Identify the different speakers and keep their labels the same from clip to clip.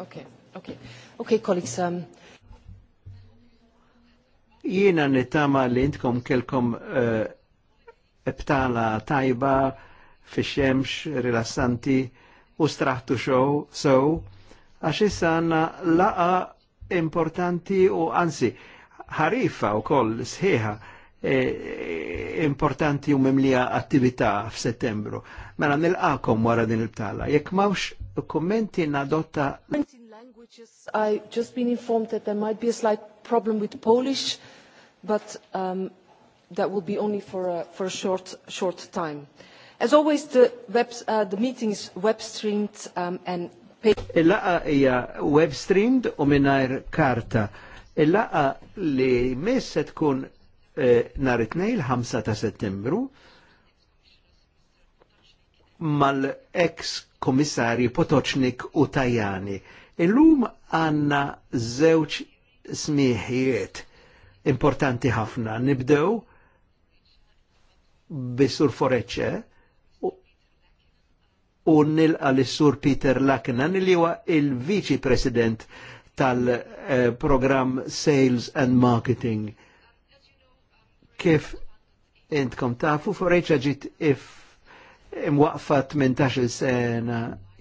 Speaker 1: Okay, okay. Okay, colleagues. Um...
Speaker 2: Jiena nittama li intkom kelkom uh, ebtala tajba fi xemx, rilassanti u straħtu xow, so, għax issa għanna laqa importanti u ansi ħarifa u koll sħiħa E, e, importanti u mimlija attività f'Settembru. Mela nil-għakom wara din il-btala. Jek mawx kommenti nadotta.
Speaker 3: I just been informed that there might be a slight problem with Polish, but um, that will be only for a, for a short, short time. As always, the, web, uh, the meeting is web streamed um, and paid.
Speaker 2: Il-laqa hija web streamed u minnajr karta. Il-laqa li miss se tkun Eh, nar it-tnejn il-5 ta' Settembru mal-ex komissari Potoċnik u Tajani. Illum għanna żewġ smieħijiet importanti ħafna. Nibdew bisur Foreċe u nilqa l-sur Peter Lakinan li huwa il-Viċi President tal-program eh, Sales and Marketing Kif intkom tafu, forreċa ġit if imwaqfa 18 sena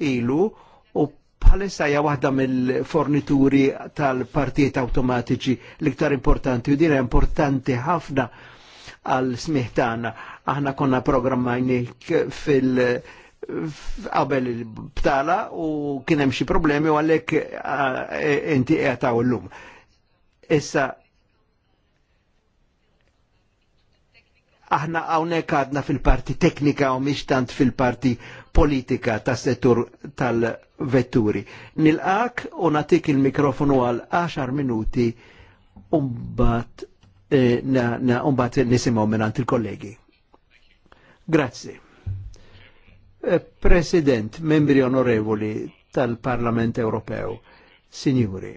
Speaker 2: ilu u bħalissa hija waħda mill-fornituri tal-partijiet awtomatiċi l-iktar importanti u din importanti ħafna għal smiħtana. Aħna konna programmajni fil- qabel il-btala u kien hemm xi problemi u għalhekk e, inti qiegħed l-lum. Issa aħna hawnhekk għadna fil-parti teknika u mhix tant fil-parti politika tas settur tal-vetturi. Nilqak u natik il-mikrofonu għal 10 minuti umbat eh, umbat nisimgħu minn il-kollegi. Grazzi. Eh, President, membri onorevoli tal-Parlament Ewropew, signori,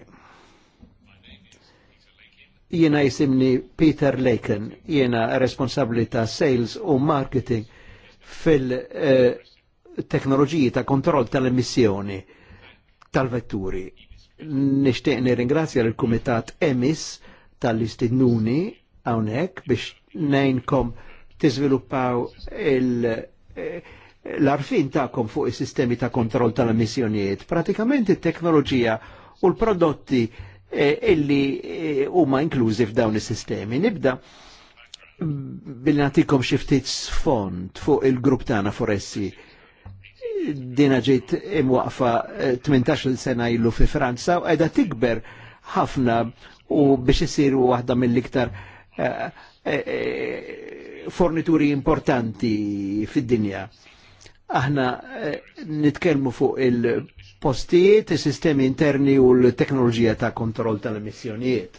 Speaker 2: Jiena jisimni Peter Laken, jiena responsabli ta' sales u marketing fil-teknoloġiji eh, ta' kontroll tal-emissjoni tal-vetturi. Nishtiq nirringrazzja l-Kumitat EMIS tal-istinnuni għawnek biex nejnkom tiżviluppaw eh, l-arfin ta'kom fuq is-sistemi ta' kontroll tal-emissjonijiet. Pratikament it-teknoloġija u l-prodotti Eh, illi eh, huma inklużi f'dawn is-sistemi. Nibda billi nagħtikom xi ftit sfond fuq il-grupp tagħna foressi dina ġejt imwaqfa 18 eh, sena illu fi Franza u qiegħda tikber ħafna u biex isir waħda mill-iktar fornituri importanti fid-dinja. Aħna nitkellmu fuq il- postijiet, sistemi interni u l-teknoloġija ta' kontroll tal-emissjonijiet.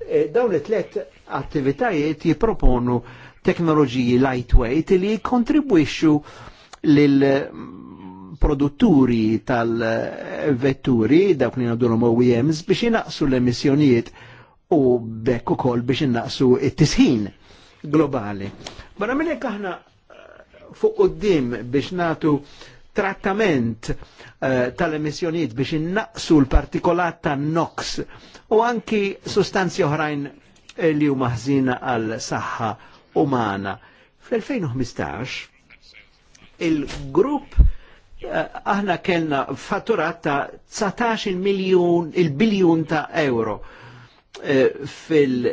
Speaker 2: E, Dawn it-tlet attivitajiet jiproponu teknoloġiji lightweight li kontribwixxu lil produtturi tal-vetturi, dawk li nadulhom OEMs, biex jinaqsu l-emissjonijiet u bekk ukoll biex innaqsu it-tisħin globali. Barra minn aħna eh, fuq qoddim biex natu trattament eh, tal-emissjonijiet biex innaqsu l-partikolat ta' NOx u anki sustanzi oħrajn eh, li huma ħżina għal saħħa umana. Fl-2015 il-grupp eh, aħna kellna fatturat ta' 19 miljun il-biljun ta' euro fil-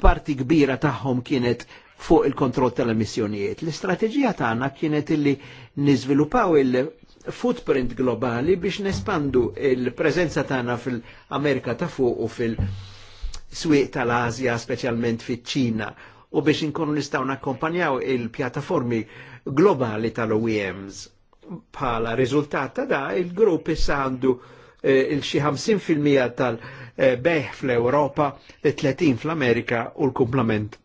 Speaker 2: parti kbira tagħhom kienet fuq il-kontroll tal-emissjonijiet. L-istrateġija tagħna kienet illi niżviluppaw il-footprint globali biex nespandu il-preżenza tagħna fil-Amerika ta' fuq u fil-swieq tal-Asja, speċjalment fiċ-Ċina, u biex inkunu nistgħu nakkompanjaw il-pjattaformi globali tal-OEMs. Bħala riżultat ta' da il-grupp issa għandu eh, il-xi 50% tal-beħ eh, fl-Europa, 30 fl-Amerika u l-kumplament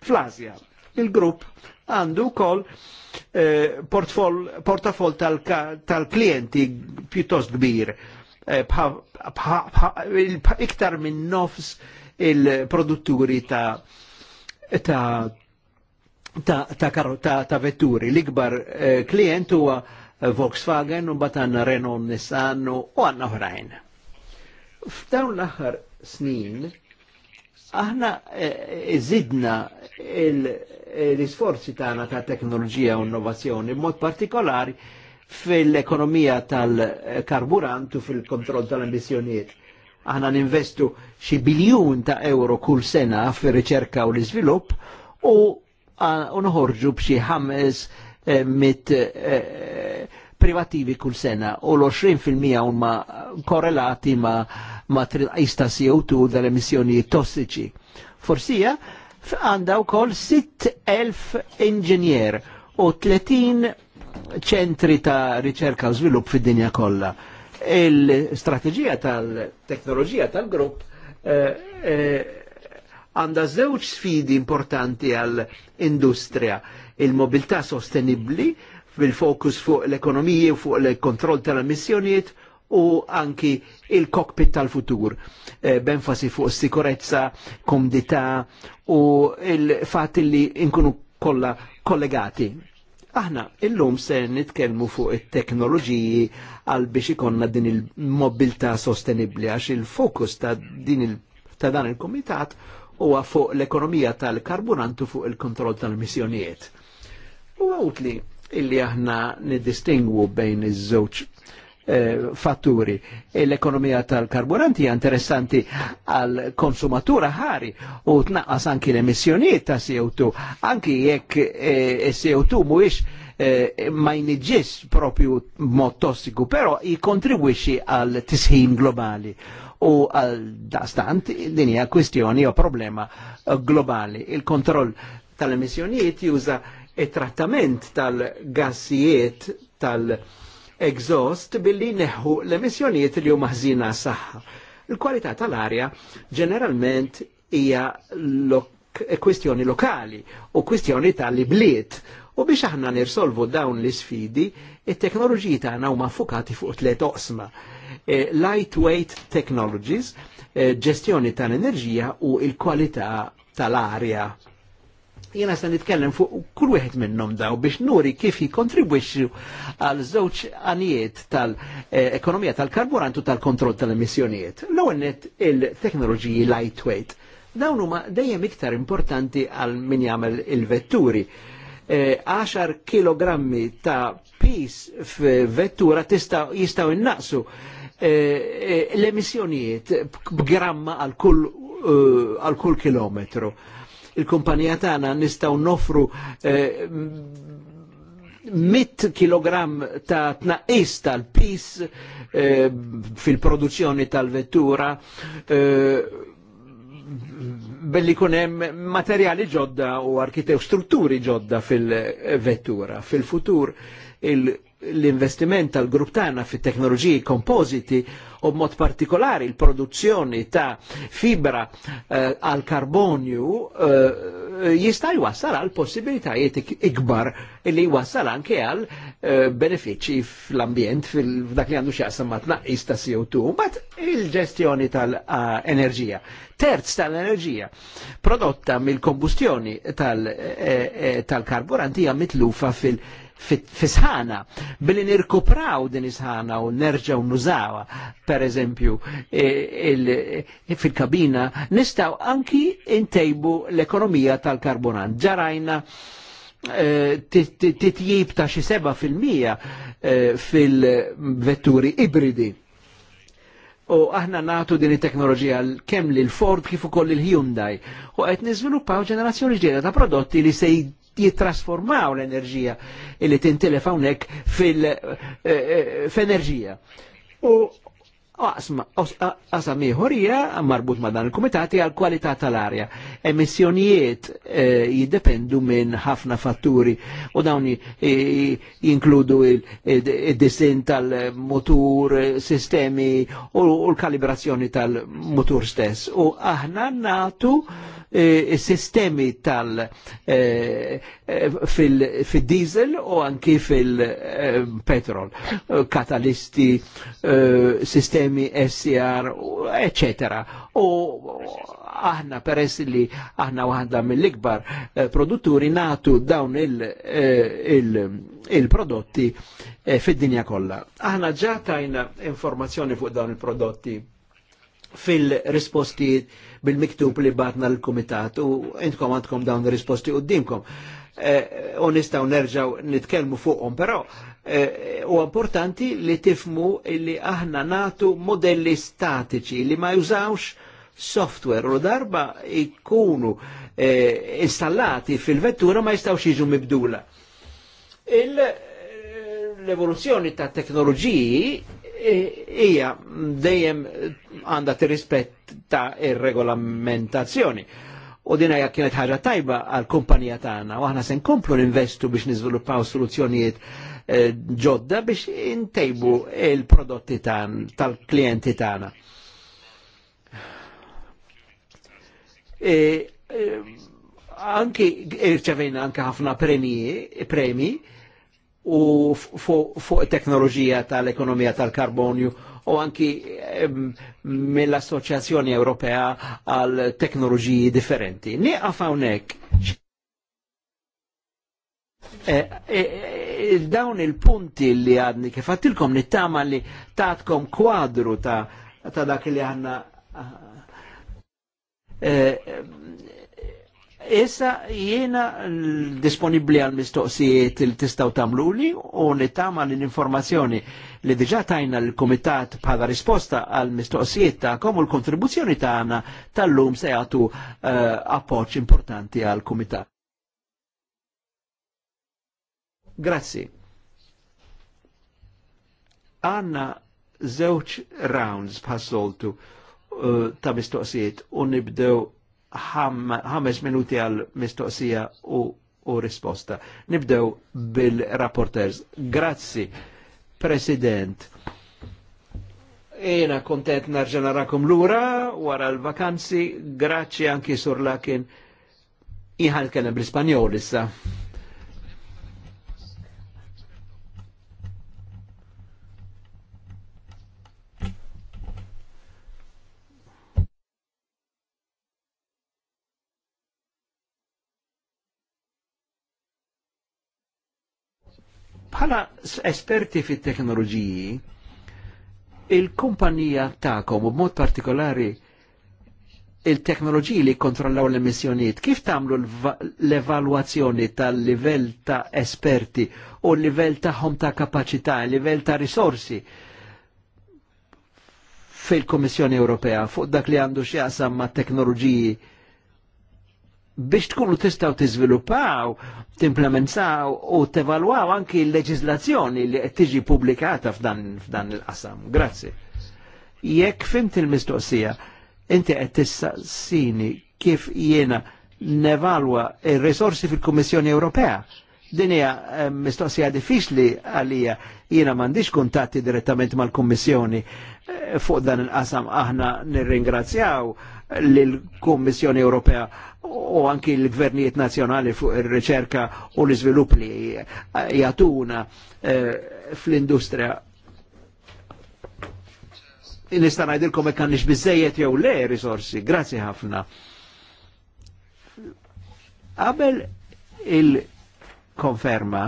Speaker 2: fl-Azja. Il-grupp għandu kol eh, portafol tal-klienti tal pjuttost kbir, eh, iktar minn nofs il-produtturi ta' ta' ta', ta, ta, ta vetturi. L-ikbar eh, klient huwa Volkswagen u batan Renault Nissan u għanna oħrajn. F'dawn l-aħħar snin aħna iżidna eh, eh, eh, l-isforzi tagħna ta' teknoloġija u innovazzjoni b'mod partikolari fil-ekonomija tal-karburant u fil-kontroll tal-emissjonijiet. Aħna ninvestu xi biljun ta' euro kull sena fir-riċerka u l-iżvilupp u nħorġu b'xi ħames mit privativi kull sena u l-20% huma korrelati ma' ma trilqis ta' CO2 dal-emissjonijiet tossiċi. Forsija għandha wkoll 6,000 inġinier u 30 ċentri ta' riċerka u żvilupp fid-dinja kollha. Il-strateġija tal-teknoloġija tal-grupp eh, eh, għandha żewġ sfidi importanti għall-industrija il-mobilità sostenibbli fil-fokus fuq l-ekonomiji, fuq l-kontroll tal-emissjonijiet u anki il-cockpit tal-futur eh, b'enfasi fuq sikurezza, komdità u il-fat li nkunu kollha kollegati. Aħna illum se nitkellmu fuq it-teknoloġiji għal biex ikonna din il-mobilità sostenibbli għax il-fokus ta' din il ta' dan il-komitat huwa fuq l-ekonomija tal-karburantu fuq il-kontroll tal-missjonijiet. U għawt li illi aħna nidistingwu bejn iż-żewġ eh, fatturi. E L-ekonomija tal-karburanti hija interessanti għal konsumatura ħari u tnaqqas anki l-emissjonijiet ta' CO2, anki jekk eh, e CO2 mhuwiex eh, ma jniġġis propju mod tossiku, però jikontribwixxi għal tisħin globali u għal dastant din hija kwistjoni u problema eh, globali. Il-kontroll tal-emissjonijiet juża it-trattament tal-gassijiet tal-, -gassijiet, tal exhaust billi neħu l-emissjonijiet li huma ħżina saħħa. Il-kwalità tal-arja ġeneralment hija eh, kwistjoni lokali u kwistjoni tal-ibliet. U biex aħna nirsolvu dawn l-isfidi, it-teknoloġiji tagħna huma fukati fuq tliet oqsma. E, lightweight technologies, eh, ġestjoni tal-enerġija u il-kwalità tal-arja Jena se nitkellem fuq kull wieħed minnhom daw biex nuri kif jikontribwixxu għal żewġ għanijiet tal-ekonomija tal-karburant u tal-kontroll tal-emissjonijiet. L-ewwel net il-teknoloġiji lightweight. Dawn huma dejjem iktar importanti għal min jagħmel il-vetturi. 10 e, kg ta' pis f'vettura jistgħu innaqsu e, e, l-emissjonijiet b'gramma għal kull kilometru il-kumpanija tagħna nistgħu nofru eh, mit 100 kg ta' tnaqqis tal-pis eh, fil-produzzjoni tal-vettura eh, belli kunem materjali ġodda u arkitew strutturi ġodda fil-vettura. Fil-futur il- l-investiment tal-grupp tagħna fit-teknoloġiji kompożiti u mod partikolari l-produzzjoni ta' fibra għal eh, uh, karbonju uh, eh, jista' jwassal għal possibilitajiet ikbar li jwassal anke għal uh, benefiċċji fl-ambjent f'dak li għandu x'jaqsam ma' tnaqqis ta' CO2, mbagħad il-ġestjoni tal-enerġija. Terz tal-enerġija prodotta mill-kombustjoni tal-karburanti tal hija mitlufa fil- fisħana billi nirkupraw din isħana u nerġaw nużawa per eżempju e, e, fil-kabina nistaw anki intejbu l-ekonomija tal-karbonant ġarajna e, titjib ta' xi seba' fil-mija fil-vetturi ibridi. U aħna natu din it-teknoloġija kemm lil Ford kif ukoll lil Hyundai u qed niżviluppaw ġenerazzjoni ġdida ta' prodotti li se jitrasformaw l-enerġija li tintilef hawnhekk fil-enerġija. Eh, eh, u għasma, għasma hija marbut ma' dan il komitati għal kwalità tal-arja. Emissjonijiet eh, jiddependu minn ħafna fatturi u dawn jinkludu il disin tal-motur, sistemi u l-kalibrazzjoni tal-motur stess. U aħna natu Eh, sistemi tal eh, eh, fil-diesel u anki fil-petrol, katalisti, sistemi SCR, eccetera. U aħna peress li aħna waħda mill-ikbar produtturi natu dawn il-prodotti fid-dinja kollha. Aħna ġatajna informazzjoni fuq dawn il-prodotti fil-risposti bil-miktub li batna l-komitat u intkom għandkom dawn risposti u dimkom eh, U nistaw nerġaw nitkelmu fuqom, pero eh, u importanti li tifmu li aħna natu modelli statiċi li ma jużawx software u darba ikunu eh, installati fil-vettura ma jistawx jiġu mibdula. L-evoluzzjoni ta' teknoloġiji E, ija dejjem għandha tirrispetta ir-regolamentazzjoni. U dina jgħak kienet ħagġa tajba għal kumpanija tagħna u aħna se nkomplu ninvestu biex niżviluppaw soluzzjonijiet e, ġodda biex intejbu il-prodotti tal klienti tagħna. E, anki irċevejna anke ħafna premi, premi u fuq teknoloġija tal-ekonomija tal-karbonju u anki mill-Assoċjazzjoni Ewropea għal teknoloġiji differenti. Nieqaf hawnhekk. E, e, e, dawn il-punti li għadni kif għattilkom nittama li tatkom kwadru ta dak li għanna eh, Issa jiena disponibli għal mistoqsijiet li tistaw tagħmluli u nittama l-informazzjoni li diġa tajna l-komitat bħala risposta għal mistoqsijiet kom u l-kontribuzzjoni ta'na tal-lum se jagħtu uh, eh, appoċ importanti għal komitat. Grazzi. Għanna zewċ rounds bħassoltu uh, eh, ta' mistoqsijiet u nibdew ħames minuti għal mistoqsija u, u risposta. Nibdew bil-rapporters. Grazzi, President. Ena kontent narġan narġenarakum l-ura wara l-vakanzi, grazzi anki sur lakin iħal kena bl-Ispanjol issa. Bħala esperti fit teknoloġiji il-kumpanija ta'kom u b'mod partikolari il-teknoloġiji li kontrollaw l-emissjonijiet, kif tagħmlu l evaluazzjoni tal-livell ta' esperti u l-livell tagħhom ta' kapacità, l-livell ta' risorsi fil komissjoni Ewropea fuq dak li għandu x'jaqsam ma' teknoloġiji biex tkunu tistaw tiżviluppaw, timplementaw u tevalwaw anki l-leġizlazzjoni li qed tiġi pubblikata f'dan il-qasam. Grazzi. Jekk fimt il-mistoqsija, inti qed tissaqsini kif jiena nevalwa ir-risorsi fil-Kummissjoni Ewropea. Din hija eh, mistoqsija diffiċli għalija jiena m'għandix kuntatti direttament mal-Kummissjoni eh, fuq dan il-qasam aħna nirringrazzjaw l-Kommissjoni Ewropea u anki l-gvernijiet nazjonali fuq ir-riċerka u l-iżvilupp li jatuna eh, fl-industrija. Nista' ngħidilkom hekk għandix biżejjed jew le risorsi, grazzi ħafna. Qabel il-konferma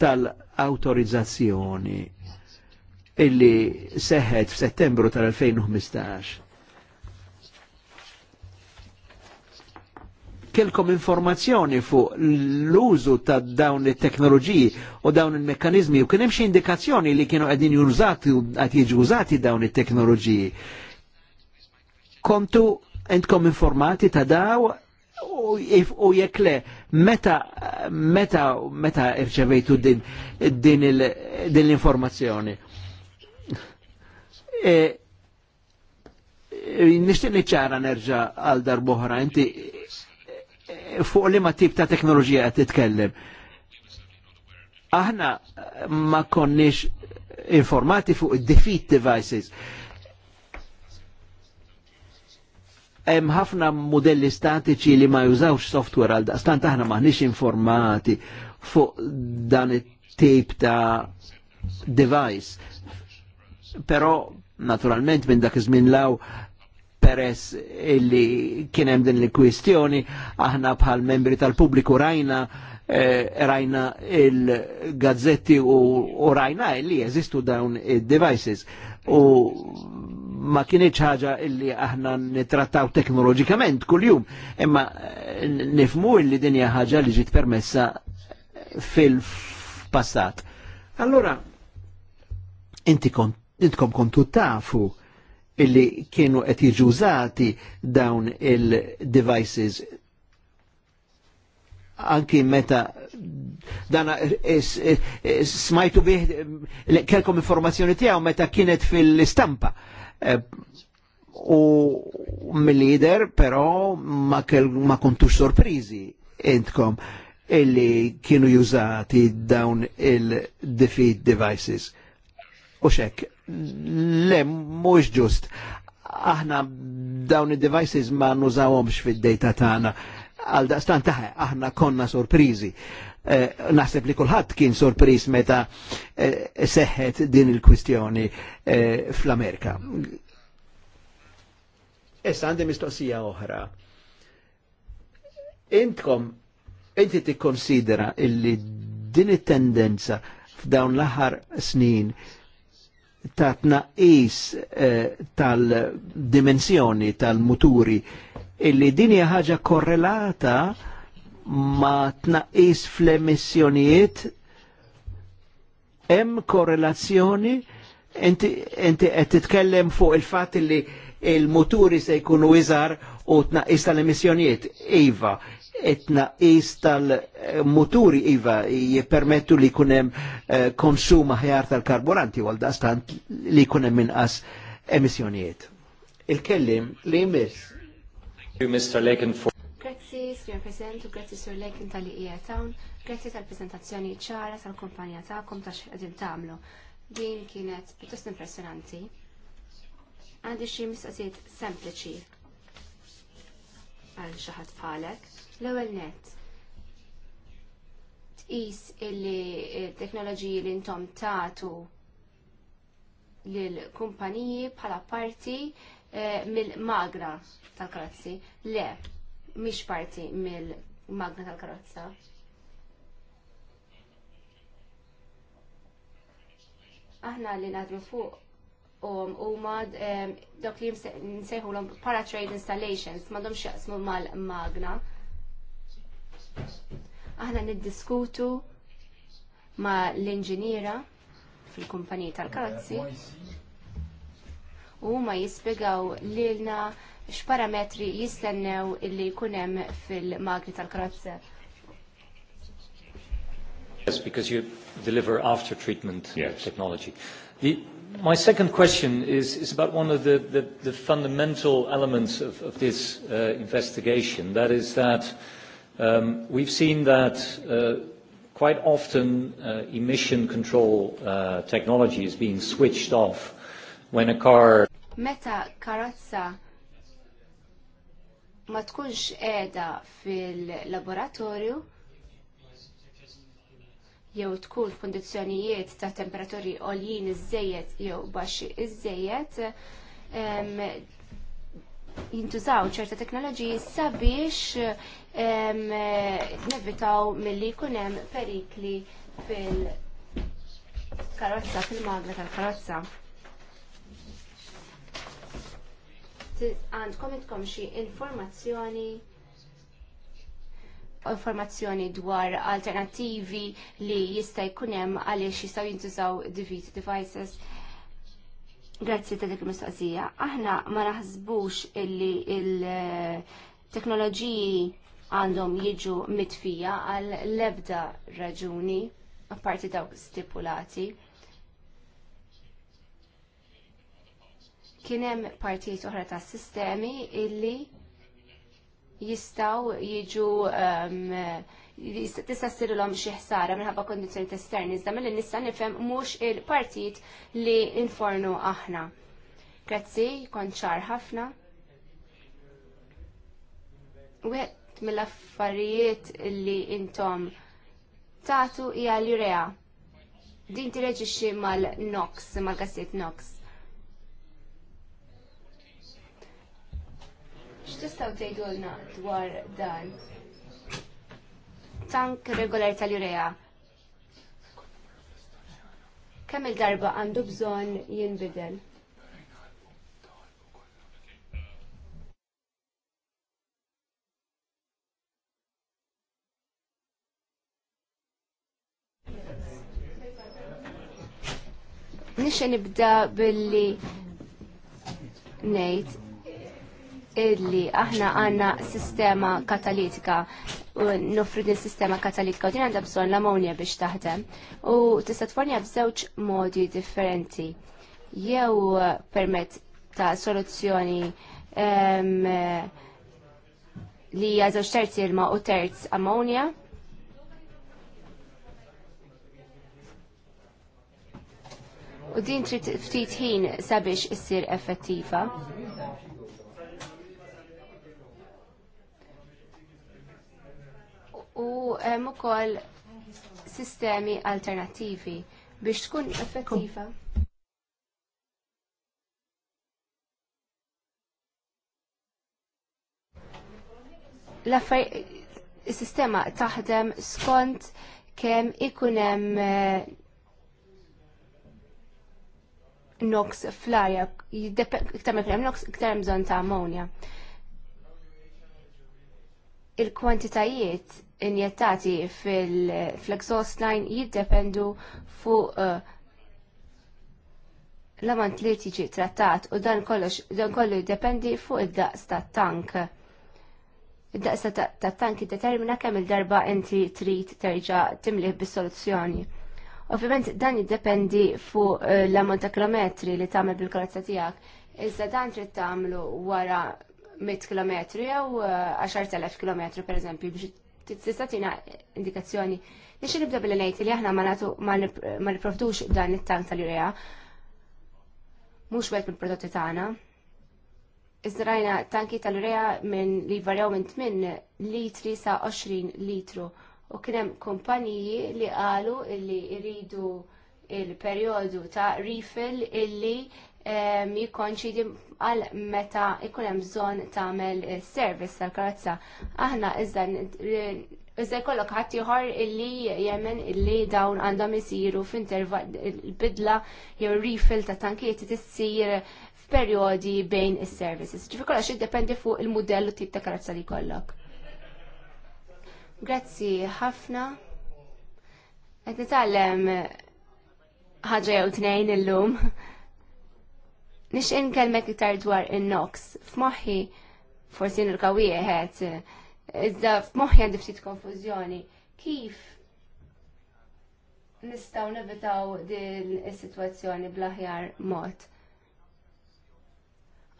Speaker 2: tal-autorizzazzjoni illi seħħet f'Settembru tal-2015 kelkom informazzjoni fuq l-użu ta' dawn it-teknoloġiji u dawn il-mekkanizmi u kien hemm xi indikazzjoni li kienu qegħdin jużati qed jiġu użati dawn it-teknoloġiji. Kontu entkom informati ta' daw u jekk le meta meta meta irċevejtu din din l-informazzjoni. E, Nishtiq niċċara nerġa' għal darbohra inti fuq li ma tip ta' teknoloġija qed titkellem. Aħna ma konniex informati fuq defeat devices. Hemm ħafna modelli statiċi li ma jużawx software għal daqstant aħna maħniex informati fuq dan it-tip ta' device. Però naturalment minn dak iż-żmien law interess illi kienem din l-kwistjoni, aħna bħal membri tal-pubbliku rajna eh, rajna il-gazzetti u, u rajna illi jeżistu dawn id-devices. U ma kienieċ ħaġa illi aħna nitrattaw teknoloġikament kull-jum, imma eh, nifmu illi dinja ħaġa li ġit permessa fil-passat. Allora, inti kont intkom kontu tafu illi kienu qed jiġużati dawn il-devices anki meta dana smajtu bih kelkom informazzjoni tiegħu meta kienet fil-istampa. Eh, u mill-lider però ma, ma kontux sorprizi intkom illi kienu jużati dawn il-defeat devices u xek. Le, mux ġust. Aħna dawn id-devices ma nużawomx fid-data tagħna. Għal daqstan taħe, aħna konna sorprizi. Eh, naħseb li kulħadd kien sorpriż meta eh, seħħet din il-kwistjoni eh, fl-Amerika. Issa għandi mistoqsija oħra. Intkom, inti tikkonsidera illi din it-tendenza f'dawn l-aħħar snin ta' tnaqis eh, tal-dimensjoni tal-muturi illi din hija ħaġa korrelata ma' tnaqis fl-emissjonijiet hemm korrelazzjoni inti qed titkellem fuq il-fatt li il-muturi se jkunu iżar u tnaqis tal-emissjonijiet. Iva, it-naqis tal-muturi iva jippermettu li kunem eh, konsum ħjar tal-karburanti għal dastant li kunem as emissjonijiet. Il-kellim li jmiss. Mr. Lakin for
Speaker 1: Grazzi, Sr. President, u grazzi Sr. Lekin tal-li ija tawn, grazzi tal-prezentazzjoni ċara tal-kumpanija ta'kom ta' xedin tamlu. Din kienet pjuttost impressionanti. Għandi xi mistoqsijiet sempliċi għal xaħat falek. L-ewwel net. Tqis illi teknoloġiji li intom tagħtu lill kumpaniji bħala parti eh, mill-magra tal-karozzi. Le, mhix parti mill magna tal-karozza. Aħna li nadru fuq u um, mad eh, dok li nsejħu l-om paratrade installations, ma domx jaqsmu mal-magna. Aħna niddiskutu ma l-inġiniera fil kumpanija tal kazzi u ma jispiegaw lilna x-parametri jistennew illi jkun hemm fil magri tal-karozzi.
Speaker 3: Yes, because you deliver after treatment yes. technology. The, my second question is, is about one of the, the, the fundamental elements of, of this uh, investigation, that is that Um, we've seen that uh, quite often uh, emission control uh, technology is being switched off when a car
Speaker 1: meta karazza ma tkunx qiegħda fil-laboratorju jew tkun f'kundizzjonijiet ta' temperaturi għoljin iżejjed jew baxxi iżejjed um, jintużaw ċerta teknoloġiji sabiex nevitaw mill-li kunem perikli fil-karozza, fil-magna tal-karozza. Għandkom itkom xie informazzjoni informazzjoni dwar alternativi li jista' jkun hemm għaliex jistgħu jintużaw devices Grazzi ta' dik il-mistoqsija. Aħna ma naħsbux illi il-teknoloġiji għandhom jiġu mitfija għal lebda raġuni, apparti dawk stipulati. Kienem partijiet oħra ta' sistemi illi jistaw jiġu um, tista' l xi ħsara minħabba kondizzjonijiet esterni, iżda milli nista' nifhem mhux il-partit li infornu aħna. Grazzi, kont ċar ħafna. Wet mill-affarijiet li intom tagħtu hija l-urea. Din tireġixxi mal-NOx, mal-gassiet NOx. X'tistgħu tgħidulna dwar dan? tank regolari tal-jurea. Kemm il-darba għandu bżon jinbidel? Nixa nibda billi nejt illi aħna għanna sistema katalitika nofru din sistema katalitika u din għandha bżonn l-ammonja biex taħdem u tista' tfornija b'żewġ modi differenti. Jew permezz ta' soluzzjoni li hija żewġ terzi ilma u terz ammonja. U din trid ftit ħin sabiex issir effettiva. u hemm ukoll sistemi alternattivi biex tkun effettiva. Is-sistema taħdem skont kemm ikun hemm eh, nox fl-arja, iktar ma hemm nox, iktar hemm bżonn ta' ammonja. Il-kwantitajiet injettati fil-exhaust line jiddependu fuq eh, l-amant li tiġi trattat u dan kollox dan kollu jiddependi fuq id-daqs tat-tank. Id-daqs tat-tank jiddetermina kemm il-darba inti trid terġa' timlih bis-soluzzjoni. Ovvjament dan jiddependi fuq eh, l-ammont ta' kilometri li tagħmel bil-karozza tiegħek. Iżda dan trid tagħmlu wara 100 km jew 10,000 km per eżempju biex tista' tina indikazzjoni. Nix nibda bil ngħid li aħna ma niprofdux dan it-tank tal-urea. Mhux wieħed mill-prodotti tagħna. Iżrajna tanki tal-urea minn li varjaw minn 8 litri sa 20 litru u kien hemm kumpaniji li qalu li jridu il-perjodu ta' refill illi jikkonċidi għal meta ikun hemm bżonn tagħmel eh, service tal-karozza. Aħna iżda eh, iżda jkollok ħadd ieħor illi jemmen illi dawn għandhom isiru f'intervall bidla jew refill ta' tankieti tissir f'perjodi bejn is-services. Ġifi kollox jiddependi fuq il-mudell u tip ta' karozza li jkollok. Grazzi ħafna. Qed nitgħallem ħaġa jew tnejn illum. Nix inkelmek iktar dwar in-nox. F'moħħi forsi nilka wieħed, iżda f'moħħi għandi ftit konfużjoni. Kif nistgħu nevitaw din is-sitwazzjoni bl-aħjar mod?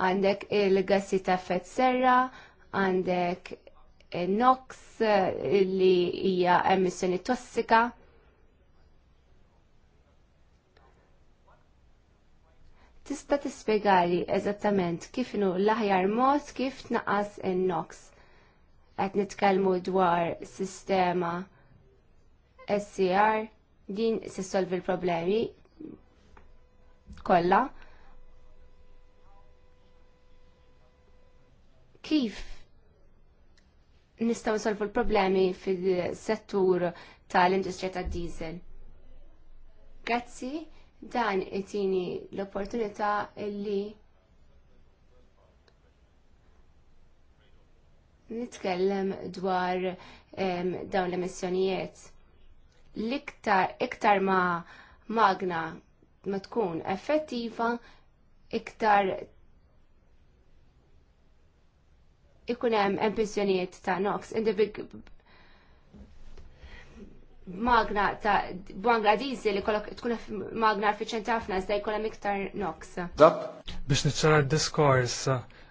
Speaker 1: Għandek il-gassi ta' fett serra, għandek il-nox eh, li hija emissjoni tossika. Tista tispjegali eżattament kif l-aħjar mod kif tnaqqas in-nox. Qed nitkellmu dwar sistema SCR din sissolvi l-problemi kollha. Kif nistgħu nsolvu l-problemi fil-settur tal-industrija tad-diesel? Grazzi. Dan itini l-opportunità illi nitkellem dwar dawn l-emissjonijiet. L-iktar iktar ma magna ma tkun effettiva, iktar ikun hemm emissjonijiet ta' NOx in the big magna ta' bangla diesel li kollok tkun magna effiċenti ħafna iżda jkollha iktar NOx.
Speaker 4: Biex niċċara d-diskors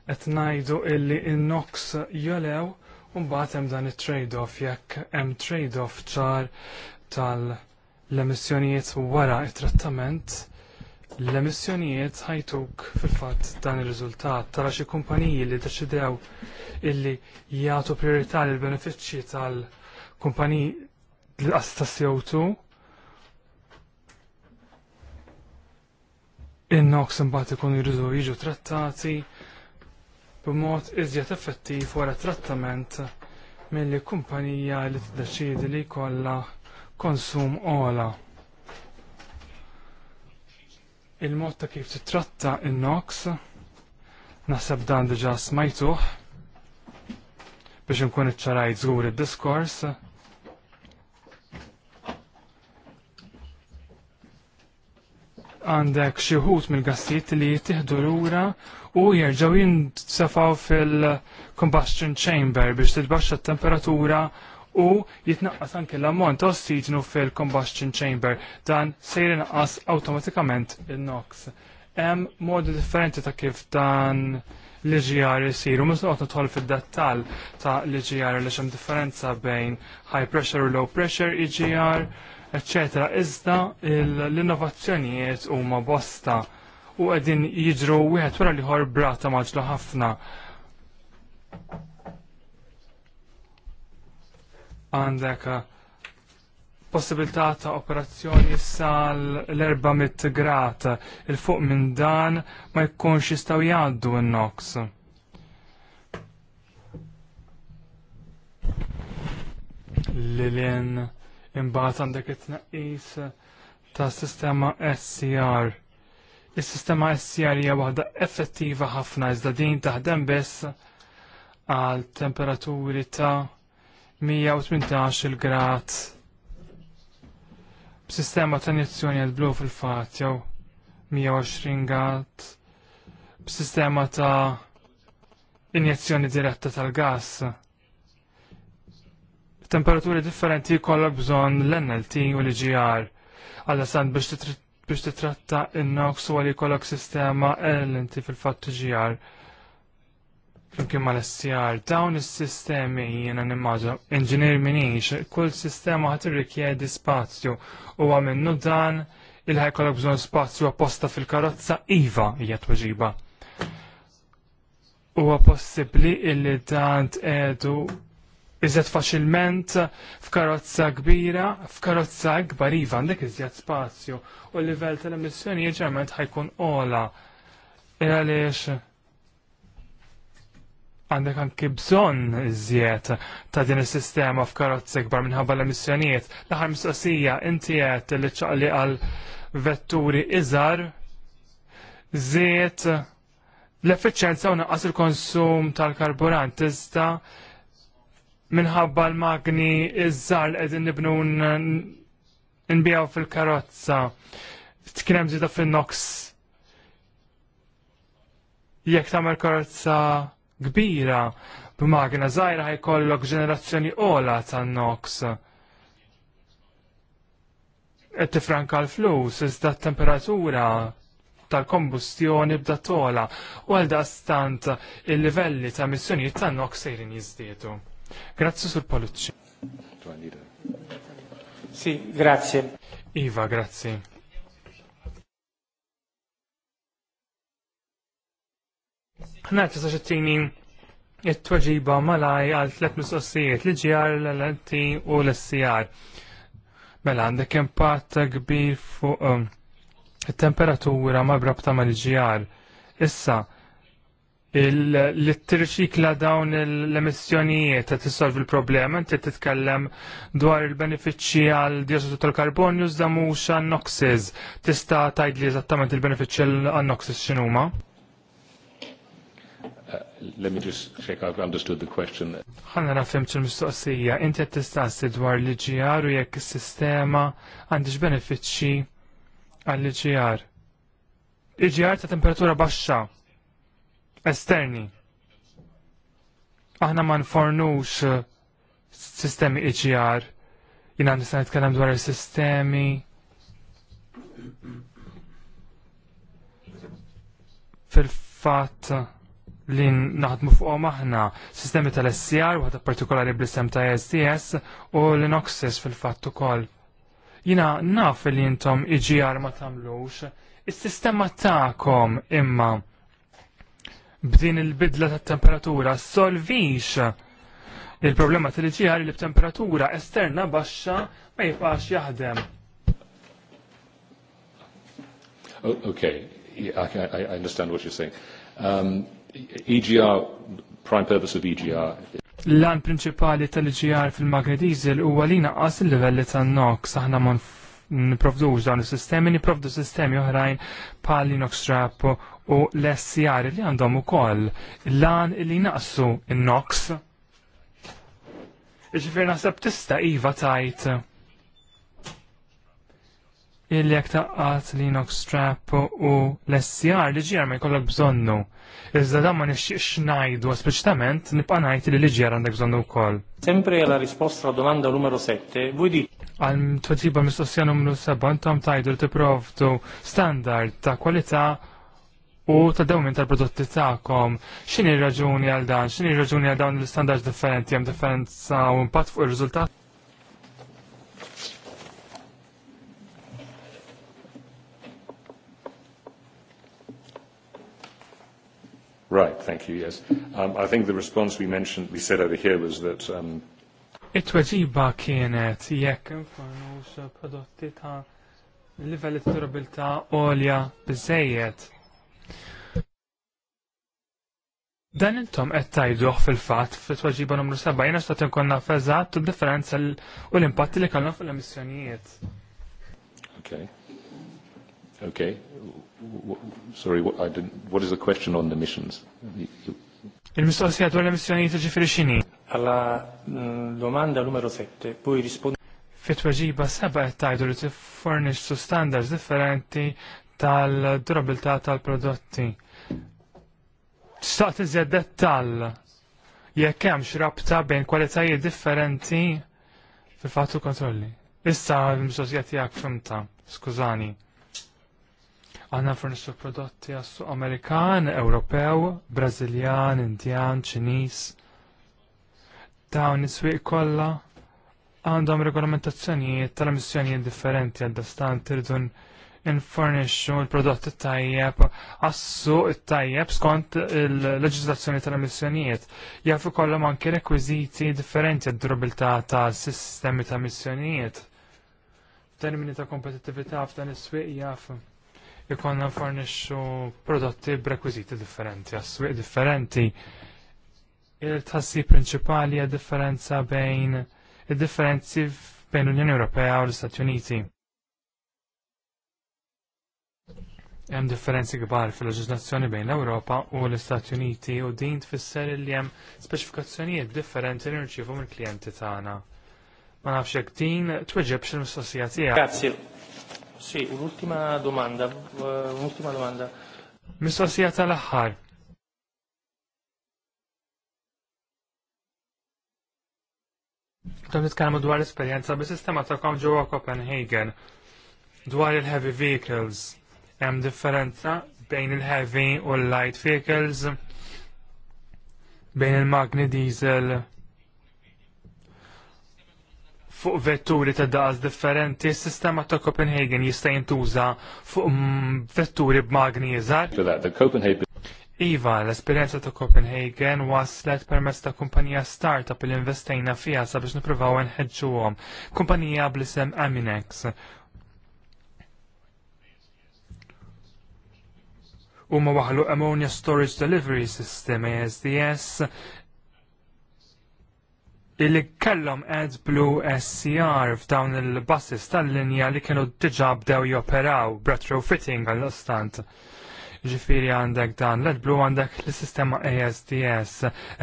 Speaker 4: qed ngħidu illi in-NOx jolew u mbagħad hemm dan it-trade-off jekk hemm trade-off ċar tal-emissjonijiet wara it-trattament l-emissjonijiet ħajtuk fil-fatt dan ir-riżultat tara xi kumpaniji li deċidew illi jagħtu prijorità l benefiċċji tal-kumpaniji l-qas ta' CO2 in-nox imbagħad ikunu jridu jiġu trattati b'mod iżjed effettiv wara trattament mill kumpanija li tiddeċiedi li jkollha konsum ola. Il-mod ta' kif titratta in-nox naħseb dan diġà smajtuh biex inkun iċċarajt żgur id-diskors għandek xi wħud mill-gassijiet li l lura u jerġgħu jintsefaw fil-combustion chamber biex titbaxxa t-temperatura u jitnaqqas anke l-ammont ossiġnu fil-combustion chamber dan se naqqas awtomatikament il-NOx. Hemm modi differenti ta' kif dan l ġijar jisiru, mus noqgħod tħol fid-dettall ta' l ġijar li hemm differenza bejn high pressure u low pressure EGR eccetera, iżda l-innovazzjonijiet huma bosta u qegħdin jiġru wieħed wara liħor brata maġla ħafna. Għandek eh, possibilità ta' operazzjoni sal l-400 grat il-fuq minn dan ma jkunx jistgħu jgħaddu n-nox. Lilin imbagħad għandek it-tnaqqis ta' sistema SCR. Is-sistema SCR hija waħda effettiva ħafna iżda din taħdem biss għal temperaturi ta' 118 grad b'sistema ta' injezzjoni għal blu fil-fatt jew 120 grad b'sistema ta' injezzjoni diretta tal-gas temperaturi differenti jkollok bżonn l-NLT u l gr Għalla san biex titratta in-nox u għalli jkollok sistema LNT fil-fatt GR. Flimkien ma l-SCR, dawn is-sistemi jena nimmaġa inġinier minix, kull sistema għat rikjedi spazju u għamennu dan il kollok bżonn spazju apposta fil-karozza iva hija tweġiba huwa possibbli illi dan t-edu iżjed faċilment f'karozza kbira, f'karozza kbar iva għandek iżjed spazju u l-livell tal-emissjoni ġerment ħajkun ola. E għaliex għandek anki bżonn iżjed ta' din is-sistema f'karozza kbar minħabba l-emissjonijiet. L-aħħar mistoqsija inti qed li ċaqli għal vetturi iżar żiet l-effiċenza u naqqas il-konsum tal-karburant tista' minħabba l-magni iż-żar li qegħdin nibnu nbijaw fil-karozza. Tkien hemm ġida fin-nox. Jekk tagħmel karozza kbira b'magna żgħira ħajkollok ġenerazzjoni ola tan-nox qed tifranka l-flus iżda t-temperatura tal-kombustjoni bda tola u għal stant il-livelli ta' emissjonijiet tan nox sejrin jiżdiedu. Grazzi sur Paluzzi. Sì, grazie. Iva, grazie. Ħnaċ sa it-tweġiba malaj għal tlet mistoqsijiet li ġjar l lenti u l-SCR. Mela għandek impatt kbir fuq um, it-temperatura ma' brabta mal-ġjar. Issa, l t-tirċikla dawn l-emissjonijiet ta' tissolvi l-problema, inti titkellem dwar il-benefiċċji għal dioxidu tal-karbonju z mhux għan-noxes. Tista' li eżattament il-benefiċċji għan-noxes x'inhuma?
Speaker 3: Uh, let me just check I've understood the question.
Speaker 4: Ħanna nafhem ċil mistoqsija inti qed tistaqsi dwar l-IGR u jekk is-sistema għandix benefiċċji għall-IGR. IGR e ta' temperatura baxxa esterni. Aħna ma nfornux eh, sistemi iċjar. E Jina nista' nitkellem dwar is-sistemi. Fil-fatt li naħdmu fuqhom aħna sistemi tal-SCR waħda partikolari bl istem ta' SDS u l-Noxis fil-fatt ukoll. Jina naf li intom iġjar e ma tamlux, is-sistema tagħkom imma b'din il-bidla tat temperatura solvix il-problema tal-ġiħar li b'temperatura esterna baxxa ma jibqax jaħdem.
Speaker 3: Oh, okay, I, I, I understand what you're saying. Um, EGR, prime purpose of EGR.
Speaker 4: L-għan prinċipali tal-ġiħar fil-magnetizil u għalina għas il-livelli tan nox aħna man niprovdux dawn is-sistemi, niprovdu sistemi oħrajn bħal Linux Trap u l-SCR li għandhom ukoll lan li naqsu in-NOx. Iġifier naħseb tista' iva tajt illi jek taqqat Linux Trap u l-SCR li ġjar ma jkollok bżonnu. Iżda dan ma xnajdu ngħidu nipqa nibqa' ngħid li l-ġjar għandek bżonnu wkoll. Sempre la risposta la domanda numero 7, vuoi di għalm għal tweġiba mistoqsija numru sebban tam tajdu li tipprovdu standard ta' kwalità u ta' dawmin tal-prodotti tagħkom. X'inhi raġuni għal dan? X'inhi raġuni għal dan l standard differenti hemm differenza u impatt fuq il-rizultat?
Speaker 3: Right, thank you, yes. Um, I think the response we mentioned, we said over here was that um,
Speaker 4: It-tweġiba kienet jekk infanux prodotti ta' livelli ta' olja bizzejiet. Dan intom qed tajduh fil-fatt fit-tweġiba numru 7 jiena x'tat inkolna feżat differenza u l-impatti li kellhom fil-emissjonijiet.
Speaker 3: Okay. Okay. Sorry, what, I didn't, what is the question on the missions?
Speaker 4: Il-mistoqsija dwar l-emissjonijiet ġifieri x'inhi? Alla mm, domanda numero 7, puoi rispondere? Fit-tweġiba seba' tajdu li tiffornixxu standards differenti tal-durabilità tal-prodotti. Tistaqt iżjed dettall jekk hemm rabta bejn kwalitajiet differenti fil-fatt kontrolli. Issa l-mistoqsija tiegħek fimta, skużani. Għanna fornissu prodotti għas Amerikan, Ewropew, Brażiljan, Indjan, Ċinis Dawn is-swieq kollha għandhom regolamentazzjonijiet tal-emissjonijiet differenti għal dastan irridu infornixxu l-prodotti tajjeb assu tajjeb skont il-leġislazzjoni tal-emissjonijiet. Jaf ikollhom anke rekwiżiti differenti għad-durabilità tas-sistemi ta' emissjonijiet. Termini ta' kompetittività f'dan is-swieq jaf ikonna fornixxu prodotti b'rekwiżiti differenti, għas-swieq differenti. differenti il-tassi prinċipali għad differenza bejn il-differenzi bejn l-Unjoni Ewropea u l-Istati Uniti. Hemm differenzi kbar fil-leġislazzjoni bejn l-Ewropa u l-Istati Uniti u din tfisser li hemm speċifikazzjonijiet differenti li nirċievu mill-klijenti tagħna. Ma nafx hekk din tweġibx il-mistoqsija tiegħek. Grazzi. Sì, un'ultima domanda, eh, un'ultima domanda. Mistoqsija tal-aħħar Dan nitkellmu dwar l-esperjenza bis-sistema ta' kom ġewwa Copenhagen dwar il-heavy vehicles. Hemm differenza bejn il-heavy u l-light vehicles, bejn il-magni diesel fuq vetturi ta' daqs differenti, s-sistema ta' Copenhagen jista' jintuża fuq vetturi b'magni
Speaker 3: iżgħar.
Speaker 4: Iva, l-esperienza ta' Copenhagen waslet permezz ta' kumpanija startup li investejna fija sabiex nipruvaw għom. Kumpanija blisem Aminex. Huma waħlu Ammonia Storage Delivery System ASDS illi kellhom AdBlue SCR f'dawn il-basses tal-linja li kienu diġà bdew joperaw b'retrofitting għall-istant ġifiri għandek dan l adblu għandek l-sistema ASDS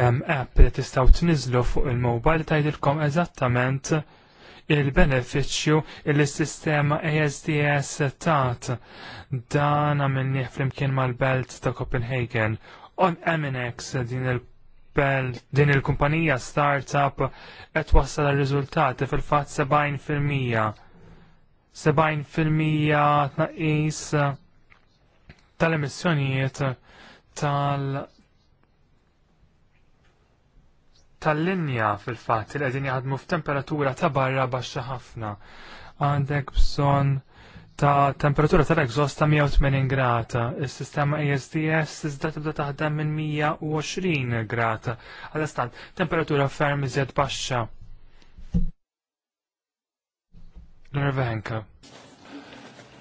Speaker 4: app li tistaw tniżlu fuq il-mobile tajdilkom eżattament il-beneficju il-sistema ASDS tat dan għamilni flimkien mal-belt ta' Copenhagen on Eminex din il din il-kumpanija startup qed wassal riżultati fil-fatt 70%. 70% tnaqqis tal-emissjonijiet tal- tal-linja fil-fat li qegħdin jaħdmu f'temperatura ta' barra baxxa ħafna. Għandek bżon ta' temperatura tal-exhaust ta' 180 grad. Is-sistema e ISDS iżda tibda taħdem minn 120 grad. Għal-istant, temperatura ferm iżjed baxxa. Nervenka.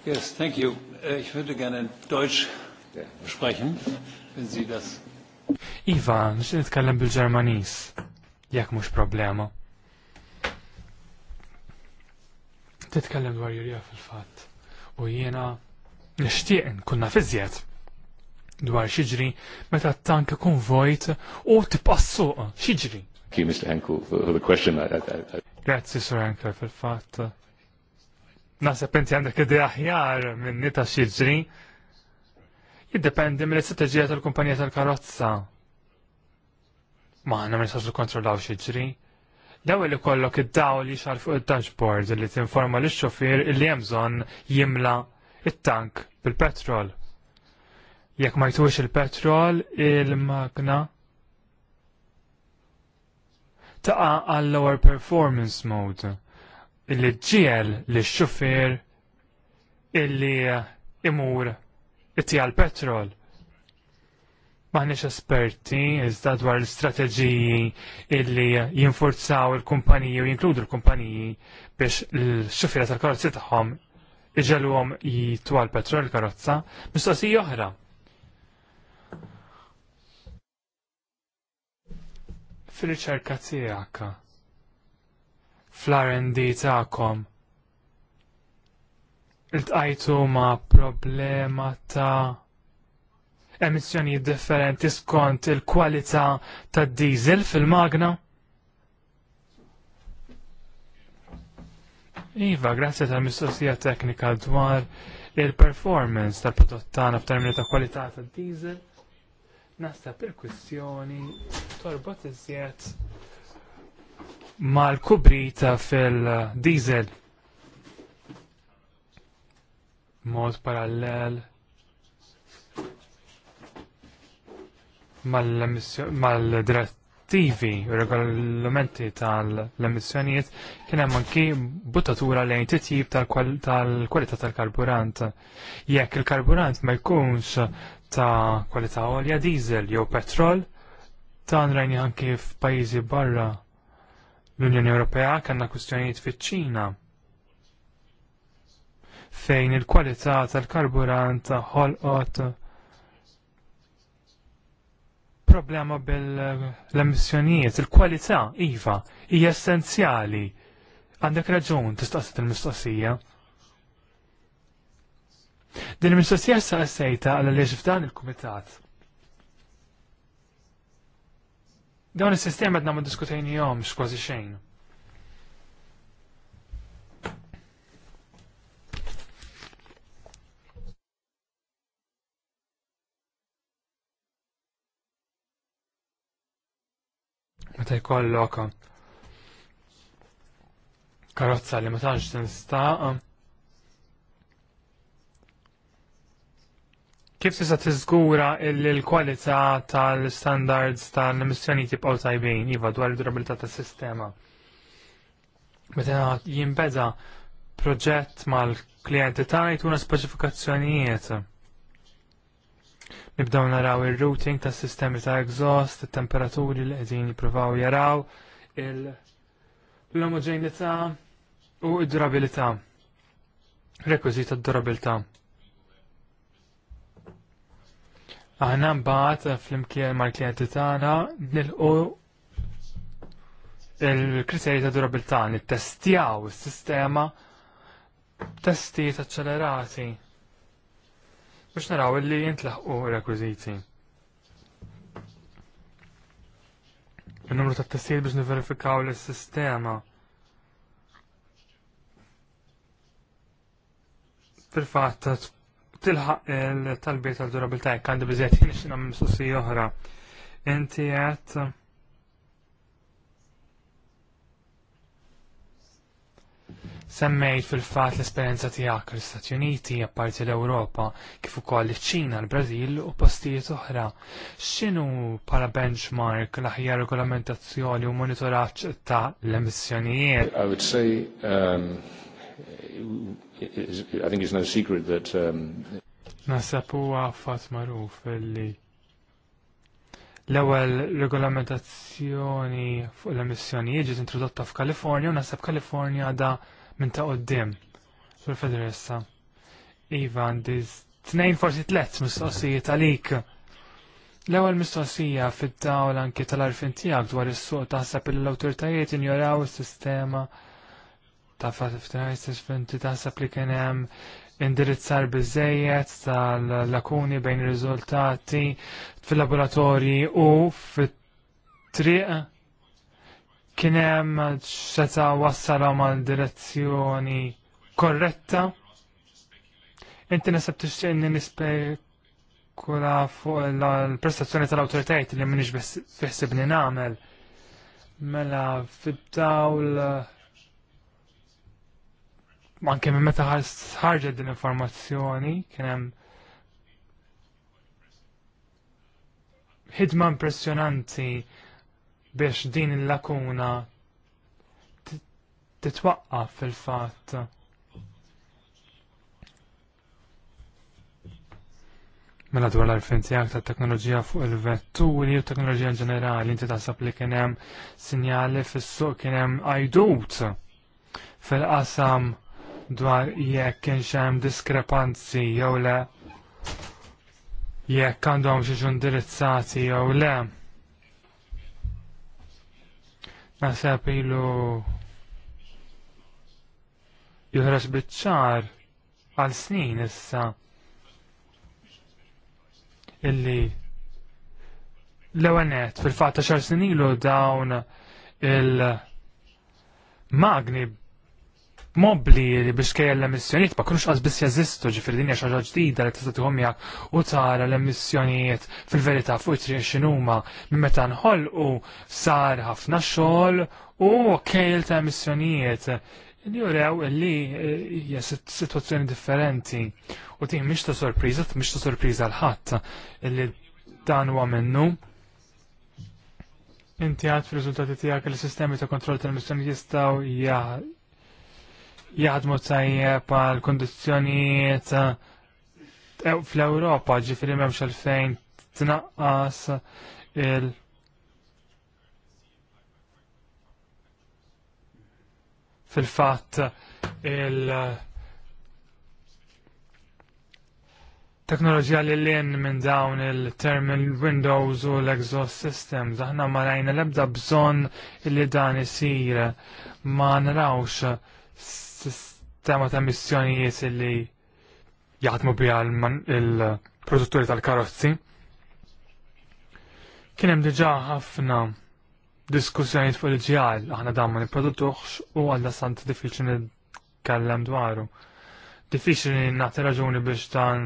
Speaker 5: Yes, thank you. Äh, ich würde gerne Deutsch sprechen, wenn Sie das...
Speaker 4: Ivan, ich nitkellem bil-Ġermanis, jekk mhux problema. Titkellem dwar jurija fil-fatt, u jiena nixtieq nkun naf iżjed dwar xiġri meta t-tank ikun vojt u tibqa' suq xiġri.
Speaker 3: Thank you, Mr. Henkel, for the question.
Speaker 4: Grazzi, Sir Henkel, fil fat Naħseb inti għandek idea aħjar minn nita xiġri. Jiddependi mill-istrateġija tal-kumpanija tal-karozza. Ma għanna minn kontrollaw xiġri. L-ewwel kollok id-dawl xar fuq id-dashboard li tinforma lix-xofir li hemm bżonn jimla il tank bil-petrol. Jekk ma jtux il-petrol, il-magna taqa għall-lower performance mode illi ġiel li xufier illi eh, imur it-tijal petrol. Maħniex esperti iżda dwar l-strateġiji illi jinforzaw il-kumpaniji u jinkludu l-kumpaniji biex l-xufira tal-karozzi tagħhom għom jitwa l-petrol karozza mistoqsija oħra. Fil-riċerka tiegħek fl-R&D tagħkom. tajtu ma' problema ta' emissjonijiet differenti skont il-kwalità tad diesel fil-magna? Iva, grazie tal-mistoqsija teknika dwar il-performance tal-prodott tagħna f'termini ta' kwalità tad diesel. Nasta il-kwistjoni torbot iżjed mal ta fil-diesel. Mod parallel mal drattivi u regolamenti tal-emissjonijiet kien hemm anki buttatura lejn titjib tal-kwalità tal-karburant. Jekk il-karburant ma jkunx ta' kwalità olja diesel jew petrol, tan rajni anki f'pajjiżi barra L-Unjoni Ewropea kellna kwistjonijiet fiċ-Ċina fejn il-kwalità tal-karburant ħolqot problema bil-emissjonijiet, il-kwalità iva hija essenzjali. Għandek raġun tistaqsit il-mistoqsija. Din il-mistoqsija saqsejta għal li f'dan il-kumitat Dawn is-sistema qed nagħmlu jom, x'kważi xejn. meta jkollok karozza li ma tantx tinstaq Kif tista' tiżgura l-kwalità tal-standards tal-emissjoni tibqgħu tajbin iva dwar id-durabilità tas-sistema? Meta jinbeda proġett mal-klijenti tagħna jtuna speċifikazzjonijiet. Nibdew naraw ir-routing tas-sistemi ta' exhaust, it-temperaturi li qegħdin jippruvaw jaraw, l-omoġenità u d-durabilità. Rekwiżita tad durabilità Aħna mbagħad fl-imkien mal-klijenti tagħna nilqu il-kriterji ta' durabilità nittestjaw is-sistema testijiet aċċelerati biex naraw li jintlaħqu rekwiżiti. Il-numru ta' testijiet biex niverifikaw l-sistema. fil-fatt tilħaq il-talbiet tal-durabilta jekk għandi biżiet jien xi nagħmel mistoqsija oħra. Inti qed Semmejt fil-fat l-esperienza tiegħek l-Istati Uniti, apparti l-Ewropa, kif ukoll iċ-Ċina, l-Brażil u postijiet oħra. X'inhu bħala benchmark l-aħjar regolamentazzjoni u monitoraġġ ta' l-emissjonijiet?
Speaker 3: I would say um, I think it's no secret that um,
Speaker 4: Nasab huwa fatt magħruf li l-ewwel regolamentazzjoni fuq l-emissjonijiet ġiet introdotta f'Kalifornja u naħseb Kalifornja da minn ta' qoddim fil-Federessa. Iva diz tnejn forsi tlet mistoqsijiet għalik. L-ewwel mistoqsija fid-dawl anke tal-arfin tiegħek dwar is-suq taħseb li l-awtoritajiet injoraw is-sistema ta' f'trajsis s-sfinti li kien hemm indirizzar biżejjed tal-lakuni bejn riżultati fil-laboratorji u fit-triq kien hemm xeta wassalhom mal direzzjoni korretta. Inti nasab tixtieq inni nispekula fuq l-prestazzjoni tal autoritajt li m'iniex biss fiħsib nagħmel. Mela fit dawl anke minn meta ħarġet din informazzjoni kien hemm ħidma impressjonanti biex din il-lakuna titwaqqaf fil-fatt. Mela dwar l-arfin tiegħek ta' teknoloġija fuq il-vetturi u teknoloġija ġenerali inti taħseb li kien hemm sinjali fis-suq kien hemm għajdut fil-qasam dwar jekk kien hemm diskrepanzi jew le jekk għandhom xi indirizzati jew le. Naħseb ilu joħroġ biċ-ċar għal snin issa illi l-ewenet fil-fatta xar snin ilu dawn il-magni mobli li biex kejja l-emissjoniet ma kunux qas biss jeżistu ġifir dinja xaġa ġdida li tista' tħomjak u tara l-emissjonijiet fil-verità fuq it-triq minn meta nħolqu sar ħafna xogħol u kejl ta' emissjonijiet li jurew li eh, hija sitwazzjoni differenti u ti mhix ta' sorpriża, mhix ta' sorpriza l-ħadd li dan huwa minnu inti għad fil-rizultati tijak il-sistemi ta' kontrol tal-missjoni jistaw jgħadmu tajjeb għal kondizjoni eh, fl-Ewropa ġifiri memx għalfejn tnaqqas il- fil-fatt il- teknoloġija li l-in minn dawn il termin windows u l-exhaust systems. Aħna ma rajna l-ebda bżon li dan isir ma narawx sistema ta' missjonijiet li jaħdmu biha il-produtturi tal-karozzi. Kien hemm diġà ħafna diskussjonijiet fuq il-ġjal aħna dan ma nipproduttux u għal sant diffiċli nitkellem dwaru. Diffiċli nagħti raġuni biex dan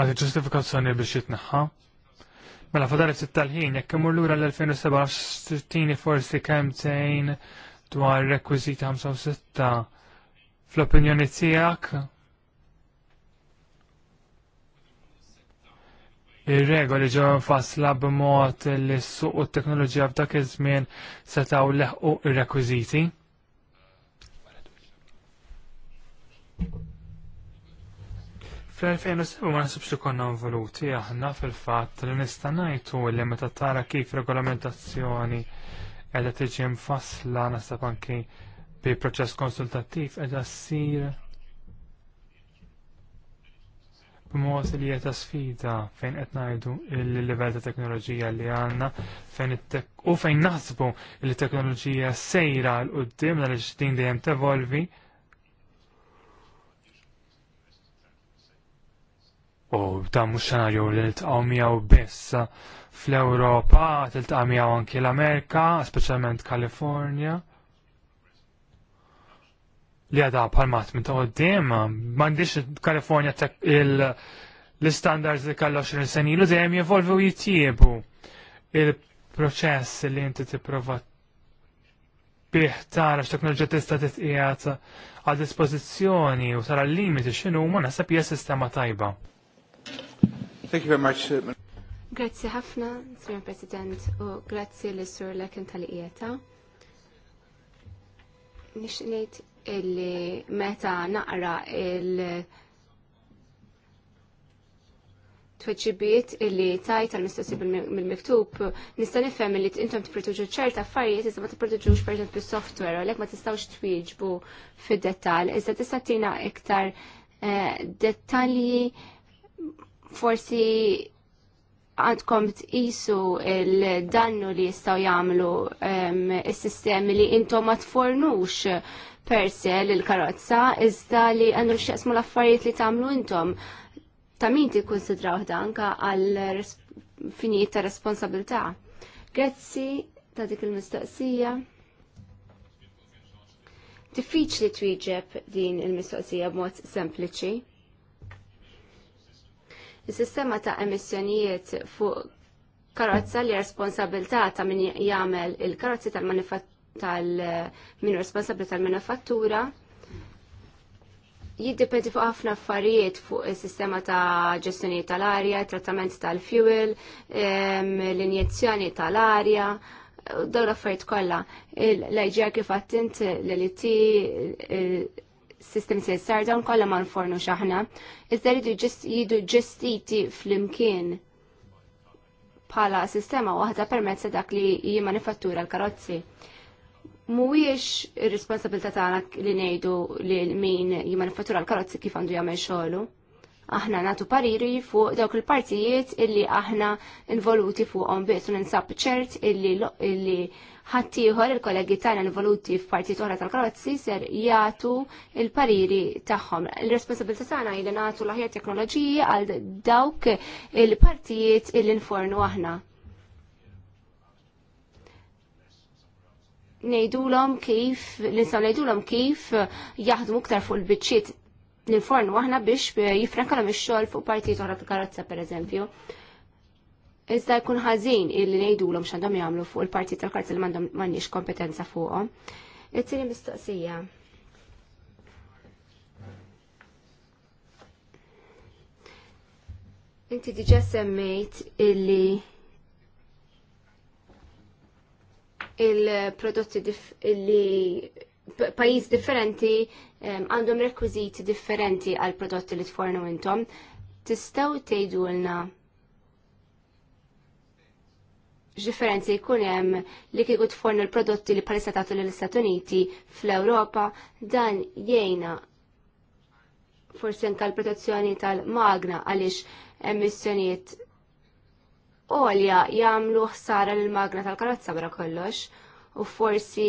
Speaker 4: nagħti ġustifikazzjoni biex jitneħħa. Mela fadar it-talħin jekk imur lura l-2017 forsi kemm dwar rekwizita 56 fl-opinjoni tijak Ir-regoli ġew infassla b'mod li s-suq u t-teknoloġija f'dak iż-żmien setgħu leħqu ir-rekwiżiti. Fl-2007 ma nasibx li konna involuti aħna fil-fatt li nista' ngħidu li meta tara kif regolamentazzjoni qiegħda tiġi mfassla naħseb anki bi proċess konsultattiv qiegħda ssir b'mod li jeta sfida fejn qed ngħidu il-livell ta' teknoloġija li għandna fejn u fejn naħsbu li teknoloġija sejra l qudiem għaliex din dejjem tevolvi. u dan mhux xenarju li ltqgħu miegħu biss fl-Ewropa, tiltqa' miegħu anki l-Amerika, speċjalment Kalifornja. Li għadha palmat minn ta' għoddim, m'għandix Kalifornja l-istandards li kellha 20 sen ilu dejjem jevolvu jitjiebu. Il-proċess li inti tipprova bih tara x'teknoloġija tista' titqiegħed għal dispożizzjoni u tara l-limiti x'inhu ma naħseb hija sistema tajba.
Speaker 5: Thank you very much. Uh,
Speaker 1: grazzi ħafna, Sr. President, u grazzi li sur Lekin tal-Ieta. Nixnejt illi meta naqra il- tweġibiet illi tajt tal-mistoqsib mill-miktub, nista' nifhem li intom tipproduġu ċerta affarijiet iżda ma tipproduġux pereżempju software u għalhekk ma tistgħux twieġbu fid-dettall, iżda tista' tina iktar eh, dettalji forsi għandkom tqisu il-dannu li jistaw jagħmlu s sistemi li intom ma tfornux per se l-karozza iżda li għandu x'jaqsmu l-affarijiet li tagħmlu intom. Ta' min tikkunsidraw danka għal finijiet ta' responsabilità. Grazzi ta' dik il-mistoqsija. Diffiċli twieġeb din il-mistoqsija b'mod sempliċi. Is-sistema ta' emissjonijiet fuq karozza li responsabilità ta' min jagħmel il-karozzi tal-min responsabbli tal-manifattura jiddependi fuq ħafna affarijiet fuq is-sistema ta' ġestjoni tal-arja, trattament tal-fuel, l-injezzjoni tal-arja, dawn l-affarijiet kollha. L-IGR kif għattint l-LT sistemi se jissar dawn kollha ma nfornu xaħna, iżda jridu jidu ġestiti fl-imkien bħala sistema waħda permezz dak li nifattura l-karozzi. Mhuwiex ir-responsabilità tagħna li ngħidu li min jimanifattura l-karozzi kif għandu jagħmel xogħlu. Aħna natu pariri fuq dawk il-partijiet illi aħna involuti fuqhom u ninsab ċert illi ħaddieħor il-kollegi tagħna l-voluti f'partit oħra tal-karozzi ser jagħtu il-pariri tagħhom. Il-responsabilità tagħna li nagħtu l-aħjar teknoloġiji għal dawk il-partijiet il infornu aħna. Nejdulhom kif, l-insaw nejdulhom kif jaħdmu iktar fuq il-biċċiet l-infornu aħna biex jifrankalhom ix-xogħol fuq partijiet oħra tal-karozza pereżempju. Iżda jkun ħażin illi ngħidulhom x'għandhom jagħmlu fuq il-parti tal-karti li m'għandhom m'għandniex kompetenza fuqhom. It-tieni mistoqsija. Inti diġa semmejt illi il-prodotti illi pajjiż differenti għandhom rekwiżiti differenti għal prodotti li tfornu intom. Tistgħu tgħidulna ġifferenzi jkun hemm li kieku tfornu l-prodotti li palissa tagħtu lill-Istati Uniti fl-Ewropa dan jgħinna forsi anke l-protezzjoni tal-magna għaliex emissjonijiet olja jagħmlu ħsara lill magna tal-karozza barra kollox u forsi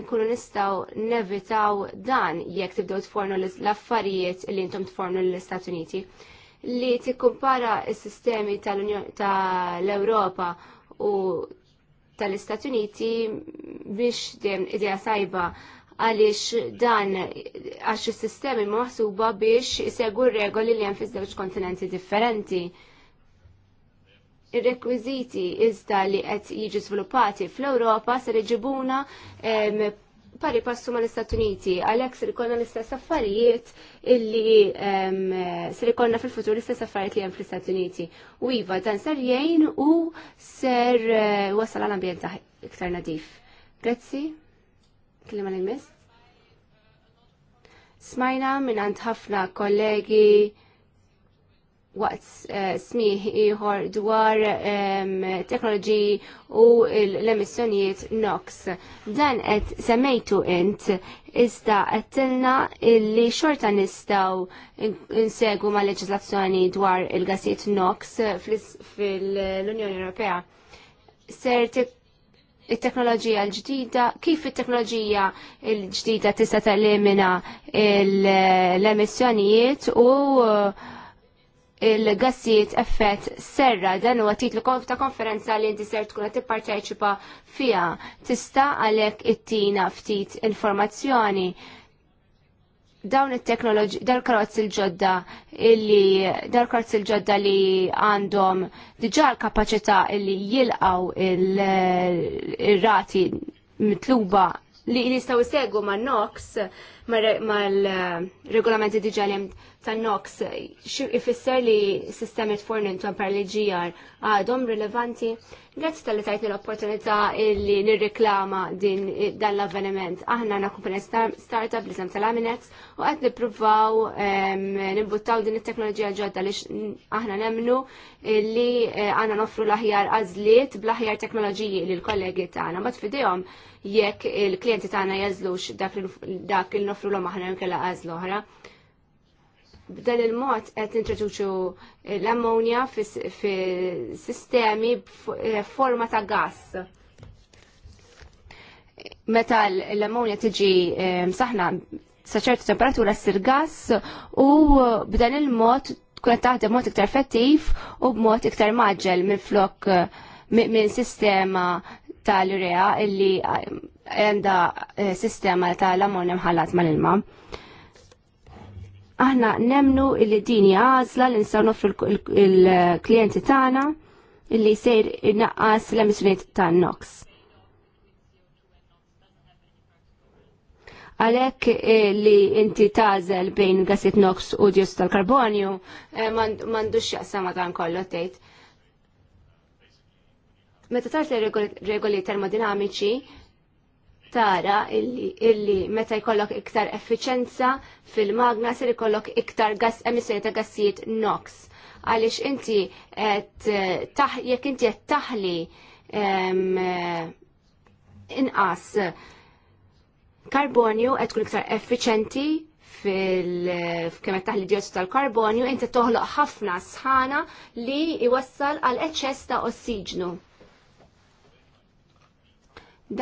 Speaker 1: nkunu nistgħu nevitaw dan jekk tibdew tfornu l-affarijiet li intom tfornu lill-Istati Uniti li tikkumpara s-sistemi tal-Europa u tal-Istati Uniti biex dejjem idea sajba għaliex dan għax is-sistemi maħsuba biex isegwu regoli li hemm fiż-żewġ kontinenti differenti. Ir-rekwiżiti iżda li qed jiġi żviluppati fl-Ewropa ser iġibuna pari passu ma l-Istat Uniti, għalek sir ikonna l-istess affarijiet illi ehm, sir ikonna fil-futur l-istess affarijiet li hemm fl-Istat Uniti. U iva, dan ser jgħin u ser eh, wasal għal-ambjent iktar nadif. Grazzi, kellim għal-imess. Smajna minn għand ħafna kollegi waqt eh, smih ieħor dwar teknologi u l-emissjonijiet NOx. Dan qed semmejtu int iżda għattilna tilna li xorta nistgħu insegu ma' leġislazzjoni dwar il-gassijiet NOx fil-Unjoni Ewropea. Ser il-teknoloġija l-ġdida, kif il-teknoloġija l-ġdida tista' telimina l-emissjonijiet u uh, il-gassijiet effett serra dan huwa titlu ta' konferenza li inti ser tkun qed tipparteċipa fiha. Tista' għalhekk it-tina ftit informazzjoni dawn it-teknoloġi, dal-karozzi l-ġodda illi, dal-karozzi l-ġodda li għandhom diġà l kapaċità illi jilqaw il-rati mitluba li jistgħu jsegwu ma' NOx mal-regolamenti diġa li tan-NOX ifisser li sistemi t-fornin twampar li għadhom rilevanti. għedz tal-li tajtni l-opportunità li nirreklama din dan l-avveniment. Aħna għanna kumpani startup li sem tal-Aminex u għed nipruvaw nimbuttaw din it-teknoloġija ġodda li aħna nemnu li eh, għanna nofru l-aħjar għazliet bl-aħjar teknoloġiji li l-kollegi tagħna. Mat fidejhom jekk il-klienti tagħna jażlux dak il nofru l aħna kella għażl oħra. B'dan il-mod qed introduċu l-ammonja fis-sistemi eh, forma ta' gass. Meta l-ammonja tiġi eh, saħna sa ċertu temperatura ssir gass u b'dan il-mod tkun qed taħdem mod iktar effettiv u b'mod iktar maġġel minn flok eh, minn sistema tal-urea illi għanda eh, sistema ta' l-ammonium ħallat mal-ilma. Aħna nemnu li dini għazla li nistaw nofru il-klienti tagħna illi jsir innaqqas l-emissjoniet ta' NOx. Għalek eh, li inti tażel bejn gasit NOx u dius tal-karbonju, eh, mandux jaqsama dan kollu tejt. Meta li regoli termodinamiċi, tara illi, illi meta jkollok iktar effiċenza fil-magna ser jkollok iktar gas emissjoni ta' gassijiet NOx. Għaliex inti eh, jekk inti qed taħli eh, inqas karbonju qed tkun iktar effiċenti fil-kemm qed taħli dioċid tal-karbonju inti toħloq ħafna sħana li jwassal għal eċċess ta' ossiġnu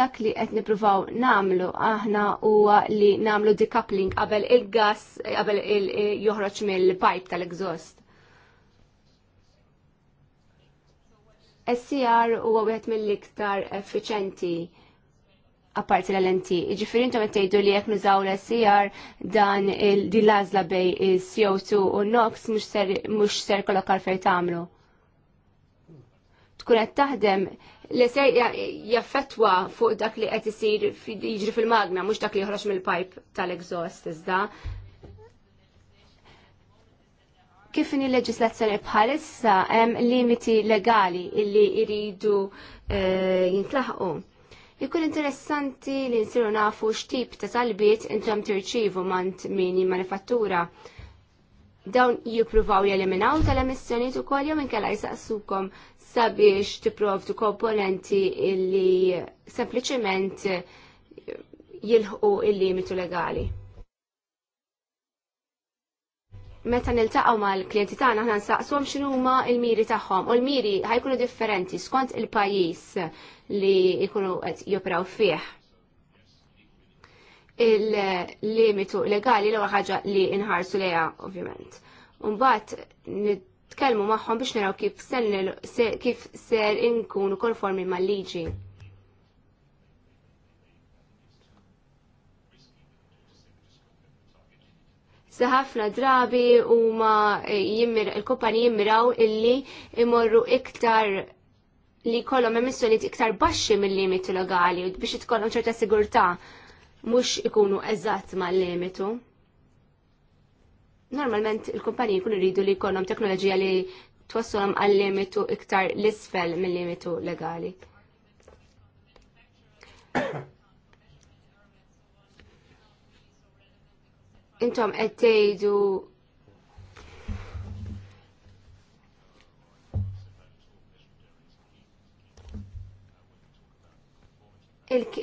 Speaker 1: dak li qed nippruvaw namlu aħna huwa li namlu decoupling qabel il-gas qabel il eh, joħroġ mill-pipe tal-exhaust. SCR huwa wieħed mill-iktar effiċenti apparti l-LNT. Ġifiri intom tgħidu li jekk nużaw l-SCR dan il-dilazla bej il-CO2 u NOx mhux ser kolok għalfejn tagħmlu. Tkun qed taħdem li se jaffetwa fuq dak li qed isir jiġri fil-magna, mhux dak li joħroġ mill-pipe tal-exhaust iżda. Kif in il-leġislazzjoni bħalissa hemm limiti legali li jridu eh, jintlaħqu. Ikun interessanti li nsiru nafu x'tip ta' talbiet intom tirċivu mant mini manifattura dawn jippruvaw jeliminaw tal emissjonijiet u kol jom inkella jisaqsukom sabiex tipprovdu komponenti illi sempliċement jilħqu il-limitu legali. Meta niltaqgħu mal-klijenti tagħna aħna nsaqshom x'inhu huma l-miri tagħhom u l-miri ħajkunu differenti skont il-pajjiż li jkunu qed joperaw fih. Il-limitu legali l ewwel ħaġa li inħarsu lejha ovvjament. Mbagħad tkellmu magħhom biex naraw kif ser, kif ser inkunu konformi mal-liġi. Sa ħafna drabi huma eh, il-kumpani jimmiraw illi imorru iktar li kollhom emissjonijiet iktar baxxi mill-limiti legali biex itkollhom ċerta sigurtà mhux ikunu eżatt mal-limitu normalment il-kumpaniji kunu rridu li jkollhom teknoloġija li twassolhom għal limitu iktar l-isfel mill-limitu legali. Intom qed tgħidu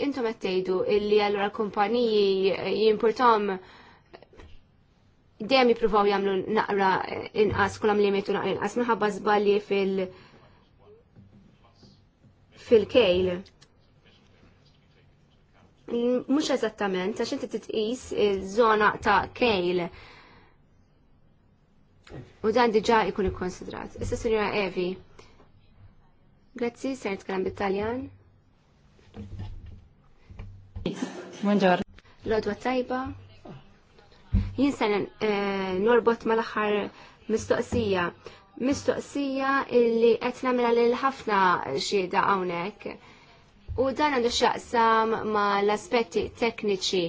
Speaker 1: intom qed tgħidu illi allura kumpaniji jimportom dejjem jippruvaw jagħmlu naqra inqas kulam jmetu naqra inqas minħabba żbalji fil fil-kejl. Mhux eżattament, għax inti titqis żona ta' kejl. U dan diġà jkun ikkonsidrat. Issa Sinjora Evi. Grazzi, ser nitkellem bit-Taljan. Buongiorno. Lodwa tajba. Jinsan eh, norbot mal-axar mistoqsija. Mistoqsija illi qed nagħmilha lil ħafna xieda hawnhekk. U dan għandu x'jaqsam ma' l-aspetti tekniċi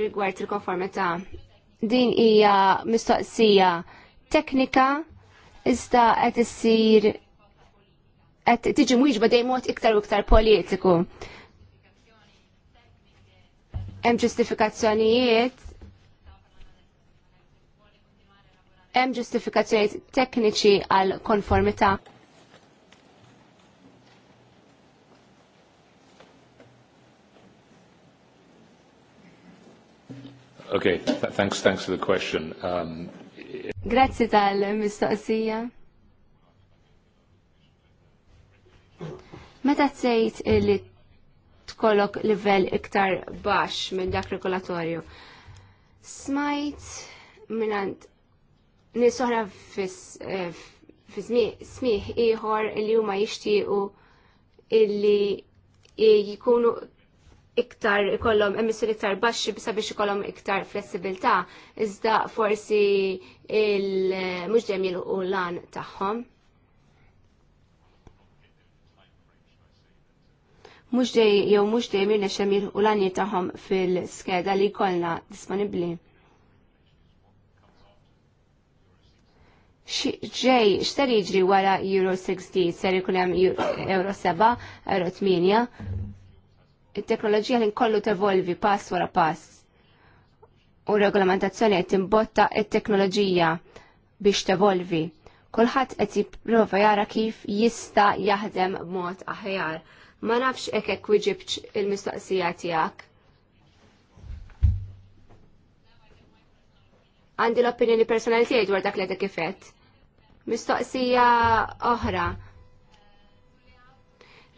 Speaker 1: rigward il-konformità. Din hija mistoqsija teknika iżda qed issir qed tiġi mwiġba dejjem mod iktar u iktar politiku. Hemm ġustifikazzjonijiet Hemm ġustifikazzjonijiet tekniċi għal konformità.
Speaker 3: Okay, th thanks, thanks for the question. Um, Grazzi
Speaker 1: tal-mistoqsija. Meta tsejt li tkollok livell iktar baxx minn dak regolatorju, smajt minant nies oħra fi eh, smih ieħor li huma jixtiequ illi eh, jikunu iktar ikollhom emissur iktar baxxi sabiex ikollhom iktar flessibilità iżda forsi il-mhux eh, dejjem jilqu lan tagħhom. Mhux dej jew mhux dejjem jirnexxem jilqu lan tagħhom fil-skeda li jkollna disponibbli. x'ġej x'ter jiġri wara Euro 60, ser ikun hemm Euro 7, Euro 8. It-teknoloġija li nkollu tevolvi pass wara pass. U regolamentazzjoni qed imbotta t-teknoloġija biex tevolvi. Kulħadd qed jipprova jara kif jista' jaħdem b'mod aħjar. Ma nafx hekk hekk il-mistoqsija tiegħek. għandi l-opinjoni personali tiegħi dwar dak li għadek kifet. Mistoqsija oħra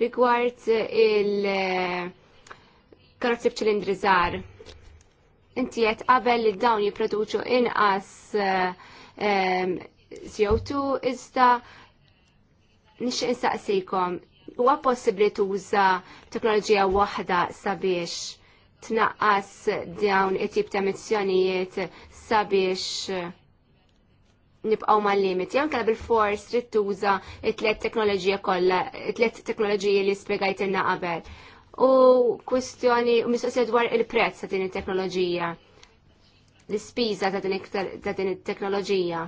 Speaker 1: rigward il-karozzi eh, b'ċilindri żgħar. Inti qed qabel li dawn jipproduċu inqas eh, CO2 iżda nixtieq insaqsikom huwa possibbli tuża teknoloġija waħda sabiex tnaqqas dawn it-tip ta' mizzjonijiet sabiex eh, nibqaw mal limit Jan kalla bil-fors trid tuża it-tliet teknoloġija kolla, it-tliet teknoloġija li spjegajtilna qabel. U kwistjoni u mistoqsija dwar il-prezz ta' din it-teknoloġija. L-ispiża ta' din it-teknoloġija.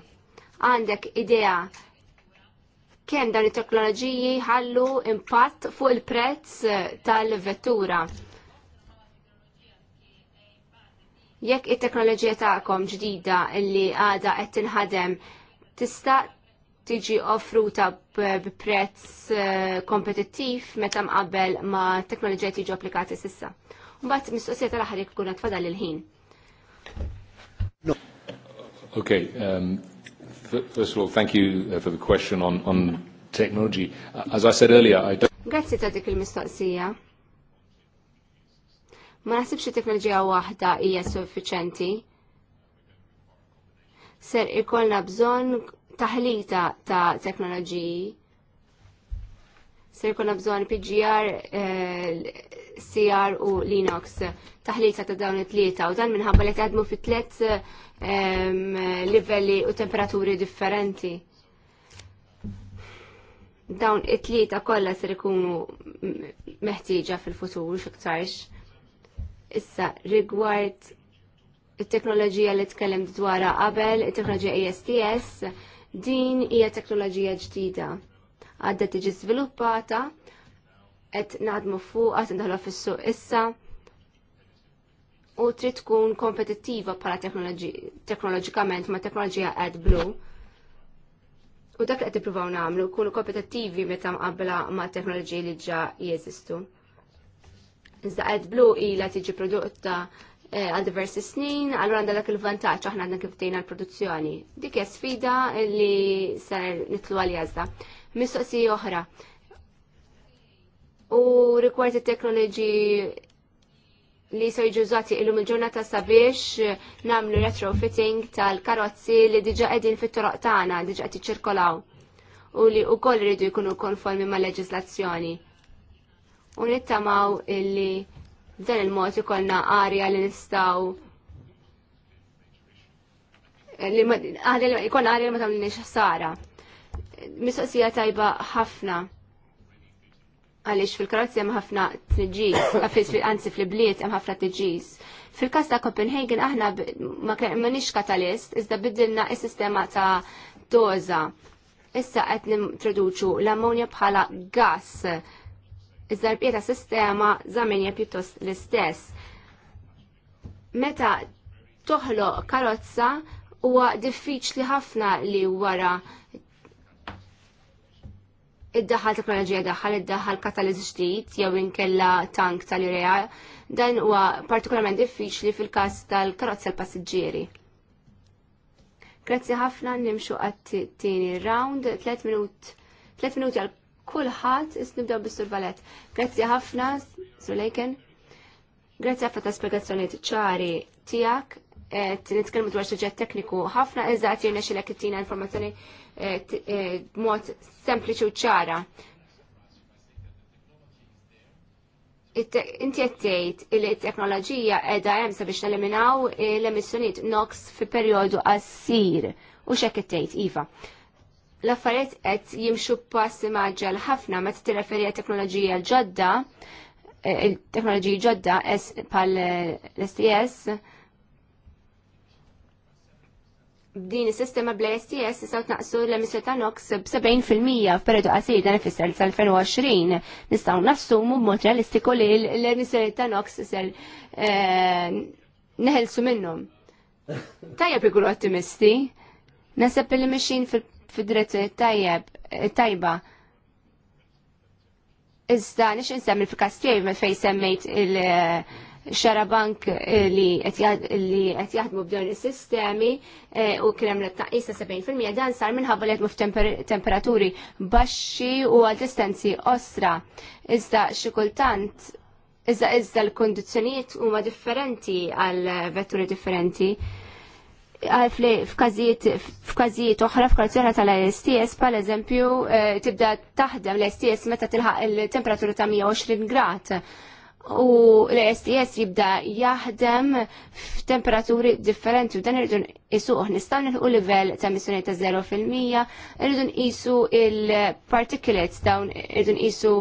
Speaker 1: Għandek idea kemm dan it-teknoloġiji ħallu impatt fuq il-prezz tal-vettura. Jekk it-teknoloġija tagħkom ġdida illi għada qed tinħadem tista' tiġi offruta b'prezz eh, kompetittiv meta mqabbel ma' teknoloġija tiġi applikati sissa. Mbagħad mistoqsija tal-aħħar jekk tkun tfadal il-ħin.
Speaker 3: Okay, um, first of all, thank you uh, for the question on, on technology. Uh, as I said earlier, I don't...
Speaker 1: Grazie ta' dik il-mistoqsija. Ma naħsibx li teknoloġija waħda hija suffiċenti. Ser ikollna bżonn taħlita ta' teknoloġiji. Ser ikollna bżonn PGR, eh, CR u Linux taħlita ta' dawn it-tlieta u dan minħabba li tgħadmu fi tliet ehm, livelli u temperaturi differenti dawn it-tlieta kollha ser ikunu meħtieġa fil-futur x'iktarx. Issa, rigward it-teknoloġija li tkellem dwarha qabel, it-teknoloġija ISTS, e din hija teknoloġija ġdida. Għadda tiġi sviluppata, qed naħdmu fuqha tindaħlu fis-suq issa u trid tkun kompetittiva bħala teknoloġikament ma' teknoloġija AdBlue. U dak li qed ippruvaw nagħmlu jkunu kompetittivi meta mqabbla ma' teknoloġiji li ġa jeżistu. Iżda qed blu ila tiġi prodotta eh, għal diversi snin, għallu għanda dak il-vantaġġ aħna għandna kif tejna l-produzzjoni. Dik hija sfida li ser nitlu għal jażda. Mistoqsija oħra. U rigward it-teknoloġi li se jiġużati illum il-ġurnata sabiex nagħmlu retrofitting tal-karozzi li diġa qegħdin fit-toroq tagħna, diġa qed jiċċirkolaw u li wkoll iridu jkunu konformi mal-leġislazzjoni u nittamaw illi dan il-mod ikollna arja li nistaw li ikon għalli li ma tamlinix ħsara. Mistoqsija tajba ħafna għalix fil-karozzi hemm ħafna tniġis, anzi fil-bliet hemm ħafna tniġis. Fil-każ ta' Copenhagen aħna ma nix katalist, iżda bidilna is-sistema ta' doza. Issa qed nintroduċu l-ammonja bħala gas iż-żarbija ta' sistema żaminja pjuttost l-istess. Meta toħloq karozza huwa diffiċli ħafna li wara id-daħal teknoloġija daħal, id-daħal kataliz ġdid jew inkella tank tal-irea, dan huwa partikolarment diffiċli fil-każ tal-karozza l-passiġġieri. Grazzi ħafna nimxu għat-tieni round, 3 minut, 3 minuti għal kulħadd is bis-Sur Valet. Grazzi ħafna, Sulejken, Grazzi ħafna ta' spjegazzjonijiet ċari tiegħek. Eh, nitkellmu dwar suġġett tekniku ħafna iżda qed jirnex il informazzjoni eh, eh, b'mod sempliċi u ċara. inti qed tgħid li t-teknoloġija qiegħda hemm sabiex neliminaw l-emissjonijiet NOx fi perjodu għassir U x'hekk qed tgħid iva l-affarijiet qed jimxu pass maġġel ħafna meta tirreferi għal teknoloġija ġodda, eh, il-teknoloġiji ġodda pal sts eh, Din is-sistema bl-STS jistgħu tnaqsu l-emissju ta' NOx b'70% f'periodu qasir dan ifisser l 2020 Nistgħu nassumu b'mod realistiku li l-emissjoni ta' NOx ser eh, neħelsu minnhom. Tajja ikunu ottimisti. Naseb li mixin fil- fid tajjeb tajba. Iżda nix insemmi l kas tiegħi fejn semmejt il-xarabank li qed jaħdmu b'dawn is-sistemi e, u krem l-taqqisa 70% dan sar minħabba li jgħatmu temperaturi baxxi u għal distanzi osra. Iżda xi kultant iżda iżda l u huma differenti għal vetturi differenti f'każijiet oħra f'karzjona tal-STS pal eżempju eh, tibda taħdem l-STS meta tilħaq il-temperatura ta' 120 grad u l-STS jibda jaħdem f'temperaturi differenti u dan irridu nqisuh nistgħu u livell ta' emissjoni ta' 0% irridu nqisu il-particulates dawn irridu nqisu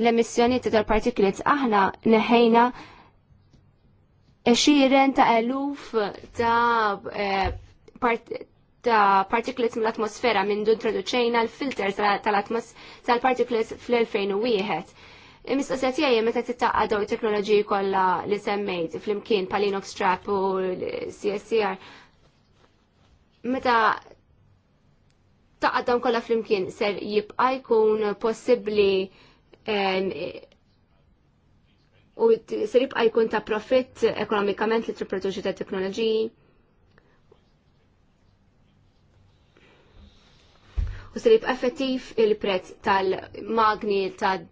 Speaker 1: l-emissjoni tal-particulates aħna neħejna xiren ta' eluf ta' eh, ta' mill-atmosfera minn dun traduċejna l-filter tal-particulates fl-2001. Mistoqsijat jgħi meta tittaqqa daw teknoloġiji kollha li semmejt fl-imkien Palinox Trap u CSCR. Meta taqqa dawn kollha fl-imkien ser jibqa' jkun possibbli u jisir jibqa' jkun ta' profitt ekonomikament li tipproduċi ta' teknoloġiji. U sir jibqa' effettiv il-prezz tal-magni tad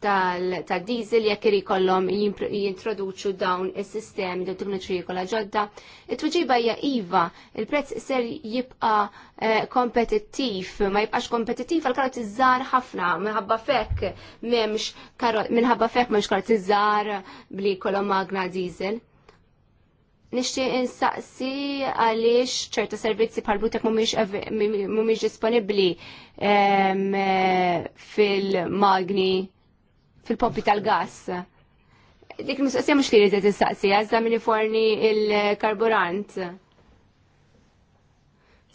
Speaker 1: tal-diesel jekk iri kollom jintroduċu dawn is-sistemi li tkun ċirkola ġodda. It-tweġiba hija iva, il-prezz ser jibqa' eh, kompetittiv, ma jibqax kompetittiv għal karot iż-żar ħafna minħabba fekk m'hemmx minħabba fekk m'hemmx karot iż-żar bli kollom magna diesel. Nixtieq insaqsi għaliex ċerta servizzi bħal butek mhumiex disponibbli ehm, fil-magni fil-poppi tal-gas. Dik mistoqsija mhux li qed tistaqsija, iżda min forni il-karburant.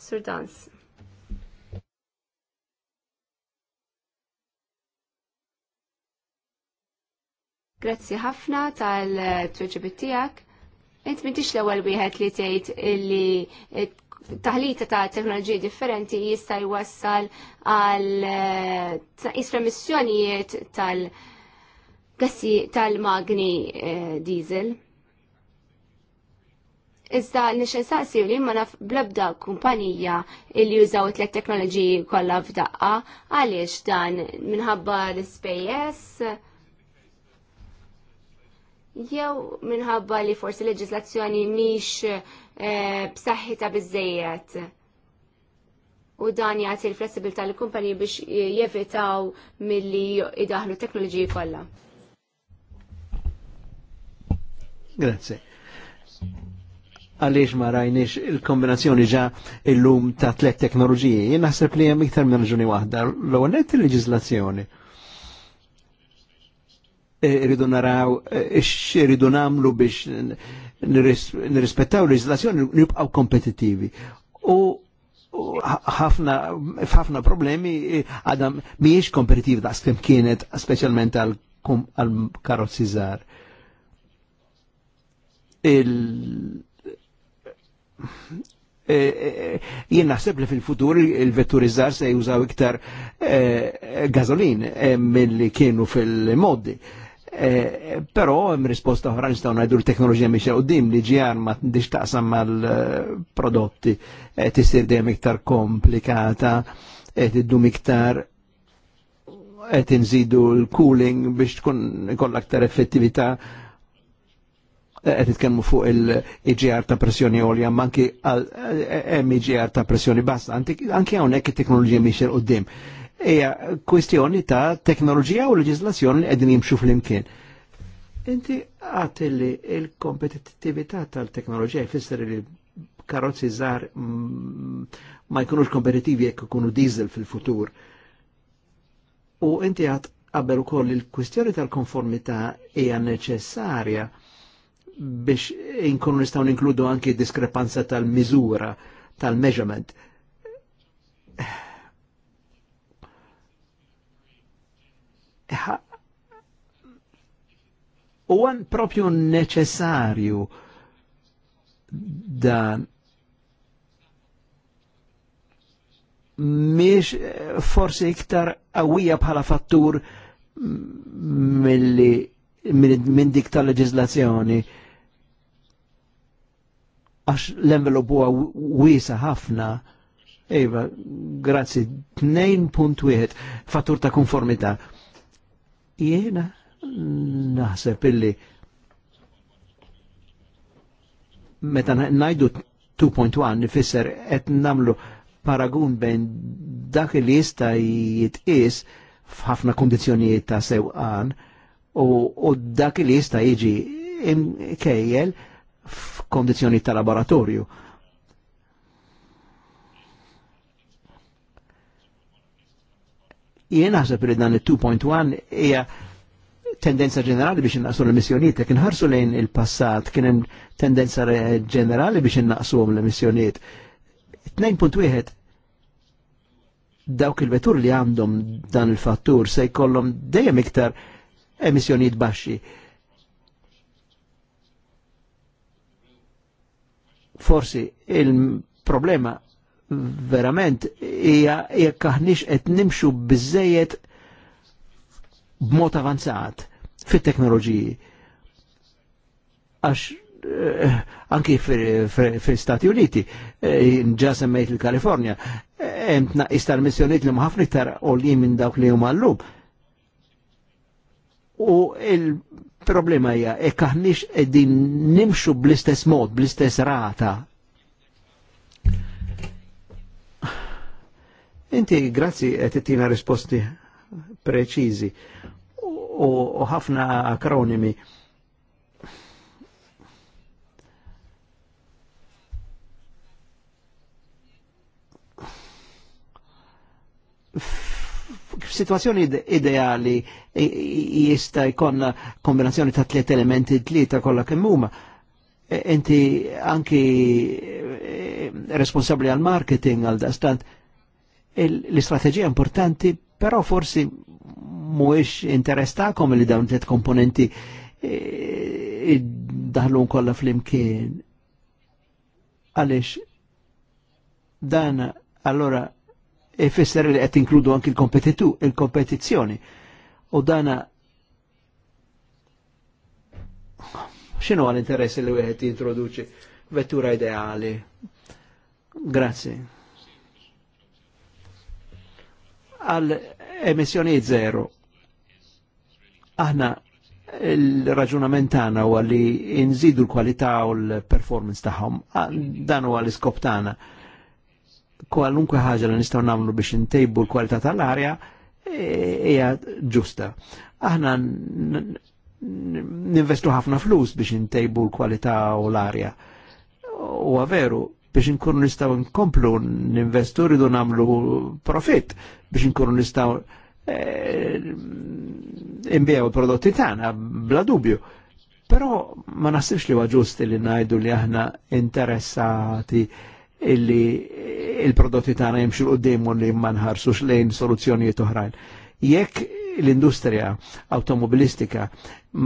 Speaker 1: Sur dans. Grazzi ħafna tal-tweġibit tiegħek. Int m'intix l-ewwel wieħed li tgħid illi taħlita ta' teknoloġiji differenti jista' jwassal għal tnaqqis tal, emissjonijiet tal- gassi tal-magni eh, diesel. Iżda nixen saqsi li ma naf blabda kumpanija li jużaw it let teknoloġiji kollha f'daqqa għaliex dan minħabba l sps jew minħabba li forsi leġislazzjoni miex eh, b'saħħitha bizzejiet. U dan jagħti l-flessibilità l-kumpaniji biex jevitaw milli idaħlu teknoloġiji kollha.
Speaker 2: Grazie. Għaliex ma rajniex il-kombinazzjoni ġa il-lum ta' tlet teknoloġiji, jien naħseb li hemm iktar minn raġuni waħda, l għonet il-leġiżlazzjoni e, irridu naraw e, irridu namlu biex nirrispettaw l-legislazzjoni nibqaw kompetitivi. U ħafna problemi e, għadam miex kompetitiv da' skem kienet specialment għal zar il- eh, eh, jien naħseb li fil-futur il-vetturizzar se jużaw iktar eh, gazolin mill-li kienu fil-moddi. Però hemm risposta oħra nistgħu ngħidu l-teknoloġija mhix qudiem li ġiar ma tindix taqsam mal-prodotti tisir dejjem iktar komplikata, tiddum iktar qed inżidu l-cooling biex tkun ikollha aktar effettività qed itkellmu fuq il-IGR ta' pressjoni olja manki għal hemm IGR ta' pressjoni bassa, anke hawnhekk it-teknoloġija mhix qudiem. Hija kwestjoni ta' teknoloġija u leġislazzjoni li qegħdin jimxu flimkien. Inti għat li il-kompetittività tal-teknoloġija jfisser li karozzi żgħar mm, ma jkunux kompetitivi jekk ikunu diesel fil-futur. U inti għat qabel ukoll il-kwistjoni tal-konformità hija neċessarja biex inkunu nistaw ninkludu anki diskrepanza tal-miżura, tal-measurement. U għan propju neċessarju dan miex eh, forsi iktar għawija bħala fattur mill-dik tal-leġizlazzjoni. Mill għax l-envelop huwa wiesa ħafna. Ejba, grazzi, 2.1 fattur ta' konformità. Jena naħseb illi meta najdu 2.1 nifisser qed namlu paragun bejn dak li jista jitqis f'ħafna kondizjonijiet ta' sewqan u, u dak li jista jiġi imkejjel im kondizjoni ta' laboratorju. Jien għasab li dan il-2.1 hija tendenza ġenerali biex innaqsu l-emissjoniet, kien ħarsu lejn il-passat, kien hemm tendenza ġenerali biex innaqsu l-emissjoniet. 2.1 dawk il-vetur li għandhom dan il-fattur se jkollhom dejjem iktar emissjonijiet baxxi Forsi il-problema verament hija jekk aħniex qed nimxu biżejjed b'mod avanzat fit-teknoloġiji. Għax eh, anki fil-Stati Uniti, eh, ġa semmejt il-Kalifornja, eh, hemm tnaqqis tal-missjoniet li ma ħafna iktar għoljien minn dawk li huma llum U il-problema hija e aħniex din nimxu bl-istess mod, bl-istess rata. Inti grazzi qed tina risposti preċizi u ħafna akronimi. F Situazzjoni ideali jista' jkollna kombinazzjoni ta' tliet elementi tlieta kollha kemm huma. E- inti anki eh, responsabbli għal marketing għal dastant l-istrateġija importanti, però forsi mhuwiex interess tagħkom li dawn tliet komponenti eh, daħlun kollha flimkien. Għaliex dan allora fisser li għet inkludu anki l-kompetitu, il kompetizjoni U dana xinu għal interess li għet introduċi vettura ideali. Grazzi. Għal emissioni zero. Aħna il-raġunament tagħna huwa li nżidu l-kwalità u l-performance tagħhom. Dan huwa l-iskop tagħna kwalunkwe ħaġa li nistgħu nagħmlu biex intejbu l-kwalità tal-arja e, hija ġusta. Aħna ninvestu ħafna flus biex intejbu l-kwalità u l-arja. U veru, biex inkunu nistaw nkomplu ninvestu rridu namlu profit biex inkunu nistaw imbijaw e, prodotti tagħna bla dubju. Però ma nasibx li huwa ġust li ngħidu li aħna interessati illi il-prodotti tagħna jimxu qudiem li ma nħarsux lejn soluzzjonijiet oħrajn. Jekk l-industrija automobilistika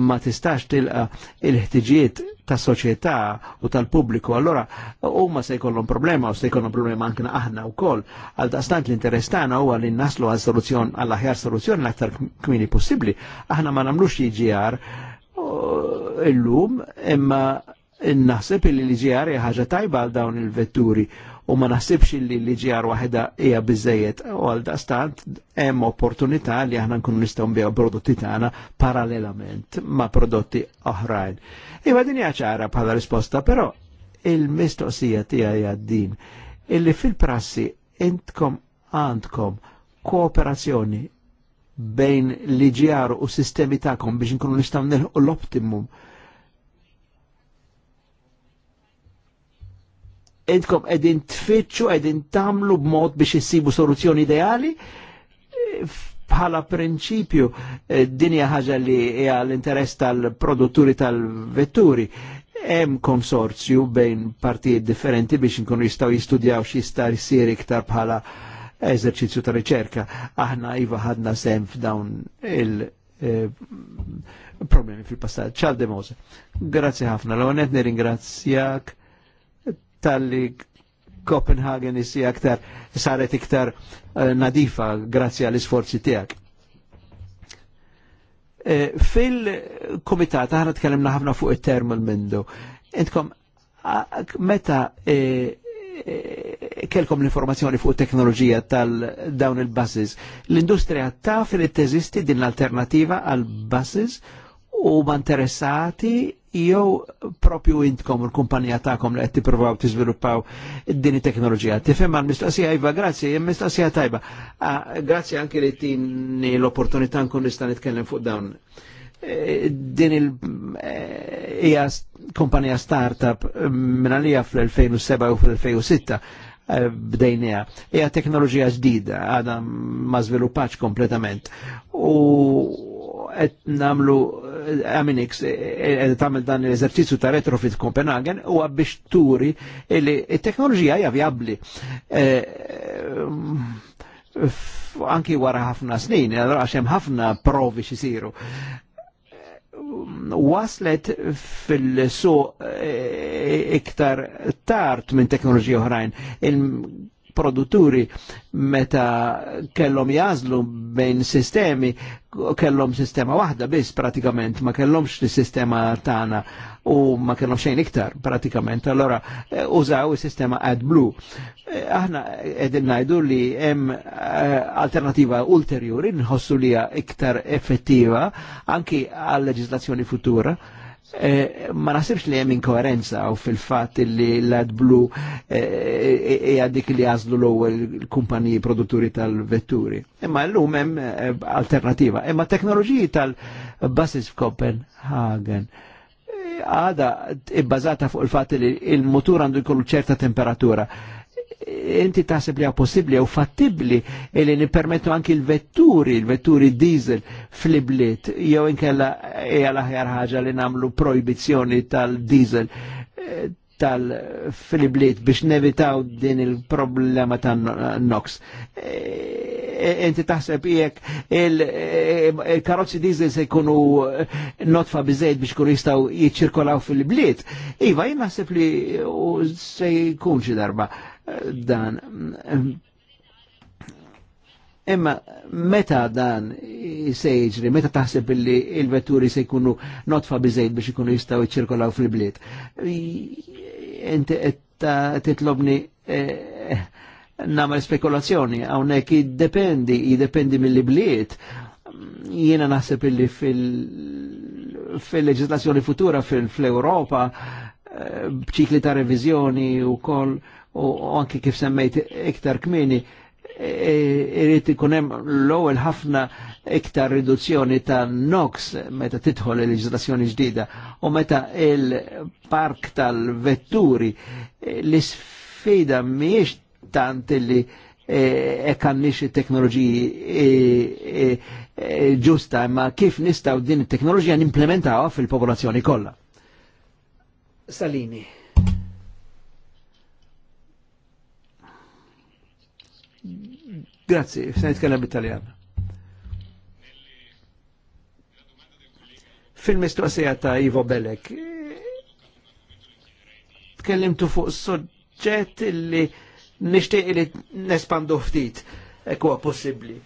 Speaker 2: ma tistax tilqa il-ħtiġiet ta' soċjetà u tal-pubbliku, allora huma se jkollhom problema u se jkollhom problema anke aħna wkoll. Għal daqstant l-interess tagħna huwa li naslu għal soluzzjon għall aħjar soluzzjoni l-aktar kmini possibbli. Aħna ma nagħmlux jiġi uh, illum imma naħseb li l-ġijar ħaġa tajba għal dawn il-vetturi u ma naħsibx li l-ġijar waħda hija biżejjed u għal daqstant hemm opportunità li aħna nkunu nistgħu nbiegħu prodotti tagħna parallelament ma' prodotti oħrajn. Iva din hija ċara bħala risposta, però il-mistoqsija tiegħi hija din illi fil-prassi intkom għandkom kooperazzjoni bejn l-ġijar u sistemi tagħkom biex nkunu nistgħu nilħu l-optimum edkom edin tfittxu, edin tamlu b'mod biex jissibu soluzzjoni ideali, bħala prinċipju eh, dinja ħaġa li hija l-interess tal-produtturi tal-vetturi. Hemm konsorzju bejn partijiet differenti biex nkunu jistgħu jistudjaw x'jista' jsir iktar bħala eżerċizzju ta' riċerka. Aħna iva ħadna sem f'dawn il- eh, problemi fil-passat. ċal de Grazie ħafna. L-għonet nirringrazzjak tal-li Copenhagen issi aktar, saret iktar uh, nadifa grazzi għall isforzi tijak. E, Fil-komitat, aħna tkellimna ħafna fuq il il mindu. Intkom, meta e, kelkom l-informazzjoni fuq teknoloġija tal-dawn il-buses, l-industrija taf li teżisti din l-alternativa għal-buses u ma interessati jew propju intkom il l-kumpanija ta'kom li qed tippruvaw tiżviluppaw din it-teknoloġija. Tifhem għal mistoqsija Iva, grazzi, mistoqsija tajba. Ah, grazzi anke li tini l-opportunità nkun nista' nitkellem fuq dawn. Eh, din il eh, hija kumpanija startup eh, minn għalija fl-2007 u fl-2006 bdejnija. Hija teknoloġija ġdida, għadha ma żviluppax kompletament. U qed namlu Aminix e, e, e, tamil dan l-eżerċizzju ta' retrofit Copenhagen u biex turi li il-teknologija hija vjabbli anki wara ħafna snin, għax hemm ħafna provi xisiru. Waslet fil su iktar tart minn teknoloġija oħrajn il-produtturi meta kellhom jazlu bejn sistemi kellhom sistema waħda biss pratikament ma kellhomx sistema tana u ma kellhom xejn iktar pratikament. Allora eh, użaw is-sistema AdBlue. Eh, aħna qegħdin ngħidu li hemm eh, alternativa ulterjuri nħossu li iktar effettiva anki għal leġislazzjoni futura Eh, ma nasibx li hemm inkoerenza u fil-fatt li l blue eh, eh, hija dik li għażlu l-ewwel il-kumpaniji produtturi tal-vetturi. Imma llum hemm alternativa. Imma e teknoloġiji tal-Basis Copenhagen għada ibbażata fuq il-fatt li il-motur għandu jkollu ċerta temperatura inti taħseb li possibli u fattibli li nipermettu anki l-vetturi, l-vetturi diesel fl-ibliet, jew inkella hija l-aħjar ħaġa li namlu proibizjoni tal-diesel eh, fliblit biex nevitaw din il-problema tan-nox. Eh, eh, inti taħseb jek il-karozzi diesel se jkunu notfa bizzejt biex kunu jistaw jiċirkolaw fil-bliet. Iva, jina naħseb li se jkun darba dan. Imma meta dan se jiġri, meta taħseb illi il-vetturi se jkunu notfa bizejt biex jkunu jistaw iċirkolaw fil-bliet. Inti titlobni eh, namel spekulazzjoni, għawnek jiddependi, jiddependi mill-bliet. Jiena naħseb illi fil-leġislazzjoni futura fil-Europa, eh, bċikli ta' revizjoni u koll u anki kif semmejt iktar kmini e, e, irrit ikun hemm l-ewwel ħafna iktar riduzzjoni ta' NOx meta titħol l leġislazzjoni ġdida u meta il-park tal-vetturi e, l-isfida miex tant li hekk għandniex it-teknoloġiji ġusta, imma kif nistaw din it-teknoloġija nimplementawha fil-popolazzjoni kollha. Salini. Grazzi, se nitkellem bit-Taljan. Fil-mistoqsija ta' Ivo Belek, tkellimtu fuq soġġett li nishtiq li nespandu ftit, ekwa possibli.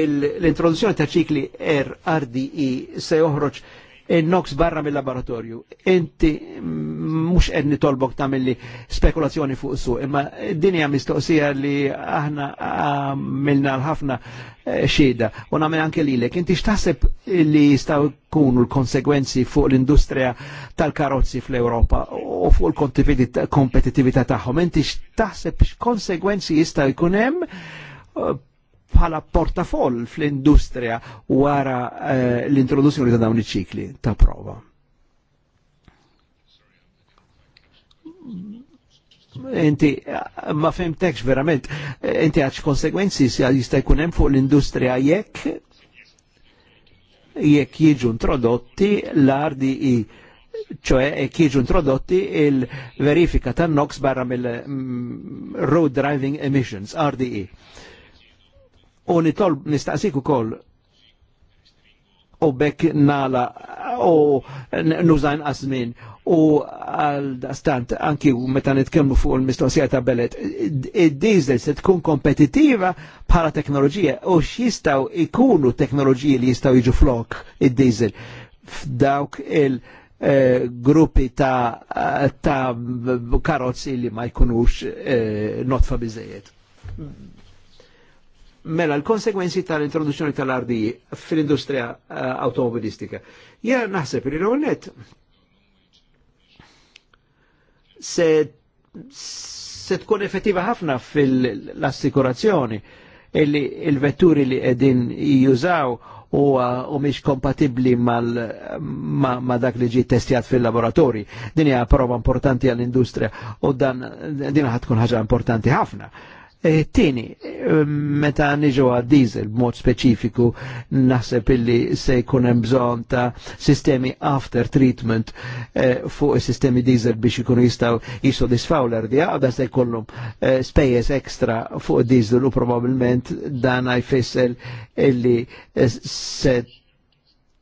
Speaker 2: L-introduzzjoni ta' ċikli RRDI e se joħroġ il-nox barra mill-laboratorju. Inti mux edni qed nitolbok tamilli spekulazzjoni fuq su, imma dinja mistoqsija li aħna għamilna l-ħafna eh, xeda. U namen anke li lilek, inti xtaħseb li jistaw kunu l-konsegwenzi fuq l-industrija tal-karozzi fl-Europa u fuq l-kompetitività tagħhom. Inti xtaħseb x-konsegwenzi jistaw jkun eh, bħala portafoll fl-industrija wara eh, l-introduzzjoni ta' dawn iċ-ċikli ta' prova. Inti ma fimtekx verament, inti għax konsekwenzi si jista' jkun hemm fuq l-industrija jekk jekk jiġu introdotti l ardi i e, ċoħe jekk jiġu introdotti il-verifika tan-NOx barra mill-Road mm, Driving Emissions, RDE u nitolb nistaqsik ukoll u bekk nala u nużan qasmin u għal dastant anki u meta nitkellmu fuq il-mistoqsija ta' belet id dizel se tkun kompetitiva bħala teknoloġija u x'jistgħu ikunu teknoloġiji li jistgħu jiġu flok id dizel f'dawk il- eh, gruppi ta', ta karozzi li ma jkunux eh, notfa biżejjed. Mela, l-konsekwenzi tal-introduzzjoni tal-ardi fil-industrija uh, eh, automobilistika. Ja, naħseb li l-għonet se, se tkun effettiva ħafna fil-assikurazzjoni illi il-vetturi li edin jużaw u uh, mhix kompatibbli mal ma, ma dak li ġi testjat fil-laboratori. Din hija prova importanti għall-industrija u dan din ħatkun ħaġa importanti ħafna. E, tini, e, meta niġu għad diesel b'mod speċifiku, naħseb illi se jkunem bżon ta' sistemi after treatment e, fuq sistemi diesel biex jkunu jistaw jisodisfaw l-ardija, għada se jkunum spejjeż ekstra fuq diesel u probabilment dan għajfessel illi se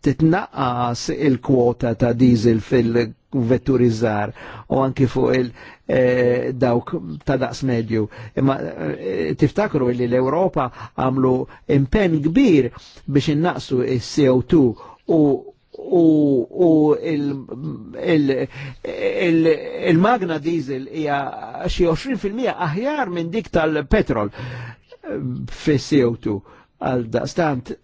Speaker 2: titnaqqas il-kwota ta' diesel fil-vetturizzar u anki fuq il- Eh, dawk ta' daqs medju. Imma eh, tiftakru li l-Europa għamlu impenn kbir biex innaqsu is co 2 u u, il-magna diesel hija xi 20% aħjar minn dik tal-petrol eh, fi CO2 għal daqstant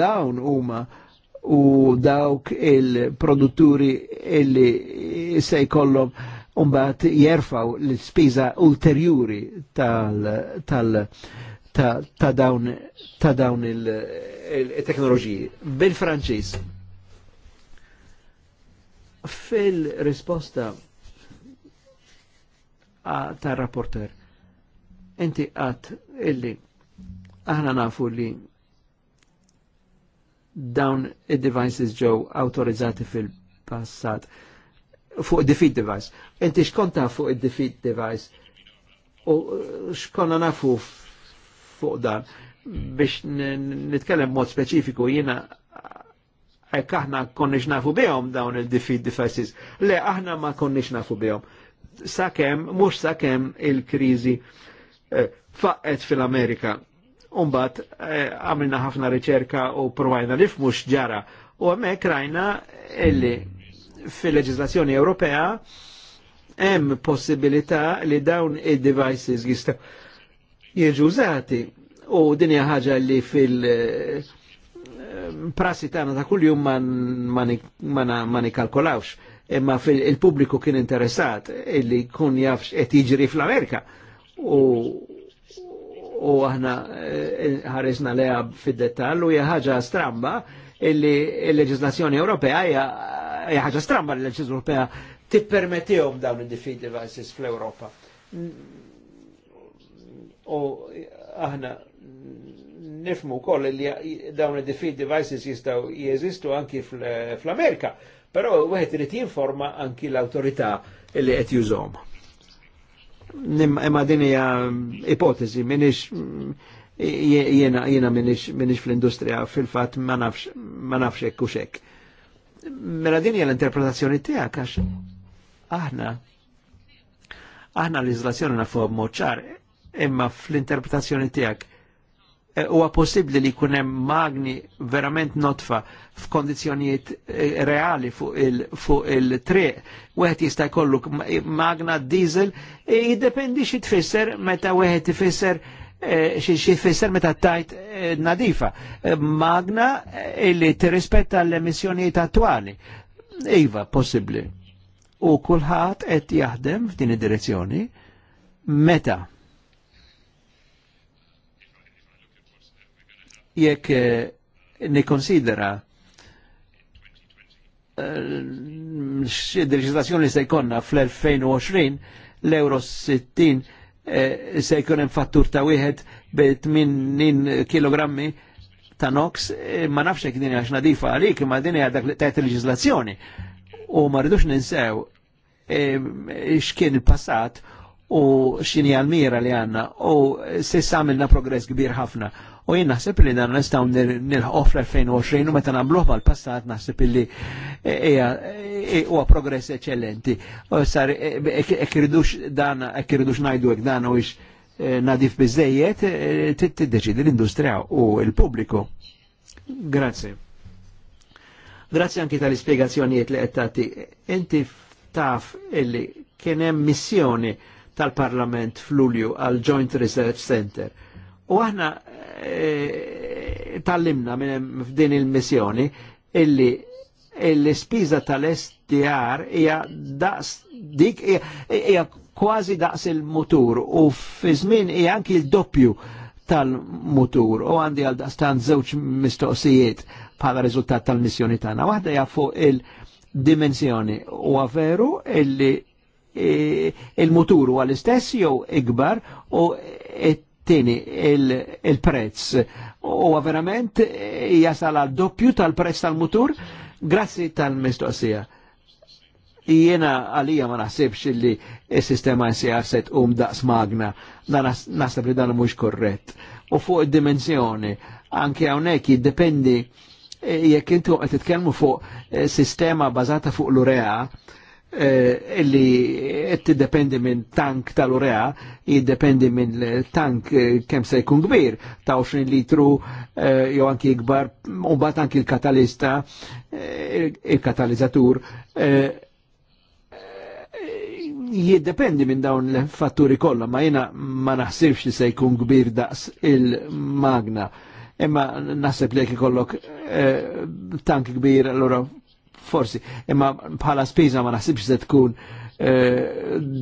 Speaker 2: dawn huma uh, u dawk il-produtturi illi se jkollhom umbat jerfaw l ispiża ulterjuri tal, tal ta, ta' dawn, ta dawn il-teknoloġiji. Il teknoloġiji bil fil-risposta ta' rapporter, inti għat illi aħna nafu li dawn id-devices ġew autorizzati fil-passat fuq defeat device. Inti xkonta fuq id-defeat device u uh, xkonna nafu fuq dan biex nitkellem mod speċifiku jina hekk aħna konniex nafu bihom dawn il-defeat devices. Le aħna ma konniex nafu bihom. Sakem, mhux sakem il-kriżi faqet eh, faqqet fil-Amerika Umbat eh, għamilna ħafna riċerka u provajna li fmux ġara u għamek rajna illi fil-leġislazzjoni Ewropea hemm possibilità li dawn id-devices jistgħu jieġu użati u din hija ħaġa li fil- eh, prassi tagħna ta' kuljum ma nikalkolawx imma fil pubbliku kien interessat illi kun jafx qed jiġri fl-Amerika u u aħna eh, ħarisna leha fid-dettall u hija ħaġa stramba illi l-leġislazzjoni Ewropea hija ħaġa stramba li l-leġislazzjoni Ewropea tippermettihom dawn id-defeat devices fl-Ewropa. U aħna nifmu wkoll li dawn id-defeat devices jistaw jeżistu anki fl-Amerika, però wieħed irid jinforma anki l-awtorità li qed jużhom imma din hija mm, ipotezi minix mm, jena jena minix minix fl-industrija fil-fatt ma nafx ma nafx hekk u xek. Mela din hija l-interpretazzjoni tiegħek għax aħna aħna l iżlazzjoni nafuha b'mod imma fl-interpretazzjoni tiegħek Eh, huwa possibbli li jkun hemm magni verament notfa f'kondizzjonijiet eh, reali fuq il-triq, fu il wieħed jista' jkollu magna diesel, e jiddependi xi tfisser meta wieħed ifisser eh, xie fisser meta tajt nadifa. Magna illi tirrispetta l-emissjonijiet attuali. Iva, possibli. U kullħat qed jaħdem f'din id-direzzjoni meta jekk eh, nikonsidera deċizazzjoni eh, se jkonna fl-2020 l-euro 60 eh, se jkun hemm fattur ta' wieħed bi 80 kg ta' nox ma nafx hekk din għax nadifa għalik ma din hija dak li tajt leġiżlazzjoni. U ma rridux ninsew x'kien il-passat u x'inhi l-mira li għandna u se samilna progress kbir ħafna U jien naħseb li dan nistgħu nilħqu fl-2020 u meta nagħmluh mal-passat naħseb illi e, e, e, huwa progress eċċellenti. Sar ekkirdux dan ekkirdux ngħidu hekk dan huwiex nadif biżejjed tiddeċidi l-industrija u l-pubbliku. Grazzi. Grazzi anki tal ispjegazzjonijiet li qed tagħti. Inti taf illi kien hemm missjoni tal-Parlament f'Lulju għal Joint Research Center. U aħna Eh, tal-limna minn f'din il-missjoni illi l-spiża tal-STR hija daqs dik hija kważi daqs il-mutur u fi żmien hija anki l-doppju tal-mutur u għandi għal daqstan żewġ mistoqsijiet bħala riżultat tal-missjoni tagħna. Waħda hija fuq il-dimensjoni u veru illi eh, il-mutur huwa l-istess jew ikbar u it Tini, il-prezz il huwa verament jasal għal doppju tal-prezz tal-mutur grazzi tal-mistoqsija. Jena għalija ma naħsibx li s-sistema NCR set um daqs magna, naħseb li dan mhux korrett. U fuq id-dimensjoni, anke hawnhekk jiddependi eh, jekk intu qed fuq eh, sistema bazata fuq l-urea, Eh, illi qed tiddependi minn tank tal-urea, jiddependi minn tank eh, kemm se jkun kbir ta' 20 litru eh, jew anki ikbar, u mbagħad anki il-katalista, il-katalizzatur jiddependi minn dawn l-fatturi kollha, ma jiena ma naħsibx li se jkun kbir daqs il-magna. Imma naħseb li jekk ikollok tank kbir, allura forsi, imma bħala spiża ma naħsibx se tkun eh,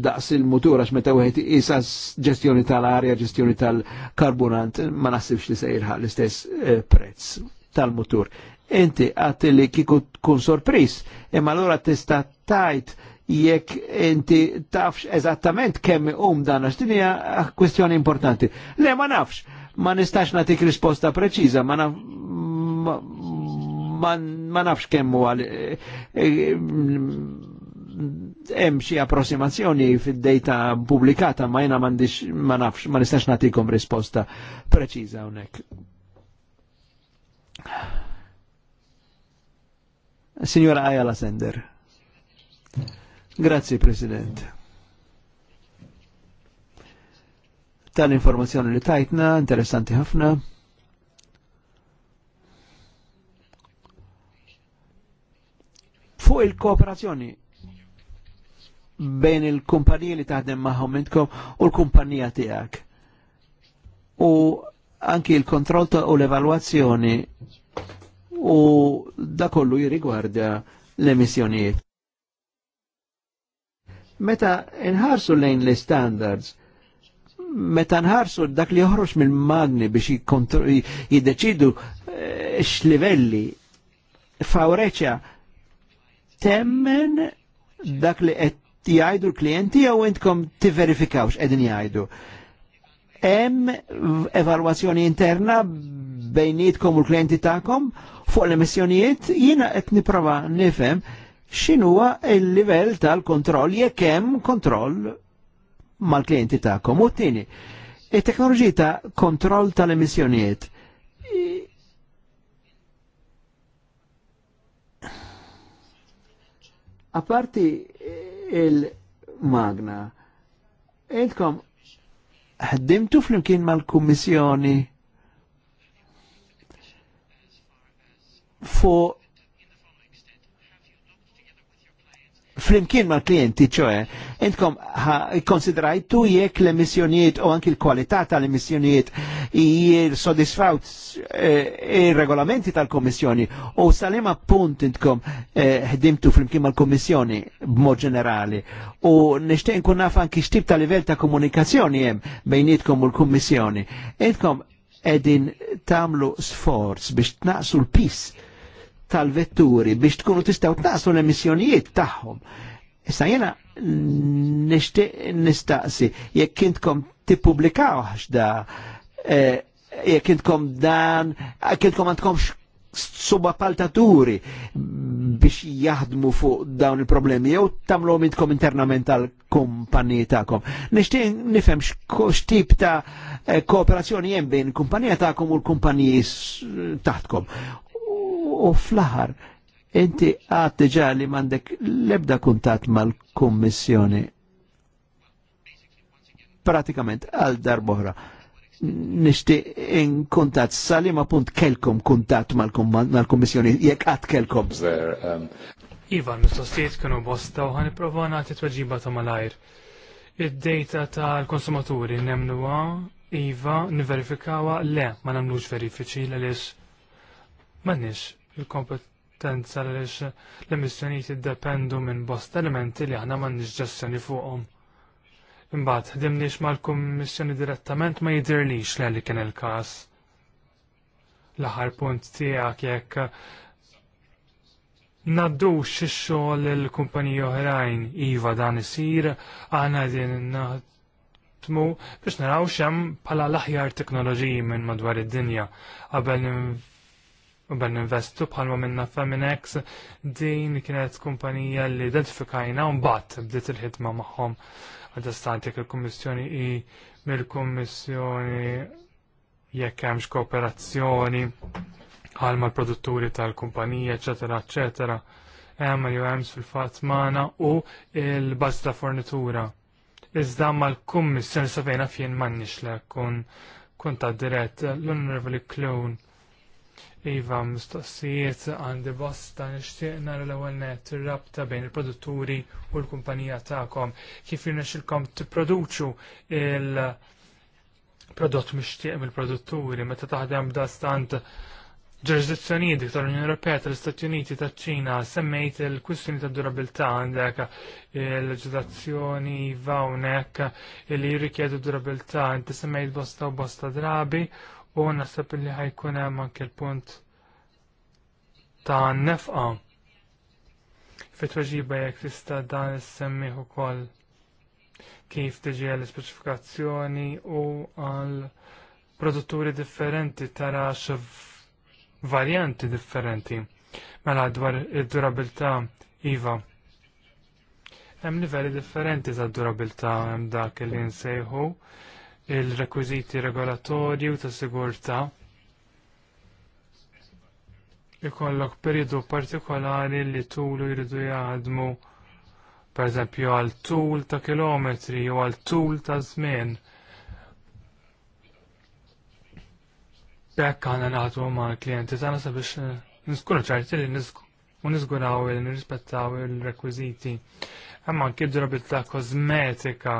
Speaker 2: daqs il mutur għax meta wieħed isa ġestjoni tal-arja, ġestjoni tal-karbonant, ma naħsibx li se l-istess eh, prezz tal-mutur. Inti għat li kiku tkun sorpris, imma allura tista' tajt jekk inti tafx eżattament kemm um dan għax din hija kwestjoni importanti. Le ma nafx, ma nistax nagħtik risposta preċiża, ma, ma nafx kemmu għal eh, eh, hemm xi approssimazzjoni fid-dejta pubblikata ma jena m'għandix ma nafx ma nistax nagħtikom risposta preċiża hawnhekk. Signora Ayala Sender. Grazie President. Tal-informazzjoni li tajtna, interessanti ħafna. fuq il-kooperazzjoni bejn il-kumpanija li taħdem maħom intkom u l-kumpanija tijak. U anki il-kontroll u l-evaluazzjoni u da kollu jirigwarda l-emissjonijiet. Meta nħarsu lejn l-standards, meta nħarsu dak li joħroġ minn magni biex jiddeċidu eh, x-livelli fawreċa temmen dak li qed jgħidu l-klijenti jew intkom tiverifikawx qegħdin jgħidu. Hemm evalwazzjoni interna bejnietkom u l-klijenti tagħkom fuq l-emissjonijiet jiena qed nipprova nifhem x'inhuwa l-livell tal-kontroll jekk hemm kontroll mal-klijenti tagħkom. U tieni, it-teknoloġija ta' kontroll tal-emissjonijiet A parti il-magna, edkom ħaddimtu flimkien mal kommissjoni fuq flimkien ma' klienti ċoħe, intkom konsiderajtu jekk l-emissjonijiet u anki l-kualità tal-emissjonijiet jir-sodisfaw eh, il-regolamenti tal-Komissjoni u salima punt intkom eh, ħdimtu flimkien ma' l-Komissjoni b'mod ġenerali u nishtiq nkun naf anki xtib ta' livell ta' komunikazzjoni jem bejnietkom u l-Komissjoni. Intkom edin tamlu sforz biex tnaqsu l-pis tal-vetturi biex tkunu tistaw taqsu l-emissjonijiet tagħhom. Issa jena nishtiq nistaqsi jekk kintkom tippubblikaw da eh, jekk intkom dan kintkom għandkom suba paltaturi biex jaħdmu fuq dawn il-problemi jew tamlu intkom internament tal kumpaniji tagħkom. Nixtieq nifhem x'tip ta' eh, kooperazzjoni hemm bejn kumpanija tagħkom u l-kumpaniji taħtkom. U fl-aħħar, inti għad diġà li m'għandek l-ebda kuntat mal-Kummissjoni pratikament għal darboħra. Nishti in kuntat sali punt kelkom kuntat mal-Kommissjoni, jekk għat kelkom. Um,
Speaker 4: iva, mistoqsijiet kienu bosta u ħani prova nagħti tweġiba ta' malajr. Id-data tal-konsumaturi nemnuha, Iva, niverifikawa, le, ma nagħmlux verifiċi għaliex m'għandniex il-kompetenza għaliex l-emissjonijiet jiddependu minn bost elementi li aħna m'għandniex ġestjoni fuqhom. Imbagħad ħdimniex mal-Kummissjoni direttament ma jidirlix li għalli kien il-każ. L-aħħar punt tiegħek jekk Naddu xixxol l-kumpaniji oħrajn iva dan isir, għana din naħtmu biex naraw xem pala l-aħjar teknoloġiji minn madwar id-dinja qabel u ben investu bħalma minna Feminex din kienet kumpanija li identifikajna un bat bdiet il-ħidma maħħom għadastanti jek il-kommissjoni i mil-kommissjoni jekk hemmx kooperazzjoni għalma l-produtturi tal-kumpanija, eccetera, eccetera, hemm li hemm fil-fatt magħna u l-bażi ta' fornitura. Iżda mal-kummissjoni sabejna fien m'għandniex lekk kun kunta dirett l-Onorevoli Clone Iva mistoqsijiet għandi bosta nixtieq nara l-ewwel net rabta bejn il-produtturi u l-kumpanija tagħkom kif t tipproduċu il-prodott mixtieq mill-produtturi meta taħdem b'dastant ġurisdizzjonijiet dik l unjoni Ewropea tal-Istati Uniti taċ-Ċina semmejt il-kwistjoni tad durabilta għandek il leġizzazzjoni vawnek hawnhekk li jirrikjedu durabilta inti semmejt bosta u bosta drabi u nasab li ħajkun hemm anke l-punt ta' nefqa fit-tweġiba jekk tista' dan issemmih ukoll kif tiġi għall ispeċifikazzjoni u għal produtturi differenti tara varjanti differenti mela dwar id-durabilità iva. Hemm livelli differenti ta' durabilità hemm dak li nsejħu il-rekwiziti regolatorji u ta' sigurta ikollok periodu partikolari li tulu jridu jgħadmu per eżempju għal tul ta' kilometri u għal tul ta' żmien. Bekk għana naħdu ma' klienti tagħna sabiex niskunu ċarti li u nizguraw li nirrispettaw il-rekwiziti. Imma kif drabit ta' kozmetika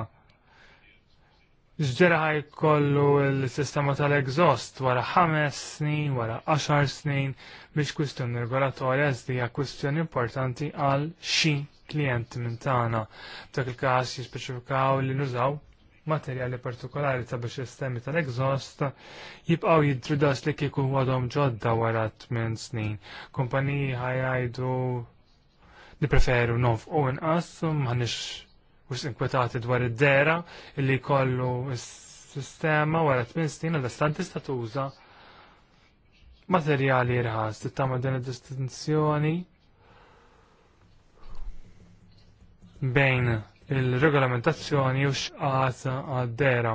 Speaker 4: Ġġera kollu l-sistema tal-exhaust wara ħames snin, wara 10 snin, biex kwistjoni regolatorja zdija kwistjoni importanti għal xi klient minn tagħna. Dak il-każ jispeċifikaw li nużaw materjali partikolari ta' biex sistemi tal-exhaust jibqaw jidrudas li kieku għadhom ġodda wara 8 snin. Kumpaniji ħajajdu li preferu nof u inqas, m'għandix s inkwetati dwar id-dera illi kollu s-sistema wara 8 snin għal stan tista' tuża materjali irħas tittama din id-distinzjoni bejn il-regolamentazzjoni u xqat għad-dera.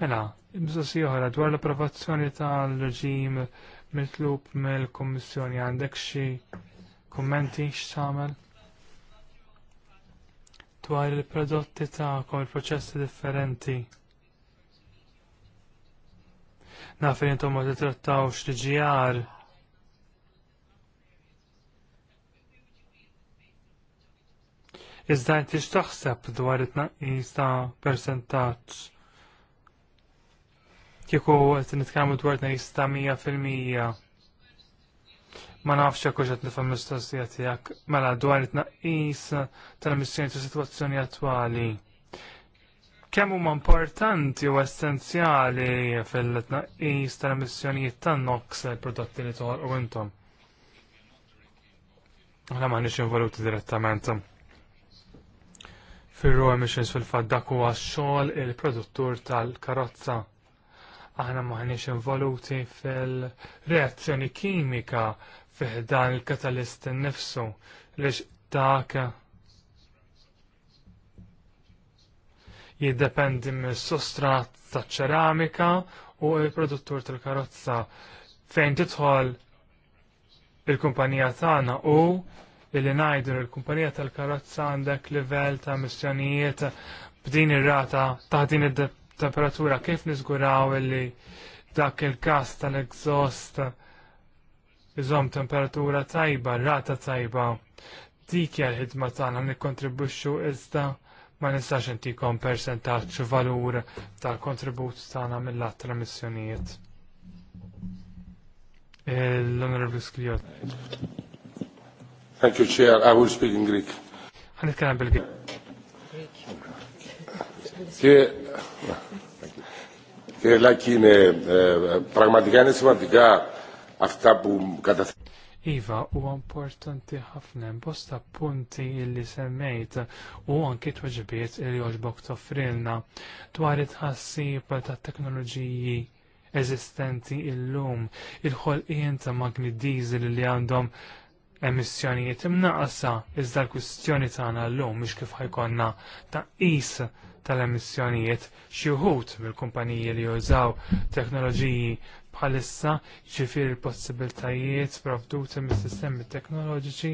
Speaker 4: Mela, bżossi oħra dwar l-approvazzjoni tal-reġim mitlub mill-Kommissjoni għandek xi kummenti samel dwar il-prodotti tagħkom il-proċessi differenti. Nafin intom ma titrattawx l-ġjar Iżda inti x'taħseb dwar it-tnaqqis ta' persentaġġ. Kieku qed nitkellmu dwar tnaqqis ta' mija fil-mija ma nafx jekk qed nifhem mistoqsija tiegħek mela dwar it-tnaqqis tal-missjoni ta' sitwazzjoni attwali. Kemm huma importanti u essenzjali fil-tnaqqis tal-emissjonijiet tan-NOx il-prodotti li toħolqu intom? Aħna mela, m'għandniex involuti direttament. fir ru emissions fil-fatt dak huwa x-xogħol il-produttur tal-karozza aħna maħniex involuti fil-reazzjoni kimika fiħdan il-katalist nifsu lix dak jiddependi mis sostrat ta' ċeramika u il-produttur tal-karozza fejn titħol il-kumpanija tagħna u li ngħidu il-kumpanija tal-karozza għandek livell ta' missjonijiet b'din ir-rata ta' din id-temperatura kif niżguraw illi dak il-każ tal-exhaust iżom temperatura tajba, rata tajba. Dik hija l-ħidma tagħna nikkontribwixxu iżda ma nistax intikom persentaġġ valur tal-kontribut tagħna mill-att missjonijiet. L-Onorevoli Skrijot.
Speaker 3: Thank you, Chair. I will speak in Greek.
Speaker 4: Għanitkellem bil-Greek.
Speaker 3: Κύριε Λάκη, είναι πραγματικά είναι σημαντικά αυτά που
Speaker 4: Iva, u importanti ħafna bosta punti illi semmejt u anki twaġbiet illi oġbok toffrilna dwar it-ħassib ta' teknoloġiji eżistenti illum il-ħolqien ta' magni diesel li għandhom emissjonijiet imnaqsa iżda l-kwistjoni tagħna llum mhux kif ħajkonna ta' is tal-emissjonijiet xi wħud mill-kumpaniji li jużaw teknoloġiji bħalissa ġifir il-possibiltajiet provduti mis-sistemi teknoloġiċi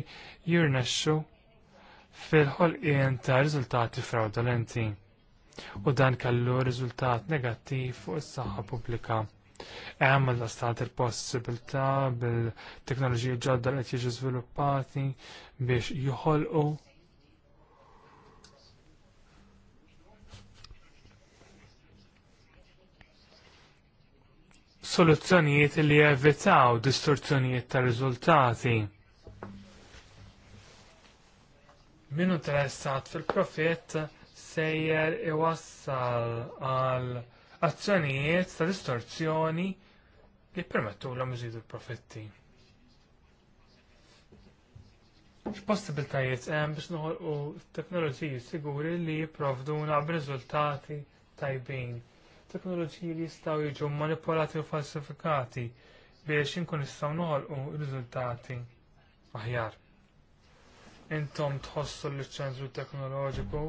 Speaker 4: jirnexxu fil-ħolqien ta' riżultati fraudolenti. U dan kellu riżultat negattiv fuq is-saħħa pubblika. Hemm l stat il-possibilità bil-teknoloġiji ġodda li qed jiġu żviluppati biex joħolqu soluzzjonijiet li jevitaw distorzjonijiet ta' riżultati. Minu interessat fil-profit sejjer iwassal għal azzjonijiet ta' distorzjoni li permettu l iżidu l-profitti. X'possibiltajiet hemm biex noħolqu teknoloġiji siguri li jipprovduna b'riżultati tajbin teknoloġiji li jistgħu jiġu manipolati u falsifikati biex inkun nistgħu noħolqu riżultati aħjar. Intom tħossu l-ċentru teknoloġiku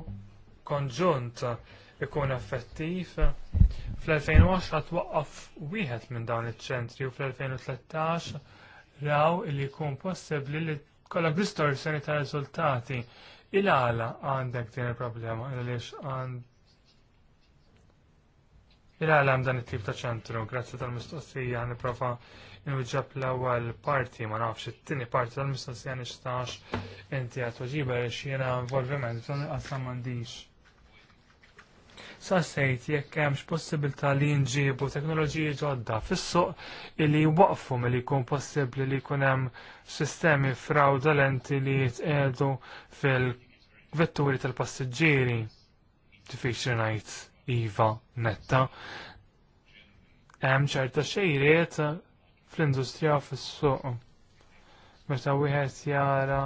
Speaker 4: konġunt ikun effettiv. Fl-2010 twaqqaf wieħed minn dawn iċ-ċentri u fl-2013 raw li jkun possibbli li kollha distorsjoni ta' riżultati il-għala għandek din il-problema għaliex għand il-għalam dan it-tip ta' ċentru, grazzi tal-mistoqsija, niprofa nwiġab l-ewwel parti, ma nafx it-tieni parti tal-mistoqsija nixtax inti għat waġiba li jena involviment għan il-qasam Sa sejt jekk hemmx possibilità li nġibu teknoloġiji ġodda fis-suq li waqfu li jkun possibbli li jkun hemm sistemi fraudolenti li jitqiegħdu fil-vetturi tal-passiġġieri. Diffiċli ngħid iva netta. Hemm ċerta xejriet fl-industrija fis-suq. Meta wieħed jara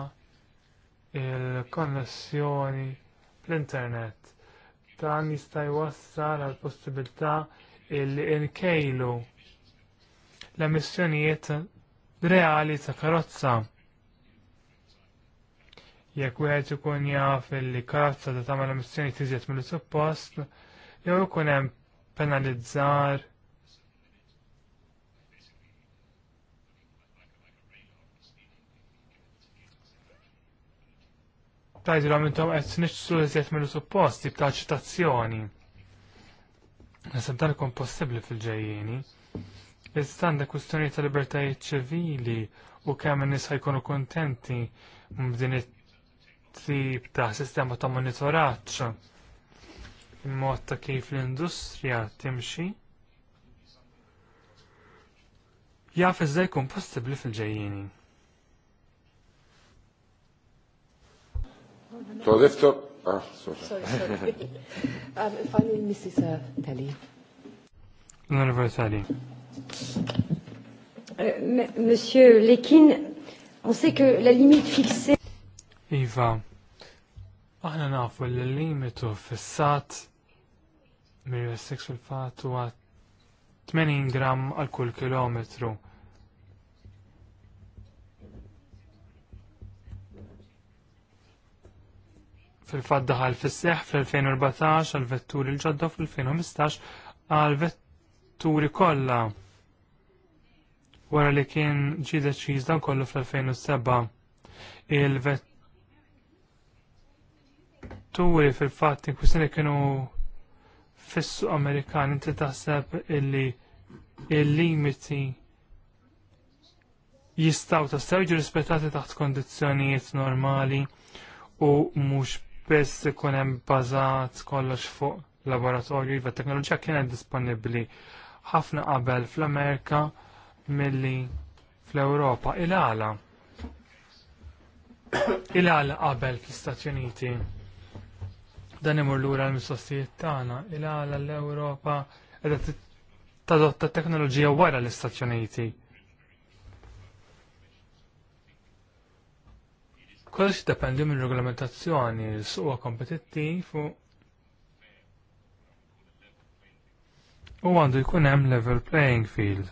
Speaker 4: il-konnessjoni fl-internet dan jista' jwassal għal possibilità li inkejlu l-emissjonijiet reali ta' karozza. Jekk wieħed ikun jaf li karozza ta' tagħmel emissjoni tiżjed mill-suppost, jew ikun hemm penalizzar tajdilom intom qed tniċċu iżjed mill supposti ta' ċitazzjoni. Nasab dan ikun possibbli fil ġejjini Iżda għandek kustjoni ta' libertajiet ċivili u kemm in-nies ħajkunu kuntenti b'din it-tip ta' sistema ta' monitoraġġ il-mod ta' kif l-industrija timxi jaf iżda jkun possibbli fil-ġejjini.
Speaker 3: To
Speaker 5: ah, sorry.
Speaker 3: Um, Finally, Mrs. Uh,
Speaker 1: Telly.
Speaker 4: Onorevole Telly.
Speaker 1: Uh, Monsieur Lekin, on sait que la limite fixée.
Speaker 4: Iva, aħna nafu l-limitu fissat Mirror fil-fat huwa 80 gram għal kull kilometru. Fil-fat daħal fis-seħ fil 2014 għal vetturi l-ġodda fil 2015 għal vetturi kollha wara li kien ġi deċiż dan kollu fil 2007 il-vetturi fil-fatt in kienu fissu Amerikan inti taħseb illi il-limiti jistaw tassew rispettati taħt kondizjonijiet normali u mhux biss ikun hemm bażat kollox fuq laboratorju iva teknoloġija kienet disponibbli ħafna qabel fl-Amerika milli fl-Ewropa il-għala il-għala qabel fl-Istati Uniti Dan imur lura l-mistoqsijiet tagħna il għala l-Ewropa qiegħda tadotta teknoloġija wara l-Istati Uniti. Kollox dependi minn regolamentazzjoni suqa kompetittiv u għandu jkun hemm level playing field.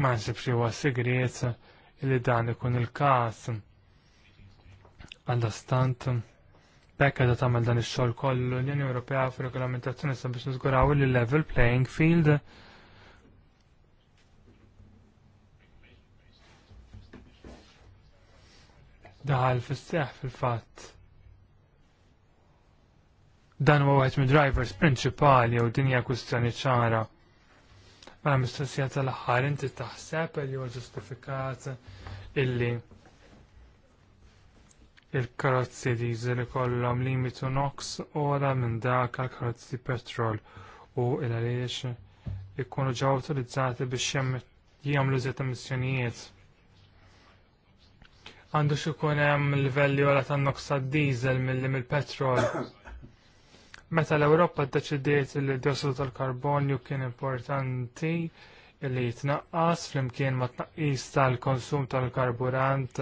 Speaker 4: Ma nsibx huwa segret li dan ikun il-każ. Għaldastant, bekka da tagħmel dan ix-xogħol kollu l-Unjoni Ewropea fir-regolamentazzjoni sa biex niżguraw li level playing field daħal fis-seħ fil-fatt. Dan huwa wieħed mid-drivers prinċipali u dinja kwistjoni ċara. Ma mela, mistoqsija tal-aħħar inti taħseb li huwa ġustifikat illi il-karozzi diesel ikollhom limitu nox ora minn dak għall karozzi petrol u il għaliex ikunu ġew utilizzati biex jagħmlu żiet emissjonijiet. Għandu xikun hemm livelli ora tan-nox tad-diesel milli mill-petrol Meta l-Ewropa ddeċidiet li d-diossidu tal-karbonju kien importanti li jitnaqqas flimkien ma tnaqqis tal-konsum tal-karburant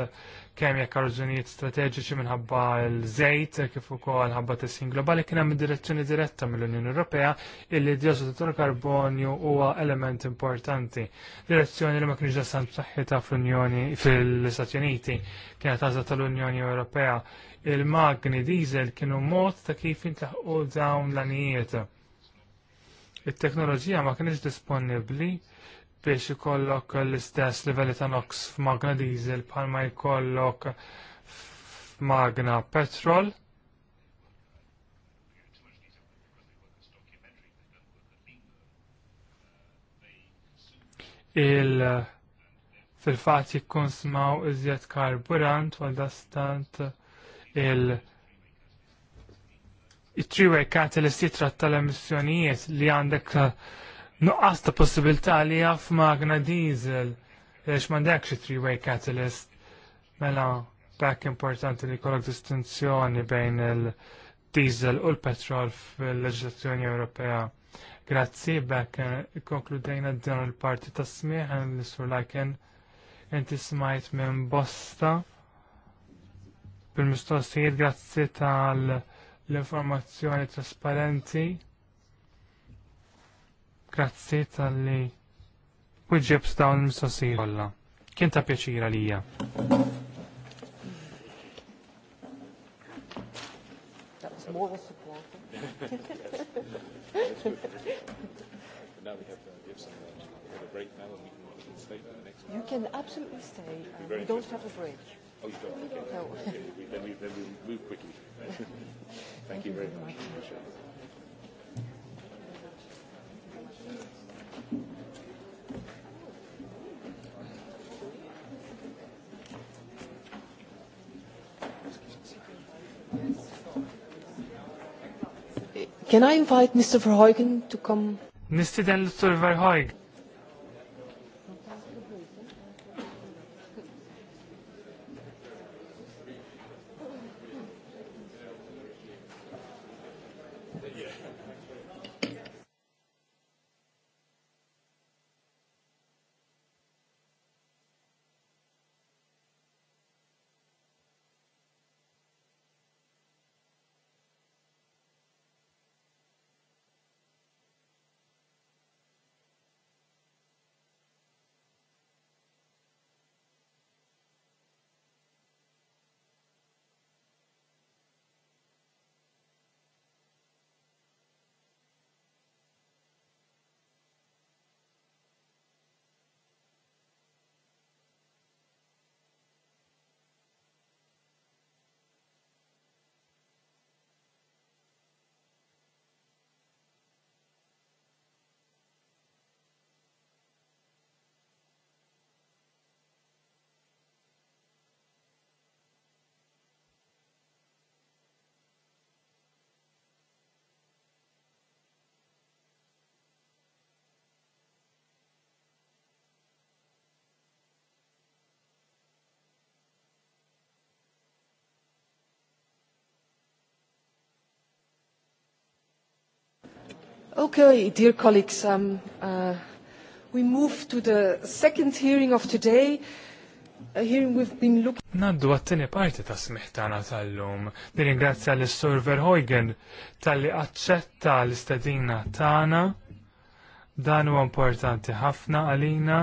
Speaker 4: kemm jekk arġunijiet strateġiċi minħabba l-żejt kif ukoll ħabba tisħin globali kien hemm direzzjoni diretta mill-Unjoni Ewropea illi d-dioxidu tal-karbonju huwa element importanti. Direzzjoni li ma kienx dassan b'saħħitha fl-Unjoni fl-Istati Uniti kienet għażla tal-Unjoni Ewropea il-magni diesel kienu mod ta' kif intlaħqu dawn l-anijiet. Il-teknoloġija ma kienx disponibbli biex ikollok l-istess livelli ta' nox f'magna diesel bħalma jkollok f'magna petrol. il fil-fat jikkonsmaw iżjed karburant għal dastant il- it-triway catalyst jitrat tal emissjonijiet li għandek uh, nuqqas ta' possibilità li jaff magna diesel lex mandek xie triway catalyst mela dak importanti li kollok distinzjoni bejn il-diesel u l-petrol fil-leġislazzjoni Ewropea. Grazzi, bekk eh, konkludejna dan il-parti ta' smieħ l-sur laken inti smajt minn bosta bil-mistoqsijiet grazzi tal-informazzjoni trasparenti. Grazzi tal-li wieġibs dawn il-mistoqsijiet kollha. Kien ta' pjaċira lija. Uh,
Speaker 3: you can absolutely stay. Um, we don't
Speaker 6: have a break. Oh, you don't?
Speaker 3: Okay. move quickly. Thank you very much.
Speaker 6: Can I invite Mr. Verheugen to come?
Speaker 4: Mr. Dan Verheugen.
Speaker 3: Okay, dear colleagues, um, uh, we move to the second hearing of today. A hearing
Speaker 5: we've been looking...
Speaker 4: Naddu għattini parti ta' smiħtana tal-lum. Nirringrazzja l-Sur Verhoegen tal-li għacċetta l-istadina tana. Dan huwa importanti ħafna għalina.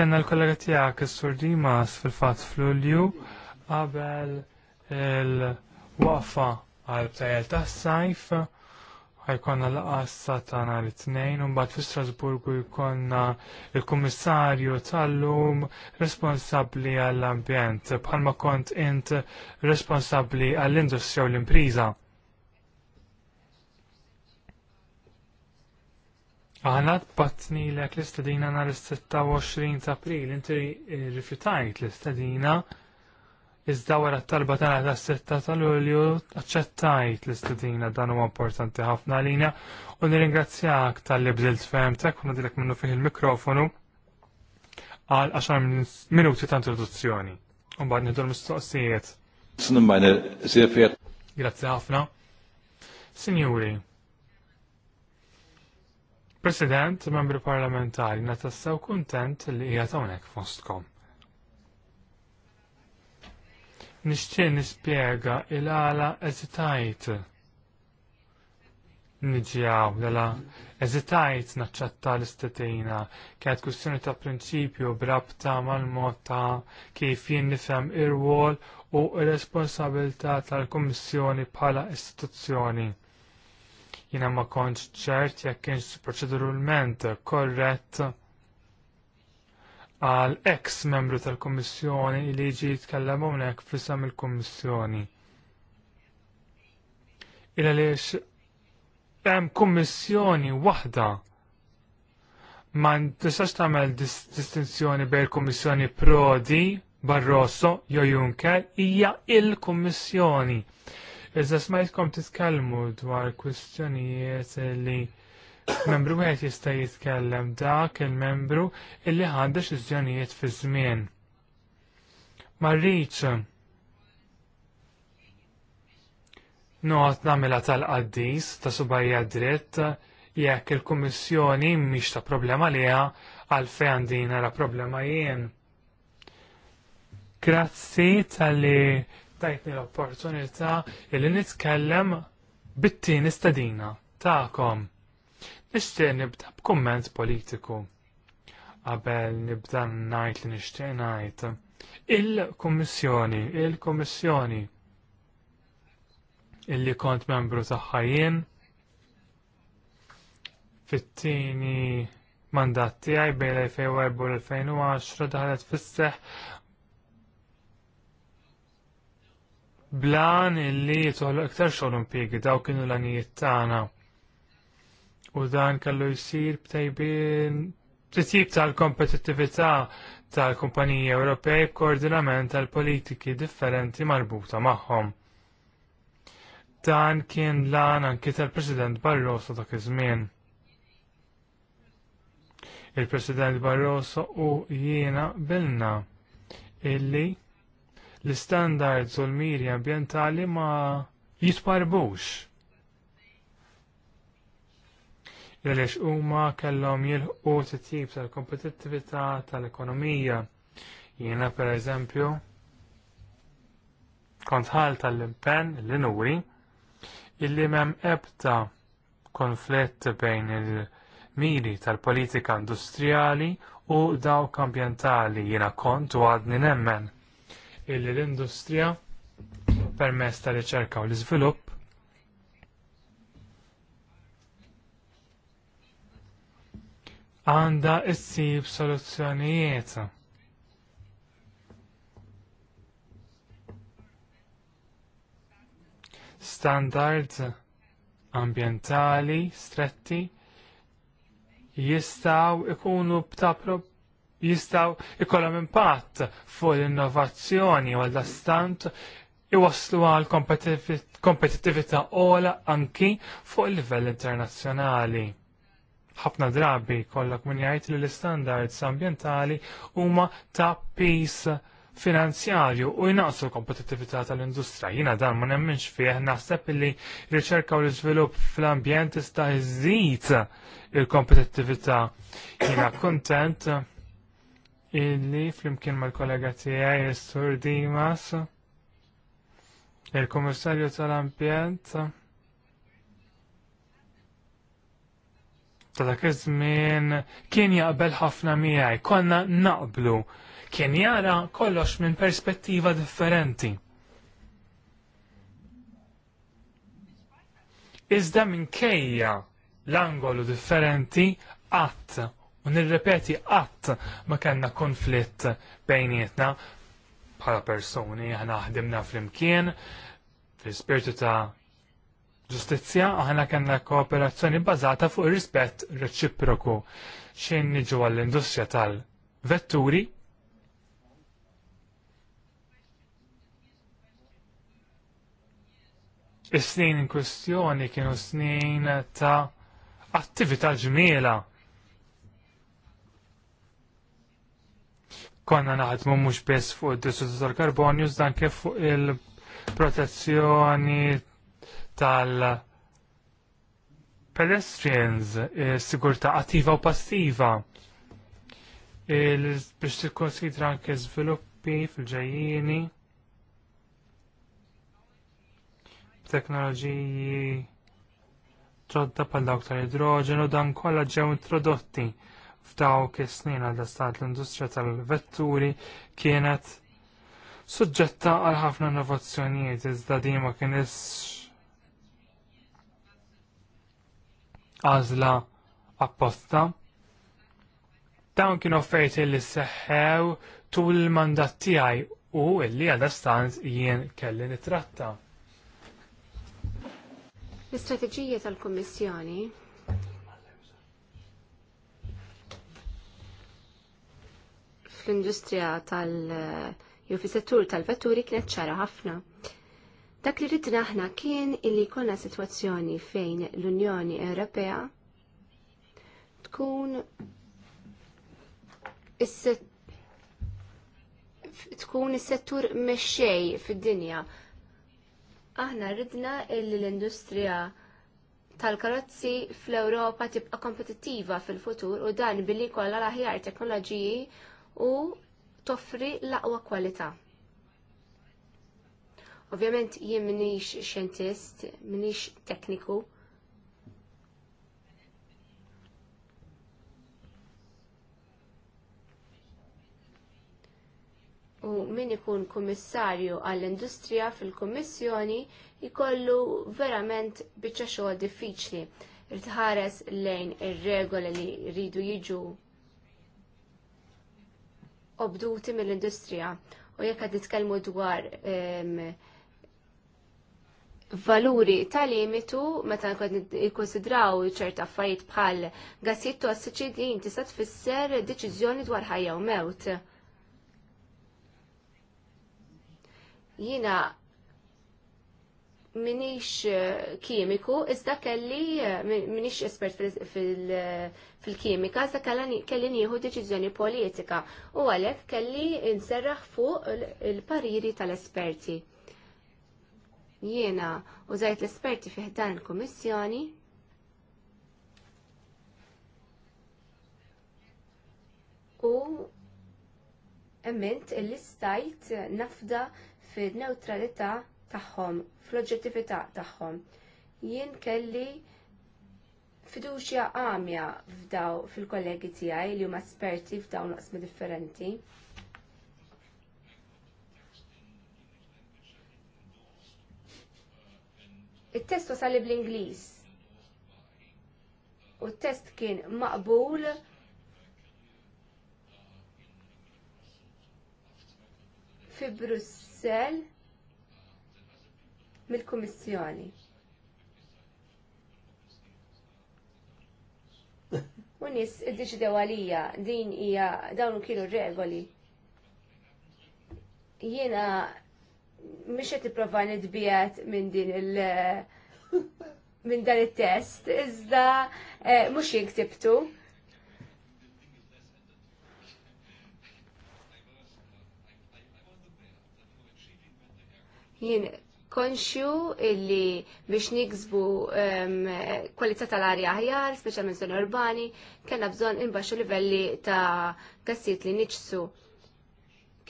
Speaker 4: Kenna l-kollega tiegħek is-Sur Dimas fil-fatt fl-Ulju qabel il-waqfa għal btajel tas-sajf ħajkonna laqassa tagħna l-tnejn un bat fi Strasburgu jkollna il-Kummissarju tal-lum responsabbli għall-ambjent bħalma kont int responsabbli għall-industrija u l-impriża. Aħna batni l-ek l-istadina nhar is-26 ta' April, inti rifjutajt l-istadina Iżda wara t-talba tagħna tas sitta ta' Lulju aċċettajt l-istudina dan huwa importanti ħafna għalina u nirringrazzjak tal-li bdilt femtek u nadilek minnu fih il-mikrofonu għal 10 minuti ta' introduzzjoni. U bad nidu l-mistoqsijiet. Grazzi ħafna. Signori, President, membri parlamentari, natassaw kontent li hija hawnhekk fostkom. nixtieq nispjega il-għala eżitajt. Niġjaw l-għala eżitajt naċċatta l-istatina kienet kwistjoni ta' prinċipju brabta mal mota kif jien nifhem ir-wol u r-responsabilità tal-Kummissjoni bħala istituzzjoni. Jiena ma kontx ċert jekk kienx proċedurulment korrett għal ex membru tal-Kommissjoni li jiġi jitkellem hawnhekk f'isem il-Kommissjoni. Il għaliex hemm kummissjoni waħda ma tistax tagħmel distinzjoni bejn kummissjoni Prodi Barroso jew Juncker hija il-Kummissjoni. Iżda smajtkom titkellmu dwar kwistjonijiet li Membru għet jista' jitkellem dak il-membru illi ħad deċiżjonijiet fi żmien. Marriċ. Noqgħod namela tal-qaddis ta' subajja dritt jekk il-Kummissjoni mhix ta' problema liha għalfejn għandina la problema jien. Grazzi tal-li tajtni l-opportunità illi nitkellem bit-tieni stadina ta'kom. Nishtiq nibda b'kumment politiku. Qabel nibda ngħid li nixtieq ngħid. Il-Kummissjoni, il-Kummissjoni illi kont membru taħħajin fit-tieni mandat tiegħi bejn 2004 u 2010 daħlet fisseħ blan illi jitħollu iktar xogħol impjiegi daw kienu l-anijiet tagħna u dan kellu jsir b'tejbin titjib tal-kompetittività tal-kumpaniji Ewropej b'koordinament tal-politiki differenti marbuta magħhom. Dan kien lan anki tal-President Barroso dak iż-żmien. Il-President Barroso u jiena bilna illi l istandards u l-miri ambjentali ma jisparbux. għaliex huma kellhom jilħqu titjib tal-kompetittività tal-ekonomija. Jiena pereżempju kont ħal tal-impenn l inuri illi m'hemm ebda konflitt bejn il-miri tal-politika industrijali u dawk ambjentali jiena kont u għadni nemmen illi l-industrija permess ta' riċerka u l-iżvilupp għandha issib soluzzjonijiet. Standards ambientali stretti jistaw ikunu bta' jistaw ikollhom impatt fuq l-innovazzjoni u l-astant iwaslu għal kompetittività ola anki fuq il-livell internazzjonali ħafna drabi kollok min jgħid li l-istandards ambjentali huma ta' pis finanzjarju u jnaqsu l-kompetittività tal-industrija. Jina dan ma nemminx fih naħseb li riċerka u l-iżvilupp fl-ambjent tista' iżid il-kompetittività. Jina kontent illi flimkien mal-kollega tiegħi Sur Dimas il-Kummissarju tal-Ambjent ta' dak iż-żmien kien jaqbel ħafna miegħi, konna naqblu, kien jara kollox minn perspettiva differenti. Iżda kejja l-angolu differenti qatt u nirrepeti qatt ma kellna konflitt bejnietna bħala persuni ħna ħdimna fl-imkien fl-ispirtu ta' ġustizzja aħna kellna kooperazzjoni bbażata fuq ir-rispett reċiproku xejn niġu għall-industrija tal-vetturi. Is-snin in kwestjoni kienu snin ta' attività ġmiela. Konna naħdmu mhux biss fuq id-diossidu tal-karbonju, dan kif fuq il-protezzjoni tal- pedestrians, sigurta attiva u passiva. Biex tikkonsidra anke żviluppi fil-ġejjieni, teknoloġiji ġodda pal dawk tal-idroġenu dan kollha ġew introdotti f'dawk is-snin għal stat l-industrija tal-vetturi kienet suġġetta għal ħafna innovazzjonijiet iżda dima kien is Għazla apposta. Dawn kienu offerti li seħħew tul il-mandat tiegħi u illi għal-stanz jien kelli nitratta.
Speaker 1: L-istrateġija tal-Kommissjoni fl-industrija tal- jew fis-settur tal-vetturi kienet ċara ħafna. Dak li rritna aħna kien illi jkollna sitwazzjoni fejn l-Unjoni Ewropea tkun tkun is-settur mexxej fid-dinja. Aħna rridna illi l-industrija tal-karozzi fl-Ewropa tibqa' kompetittiva fil-futur u dan billi kollha l-aħjar teknoloġiji u toffri l-aqwa kwalità. Ovvjament jien minix xjentist, minix tekniku. U min ikun kummissarju għall-industrija fil-kummissjoni jkollu verament biċċa xogħol diffiċli. Irtħares lejn ir-regoli li rridu jiġu obduti mill-industrija u jekk qed titkellmu dwar ehm, valuri ta' limitu meta jikkonsidraw ċerta affarijiet bħal gassijiet tossiċi din tista' tfisser deċiżjoni dwar ħajja u mewt. Jiena minix kimiku, iżda kelli minix espert fil-kimika, iżda kelli nieħu deċiżjoni politika u għalhekk kelli inserraħ fuq il-pariri tal-esperti jiena u zajt l-esperti fih dan il-Kummissjoni u emmint l-istajt nafda fil-neutralità tagħhom, fl-oġġettività tagħhom. Jien kelli fiduċja għamja f'daw fil-kollegi tiegħi li huma esperti f'dawn noqsmi differenti. Il-test wasali bl-Inglis. U test kien maqbul fi Brussel mill-Kummissjoni. U nis id-diġdew għalija din hija dawn kienu regoli. Jiena mhix qed tipprova nitbiet minn din il- minn dan it-test, iżda eh, mhux jien jien konxju illi biex niksbu kwalità tal-arja ħjar, speċjalment zoni urbani, kellna bżonn imbaxxu livelli ta' gassijiet li niċsu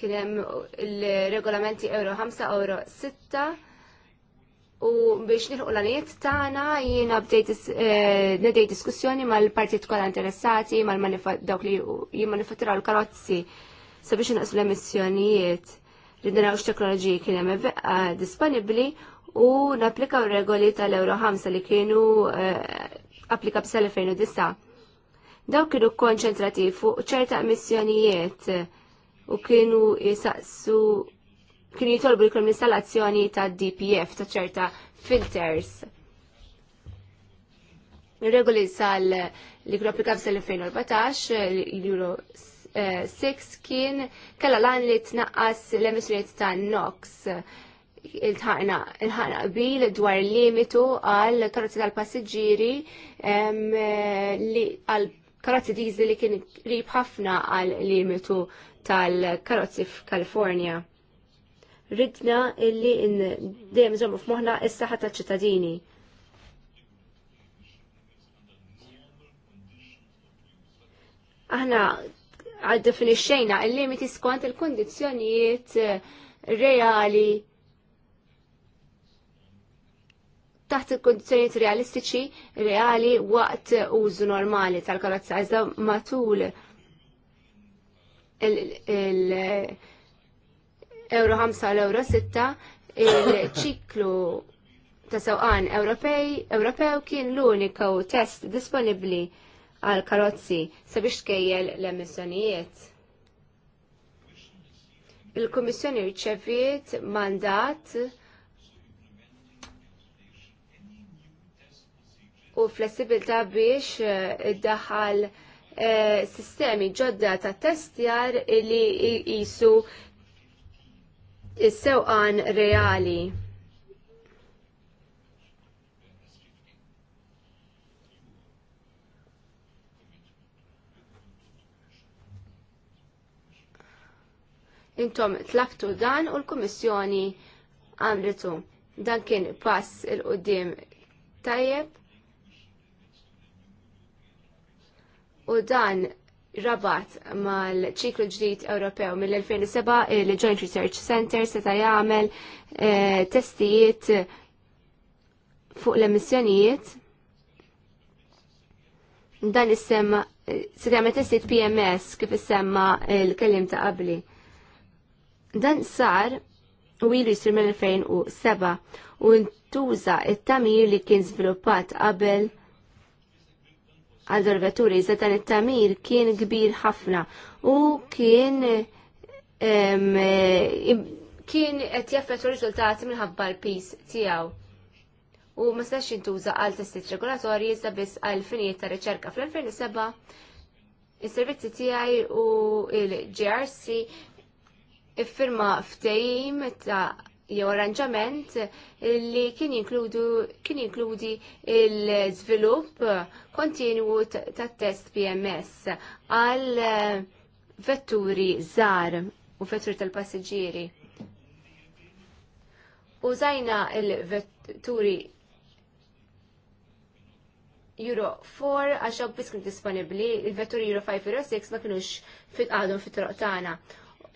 Speaker 1: Kien hemm il-regolamenti Euro 5, Euro 6 u biex nilħu l-għaniet tagħna jiena bdejt eh, diskussjoni mal-partit kollha interessati, mal dawk li jimmanifatturaw l-karozzi sabiex inqas l-emissjonijiet li naraw x-teknoloġiji kien hemm eh, disponibbli u napplikaw regoli tal-Euro 5 li kienu eh, applika b'sal 2009. Dawk kienu konċentrati fuq ċerta emissjonijiet u kienu jisaqsu kienu jitolbu jkun installazzjoni ta' DPF ta' ċerta filters. Regoli sal li kienu applikaw sal-2014 l-Euro 6 eh, kien kalla lan li tnaqqas l-emissjoniet ta' NOx il-ħana qbil dwar limitu għal karozzi tal-passiġġieri li għal karozzi dizli li kien rib ħafna għal limitu tal-karozzi f'Kalifornja. Ridna illi in dejjem żommu f'moħħna is-saħħa tal-ċittadini. Aħna għaddefinixxejna il-limiti skont il-kondizzjonijiet eh, reali taħt il-kondizjoniet realistiċi reali waqt użu normali tal-karozza iżda matul il-euro 5 l-euro 6 il-ċiklu ta' sewqan Ewropej Ewropew kien l-uniku test disponibbli għal karozzi sabiex tkejjel l-emissjonijiet. Il-Kummissjoni rċeviet mandat u flessibilità biex iddaħħal Eh, sistemi ġodda ta' testjar li jisu is-sewqan reali. intom tlaftu dan u l-Kummissjoni għamlitu. Dan kien pass il-qoddim tajjeb u dan rabat mal-ċiklu ġdid Ewropew mill-2007 il-Joint Research Center seta' jagħmel eh, testijiet fuq l-emissjonijiet. Dan is-semma se jagħmel testijiet PMS kif issemma l-kelim ta' qabli. Dan sar u ilu jisir mill-2007 u ntuża it-tamir li kien żviluppat qabel għal dal-vetturi, iżda it-tamir kien kbir ħafna u kien kien qed jaffettu riżultati minħabba l-pis tiegħu. U ma stax jintuża għal testijiet regolatorji iżda biss għal finijiet ta' riċerka fl-2007 Is-servizzi tiegħi u l-GRC iffirma ftehim ta' jew arranġament li kien jinkludu kien jinkludi l-żvilupp kontinwu tat-test PMS għal eh, vetturi żgħar u vetturi tal-passiġġieri. Użajna il-vetturi Euro 4 għax biss kien disponibbli, il-vetturi Euro 5 Euro 6 ma kinux fit qadhom fit-troq tagħna.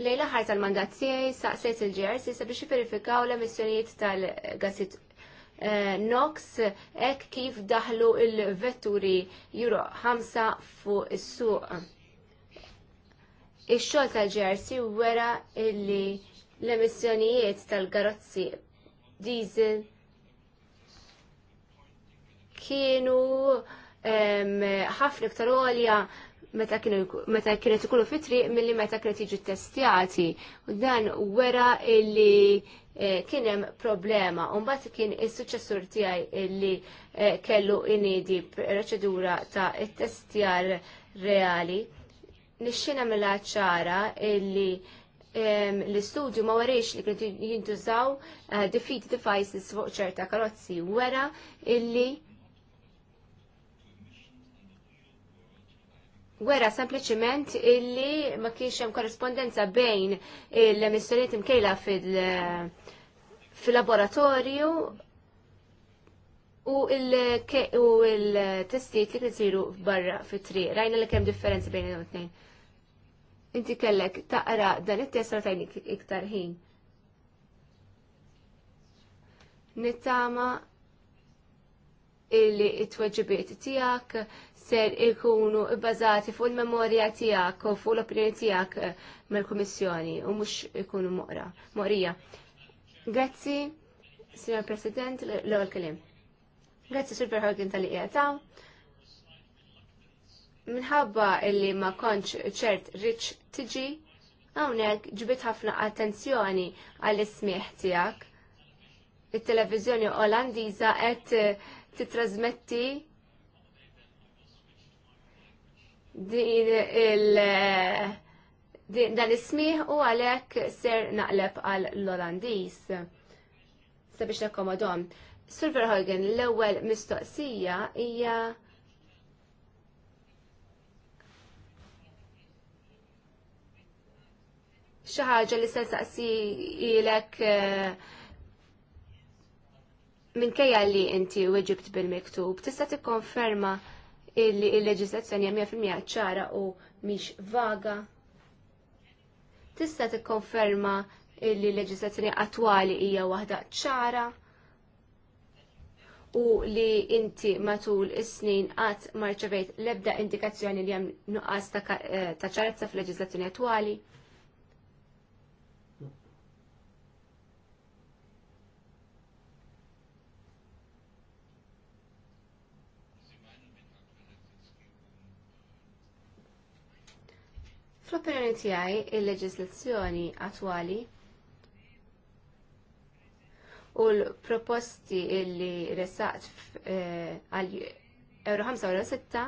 Speaker 1: Lejla ħar tal-mandat tiegħi saqsejt il-GRC sabiex jipperifikaw l-emissjonijiet tal-gassit eh, NOx hekk kif daħlu il-vetturi Euro 5 fuq is-suq. Ix-xogħol tal-GRC wera illi l-emissjonijiet tal-garozzi diesel kienu ħafna iktar għolja meta kienet ikunu fitri milli meta kienet jiġu testjati. U dan wera illi eh, kienem problema. bat kien il-successur tijaj illi eh, kellu inidi proċedura ta' testjar reali. Nixxina mela ċara illi l-istudju ma warix li kienet jintużaw eh, defeat devices fuq ċerta karozzi wera illi wera sempliciment illi ma kienx hemm korrespondenza bejn l-emissjonijiet imkejla fil-laboratorju u il-testijiet li kisiru barra fit-triq. Rajna li kemm differenzi bejn il tnejn Inti kellek taqra dan it-test tajnik iktar ħin. Nittama illi it-tweġibiet tiegħek ser ikunu bazati fuq il-memorja tiegħek u fuq l-opinjoni tiegħek eh, mal-Kummissjoni u mhux ikunu moqra, moqrija. Grazzi, Signor President, l-ewwel kelim. Grazzi Super Hogan tal-qiegħda. Minħabba illi ma konċ ċert rich tiġi, hawnhekk ġbiet ħafna attenzjoni għall-ismieħ tiegħek. it televizjoni Olandiża qed titrasmetti dan ismiħ u għalek ser naqleb għal l-Olandis. Sabiex nekkomodom. Sur Verhoeven, l-ewwel mistoqsija hija xaħġa li se saqsi ilek eh, minkejja li inti weġibt bil-miktub, tista' tikkonferma konferma illi il-leġislazzjoni hija mija ċara u mhix vaga. Tista' tikkonferma illi l-leġislazzjoni attwali hija waħda ċara u li inti matul is-snin qatt marċevejt l-ebda indikazzjoni li hemm nuqqas ta' eh, ċarezza fil-leġislazzjoni attwali. Fl-opinjoni tiegħi il-leġislazzjoni attwali u l-proposti illi resaqt eh, għal Euro 5 Euro 6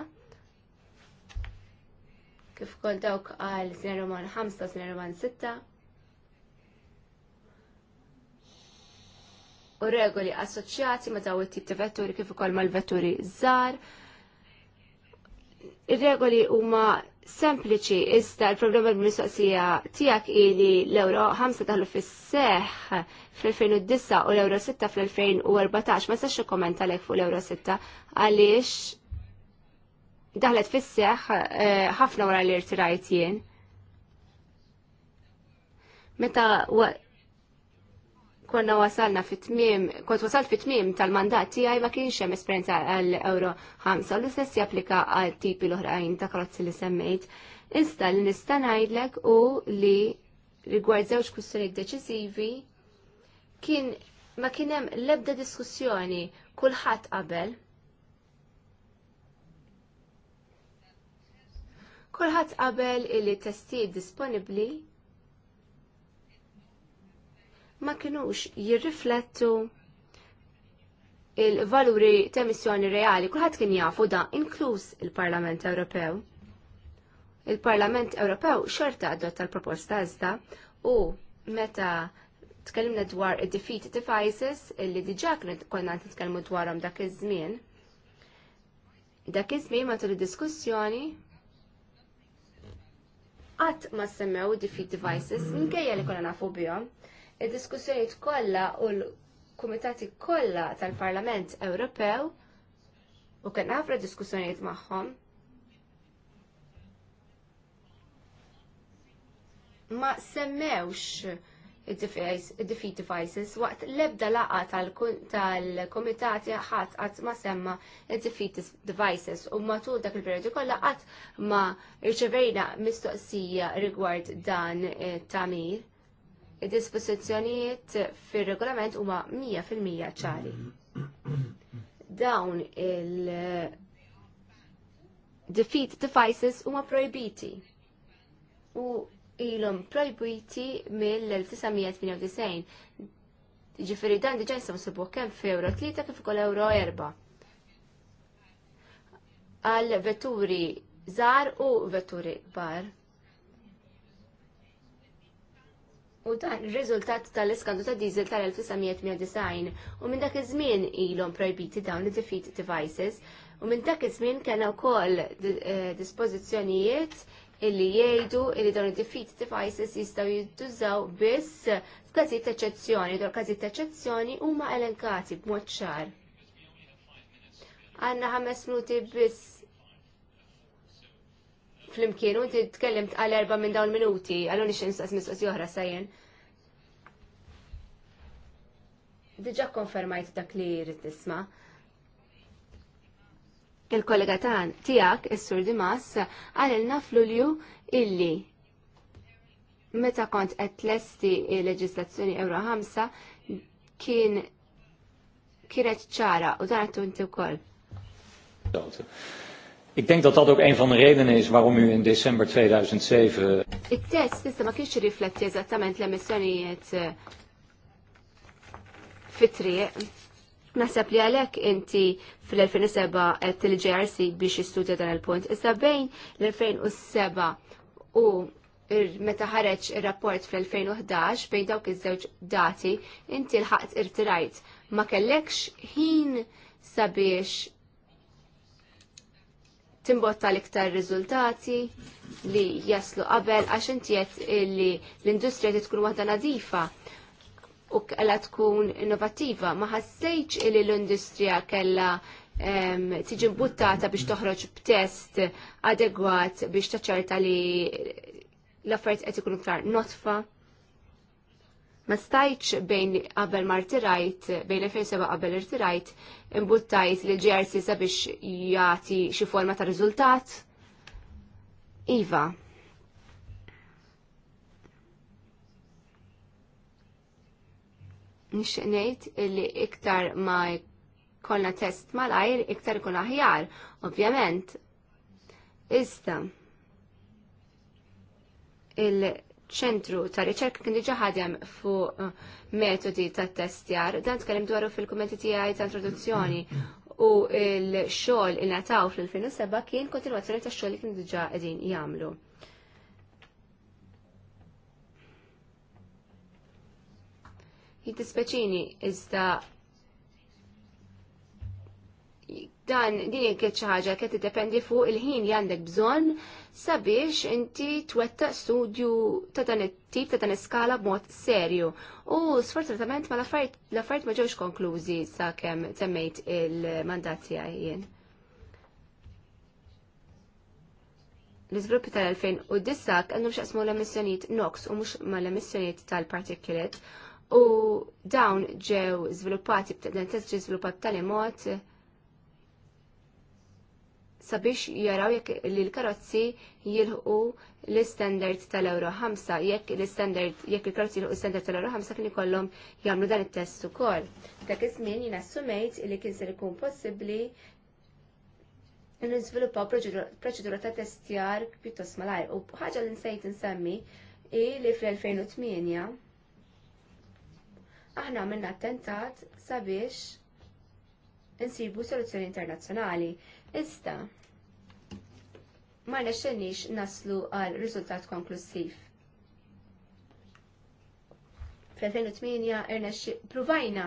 Speaker 1: kif kol dawk għal Sina Roman 5 Sina Roman 6 u regoli assoċjati ma dawk it-tip ta' vetturi kif ukoll mal-vetturi żgħar. Ir-regoli huma sempliċi, iżda l-problema l-mistoqsija tijak ili l-euro 5 taħlu fil seħ fil 2009 u l-euro 6 fil 2014 ma sax kommenta lek fuq l-euro 6, għalix daħlet fil seħ eh, ħafna wara li rtirajt jien. Meta konna wasalna fit-tmim, kont wasal fit-tmim tal-mandat tiegħi ma kienx hemm esperjenza għal euro 5 l-istess japplika għal tipi l-oħrajn ta' karozzi li semmejt. Insta li nista' ngħidlek u li rigward żewġ kwistjonijiet deċiżivi kien ma kien hemm l-ebda diskussjoni kulħadd qabel. Kulħadd qabel illi testijiet disponibbli ma kinux jirriflettu il-valuri ta' emissjoni reali, kulħadd kien jafu da, inkluż il-Parlament Ewropew. Il-Parlament Ewropew xorta adotta l-proposta iżda u meta tkellimna dwar id-defeat devices illi diġà konna nitkellmu dwarhom dak iż-żmien. Dak iż-żmien matul id-diskussjoni qatt ma semmew defeat devices minkejja li konna nafu bihom il diskussjonijiet kollha u l-kumitati kollha tal-Parlament Ewropew u kien għafra diskussjonijiet magħhom. Ma semmewx id-defeat devices waqt l-ebda laqa tal-komitati ħadd qatt ma semma id-defeat devices u matul dak il-periodu kollha qatt ma rċevejna mistoqsija rigward dan tamir il dispożizzjonijiet fir-regolament huma 100% ċari. Dawn il- defeat devices huma projbiti. U ilhom proibiti mill-1998. Ġifieri dan diġà jistgħu nsibuh kemm euro tlieta kif ukoll euro erba' għal vetturi żgħar u vetturi kbar. U dan ir-riżultat tal-iskandu ta' diesel tal-1990 u minn dak iż-żmien ilhom projbiti dawn id-defeat devices u minn dak iż-żmien kellna wkoll eh, dispożizzjonijiet illi jgħidu illi dawn id-defeat devices jistgħu jintużaw biss f'każijiet ta' eċezzjoni, dwar każijiet ta' eċezzjoni huma elenkati b'mod ċar. Għandna ħames minuti biss flimkien u inti tkellimt għal erba minn dawn minuti, għallu nix nistaqs mistoqsi oħra sajjen. Diġa konfermajt dak li jrid nisma. Il-kollega tan tijak, il-sur Dimas, għalilna f'Lulju illi meta kont qed lesti l-leġislazzjoni Euro 5 kien kienet ċara u dan għattu inti wkoll.
Speaker 3: Ik denk dat dat ook een van de redenen is waarom u in december 2007...
Speaker 1: Il-test issa ma kienx rifletti eżattament l-emissjonijiet fit-triq. Nasab li għalek inti fil-2007 għedt il-JRC biex jistudja dan il-punt. Issa bejn l-2007 u meta ħareġ ir-rapport fl-2011 bejn dawk iż-żewġ dati inti l-ħaqt irtirajt ma kellekx ħin sabiex timbotta l-iktar riżultati li jaslu qabel għax intiet li l-industrija li tkun waħda nadifa u kella tkun innovativa. Ma ħassejċ li l-industrija kella tiġi mbuttata biex toħroġ b'test adegwat biex taċċerta li l-affarijiet qed ikunu ktar notfa ma stajċ bejn qabel ma rtirajt, bejn 2007 qabel rtirajt, imbuttajt li l-GRC sabiex jgħati xi forma ta' riżultat. Iva. Nixtieq ngħid li iktar ma konna test mal-ajr, iktar ikun aħjar, ovvjament. Iżda, il- ċentru ta' riċerka kien diġa ħadem fuq eh, metodi ta' testjar, dan tkellem dwaru fil kumenti tiegħi ta' introduzzjoni u l-xogħol il nataw fl-2007 kien kontinwazzjoni ta' xogħol li kien diġa qegħdin jagħmlu. Jittispeċini iżda dan din kien xi ħaġa qed dependi fuq il-ħin li għandek bżonn sabiex inti twettaq studju ta' dan it-tip ta' dan iskala b'mod serju. U sfortunatament ma l-affarijiet ma ġewx konklużi sakemm semmejt il-mandat tiegħi jien. L-iżviluppi tal-2009 għandhom xaqsmu l-emissjonijiet NOx u mhux ma l-emissjonijiet tal-particulate u dawn ġew żviluppati b'tedentez ġew żviluppat tal-imot sabiex jaraw jekk li l-karozzi jilħu l-standard tal-Euro 5, jekk l-standard, jekk il-karozzi jilħu l-standard tal-Euro 5 kien ikollhom jagħmlu dan it-test ukoll. Dak iż-żmien jien assumejt li kien se jkun possibbli nizviluppaw proċedura ta' testjar pjuttost malajr. U ħaġa li nsejt insemmi i li fl-2008 aħna għamilna attentat sabiex insibu soluzzjoni internazzjonali. Ista' ma nexxenix naslu għal riżultat konklusiv. Fl-2008 irnexxi provajna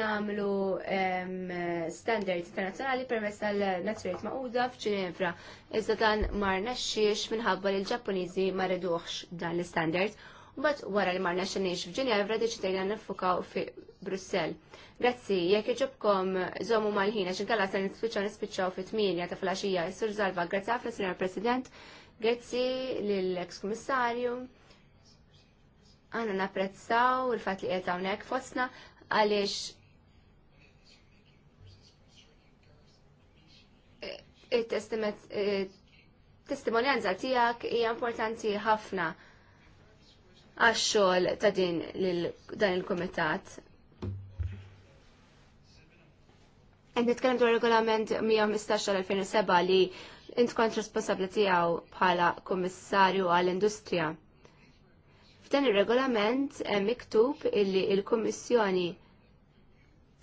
Speaker 1: namlu um, standard internazzjonali permess tal-nazzjoniet maquda f'Ġinevra. Iżda dan mar nexxiex minħabba li l-Ġappuniżi ma reduħx dan l-standard bat wara li marna xanix f'Ġenevra deċidejna nifukaw fi Brussel. Grazzi, jekk iġobkom zomu mal-ħina, xinkalla se nispiċaw nispiċaw fit minja ta' flasġija jessur Zalva, grazzi għafra Signor President, grazzi l-ex komissarju. Għanna napprezzaw il-fat li qiegħed hawnhekk fostna għaliex it-testimonjanza tiegħek hija importanti ħafna għax-xogħol ta' din dan il-kumitat. Qed nitkellem dwar regolament 115-2007 li int kont responsabbli tiegħu bħala kummissarju għall-industrija. F'dan ir-regolament hemm miktub illi l-Kummissjoni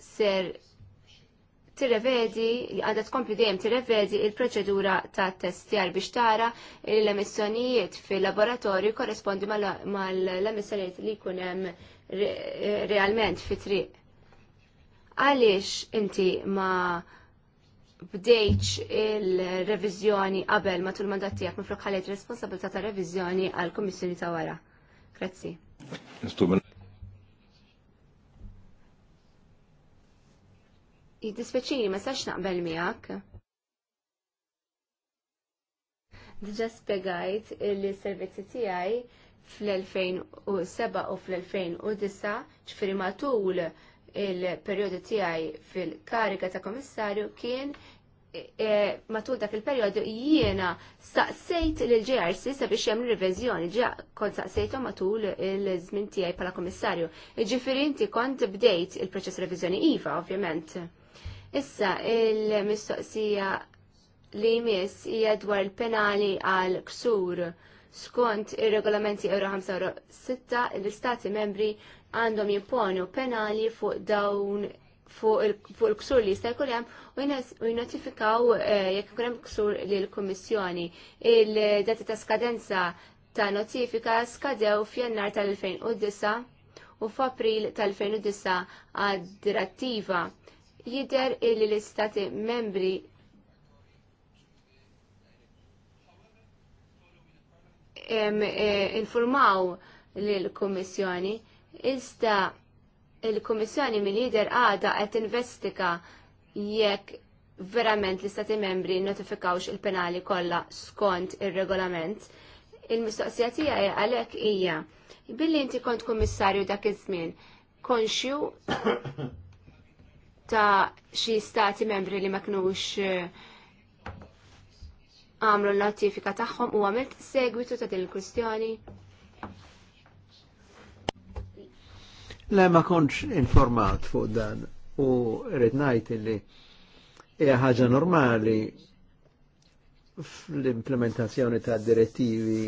Speaker 1: ser tirrevedi, għadda tkompli dejjem tirrevedi il-proċedura ta' testjar biex tara l-emissjonijiet fil-laboratorju korrespondi mal-emissjonijiet li jkun hemm realment fi triq Għaliex inti ma bdejċ il-revizjoni qabel matul mandat tiegħek minn flok ħalejt responsabilità ta' revizjoni għall kummissjoni ta' wara. Grazzi. jiddispeċini ma sax naqbel miegħek. Dġa spiegajt li s-servizzi tiegħi fl-2007 u fl-2009 ċifiri matul il-periodu tiegħi fil-kariga ta' komissarju kien e, matul dak il-periodu jiena staqsejt l-JRC sabiex jagħmlu revizjoni ġa kont staqsejthom matul il-żmien tiegħi bħala komissarju. Ġifieri inti kont bdejt il-proċess revizjoni iva, ovvjament. Issa, il-mistoqsija li jmiss hija dwar il-penali għal ksur skont ir-regolamenti Euro 5.6 l-istati membri għandhom jimponu penali fuq dawn fuq il-ksur li jista' jkun hemm u jnotifikaw eh, jekk ikun hemm ksur lill kummissjoni Il-dati ta' skadenza ta' notifika skadew f'Jannar tal-2009 u f'April tal-2009 għad-direttiva jider illi l-istati membri e, informaw l-Komissjoni, iżda il-Komissjoni minn jider għada qed investika jekk verament l-Istati membri notifikawx il-penali kollha skont ir-regolament. Il-mistoqsija tiegħi għalhekk hija billi inti kont kummissarju dak iż-żmien konxju ta' xi stati membri li ma kinux eh, għamlu l-notifika tagħhom u għamilt segwitu ta' din il-kwistjoni?
Speaker 2: Le ma konċ informat fuq dan u rrid ngħid li hija ħaġa normali fl-implementazzjoni ta' direttivi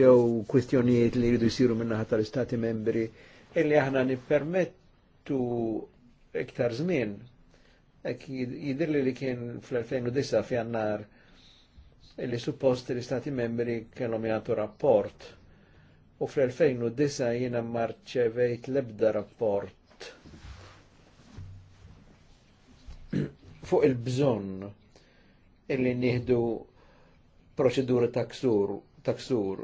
Speaker 2: jew kwistjonijiet li jridu jsiru minnaħa tal-Istati membri illi aħna nippermettu iktar żmien jidirli li kien fl-2009 f'jannar illi suppost li stati membri kellhom jagħtu rapport u fl-2009 jiena marċevejt l-ebda rapport fuq il-bżonn illi nieħdu proċedura taksur taksur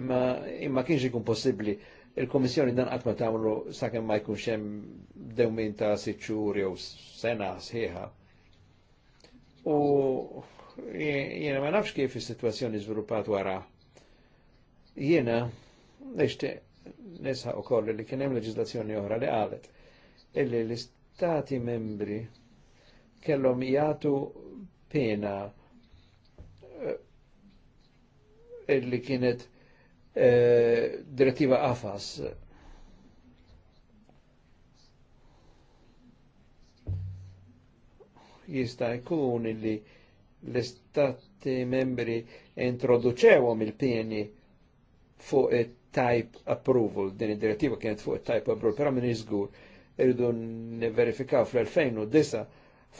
Speaker 2: imma imma kienx ikun possibbli Il-Komissjoni dan qatt ma tagħmlu sakemm ma jkunx hemm dewmin ta' sitt jew sena sħiħa. U jiena ma nafx kif is-sitwazzjoni żviluppat wara. Jiena nixtieq nisħaq ukoll li kien hemm leġiżlazzjoni oħra li qalet illi l-istati membri kellhom jagħtu pena eh, illi kienet E, direttiva AFAS. Jista' jkun illi l-istati membri introduċewhom il-pieni fuq il type approval, din il direttiva kienet fuq il type approval, pero minn iżgur irridu n-verifikaw fl-2009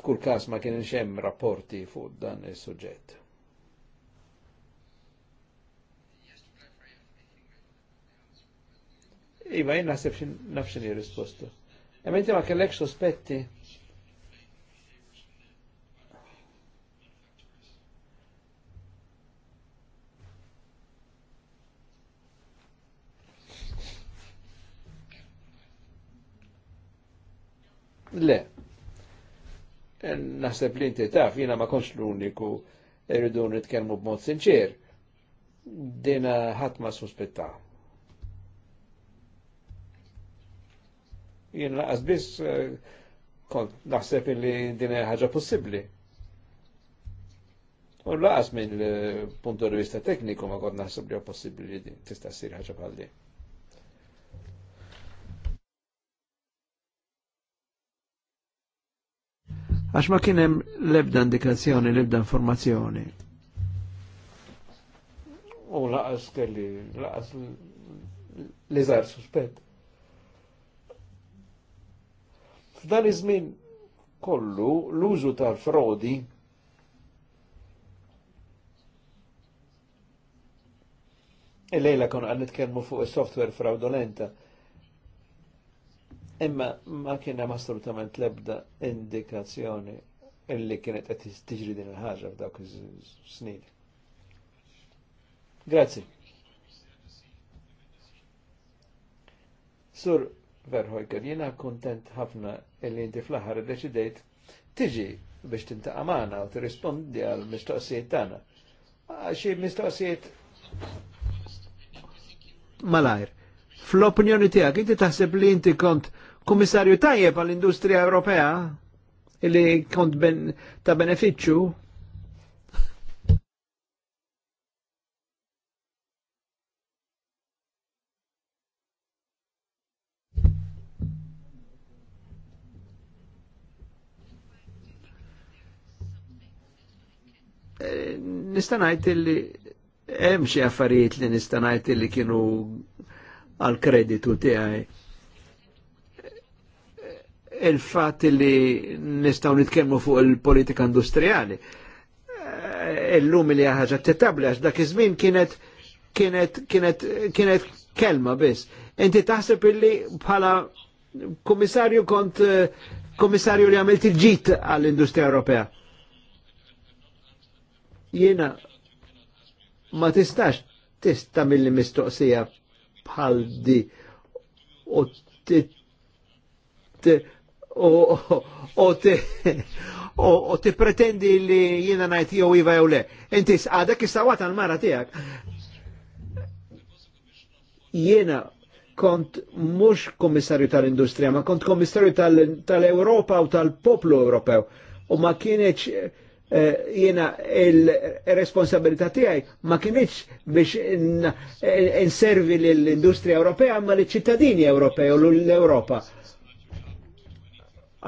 Speaker 2: f'kull kas ma kienx hemm rapporti fuq dan is-suġġett. Iva, jien naħseb nafxin jirrispostu. Ema inti ma kellek sospetti Le. Eh, naħseb li inti taf, jina ma konx l-uniku irridu nitkellmu b'mod sinċer. Dina ħadd ma jien laqas biss kont naħseb illi din ħaġa possibbli. U laqas minn punt di vista tekniku ma kont naħseb li possibbli li din tista' ssir ħaġa bħal din. Għax ma kien hemm l-ebda indikazzjoni, l-ebda informazzjoni. U laqas kelli, laqas li zaħar suspett. F'dan iż-żmien kollu l-użu tal-frodi Il-lejla kon għan nitkelmu fuq il-software fraudolenta. Imma ma kiena assolutament lebda indikazzjoni illi kienet qed tiġri din il-ħaġa f'dawk is-snin. Grazzi. Sur Verhojker, jina kontent ħafna illi inti fl-aħħar deċidejt tiġi biex tinta għamana u tirrispondi għal mistoqsijiet tagħna. Xi mistoqsijiet malajr. Fl-opinjoni tiegħek inti taħseb li inti kont kummissarju tajjeb għall-Industrija Ewropea illi kont ben, ta' benefiċċju nistanajt illi hemm xi affarijiet li nista' ngħid illi kienu għal kreditu tiegħi. Il-fatt li nistgħu nitkellmu fuq il-politika industrijali. Eh, illum li ħaġa tettabli għax dak iż-żmien kienet kienet kienet kienet kelma biss. Inti taħseb illi bħala komissarju kont eh, komissarju li għamilt il-ġit għall-Industrija Ewropea Jiena ma tistax tista mill li mistoqsija bħal di u u ti pretendi li jina najt jow iva jow le. Inti s-għada kistawat għal-mara tijak. Jiena kont mux komissarju tal-industrija, ma kont komissarju tal-Europa u tal-poplu Ewropew. U ma kienieċ Eh, jiena il-responsabilità tiegħi ma kienieċ biex eh, inservi l-industrija Ewropea ma l-ċittadini Ewropej u l-Ewropa.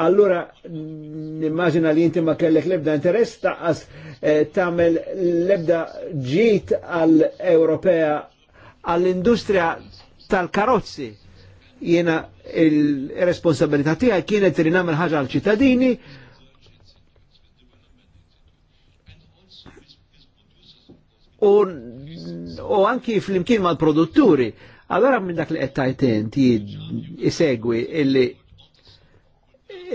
Speaker 2: Allura, nimmaġina li inti ma kellek lebda interess taqqas eh, tagħmel lebda ġit għall europea għall-industrija tal-karozzi. Jiena il-responsabilità tiegħi kienet li nagħmel ħaġa għall-ċittadini u anki fl-imkien mal-produtturi. Allora minn dak li qed tajten ti isegwi illi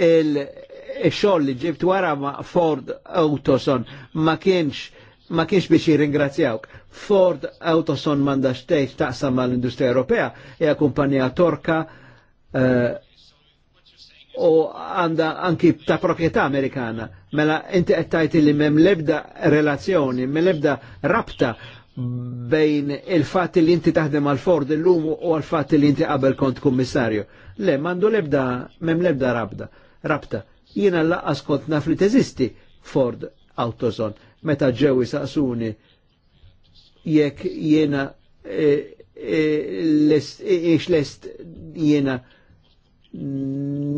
Speaker 2: il-xogħol li ġibt wara ma' Ford Autoson ma kienx ma kienx biex jirringrazzjawk. Ford Autoson mandax tgħid taqsam mal l-Industria Ewropea hija kumpanija torka uh, u għanda anki ta' proprjetà Amerikana. Mela inti qed li m'hemm lebda relazzjoni, mem lebda rabta bejn il fat li inti taħdem għal Ford l-lum u għal fat li inti qabel kont kummissarju. Le, mandu lebda, mem lebda rabda, rabta. Jiena laqqas kont naf li teżisti Ford Autoson. Meta ġewi saqsuni jekk jiena ix eh, eh, eh, lest jiena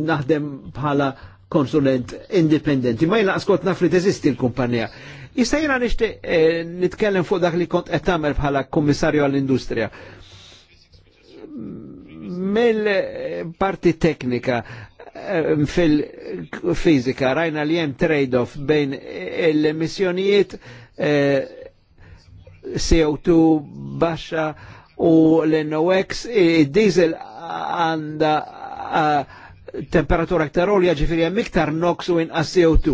Speaker 2: naħdem bħala konsulent indipendenti. Ma jina kont naf li teżisti l-kumpanija. Jista' jiena nixtieq eh, nitkellem fuq dak li kont qed tagħmel bħala kommissarju għall-industrija. Mill-parti teknika eh, fil-fizika rajna li hemm trade-off bejn l-emissjonijiet eh, CO2 baxxa u l-NOx, diesel għanda temperatura aktar olja ġifiri hemm iktar NOx u inqas CO2.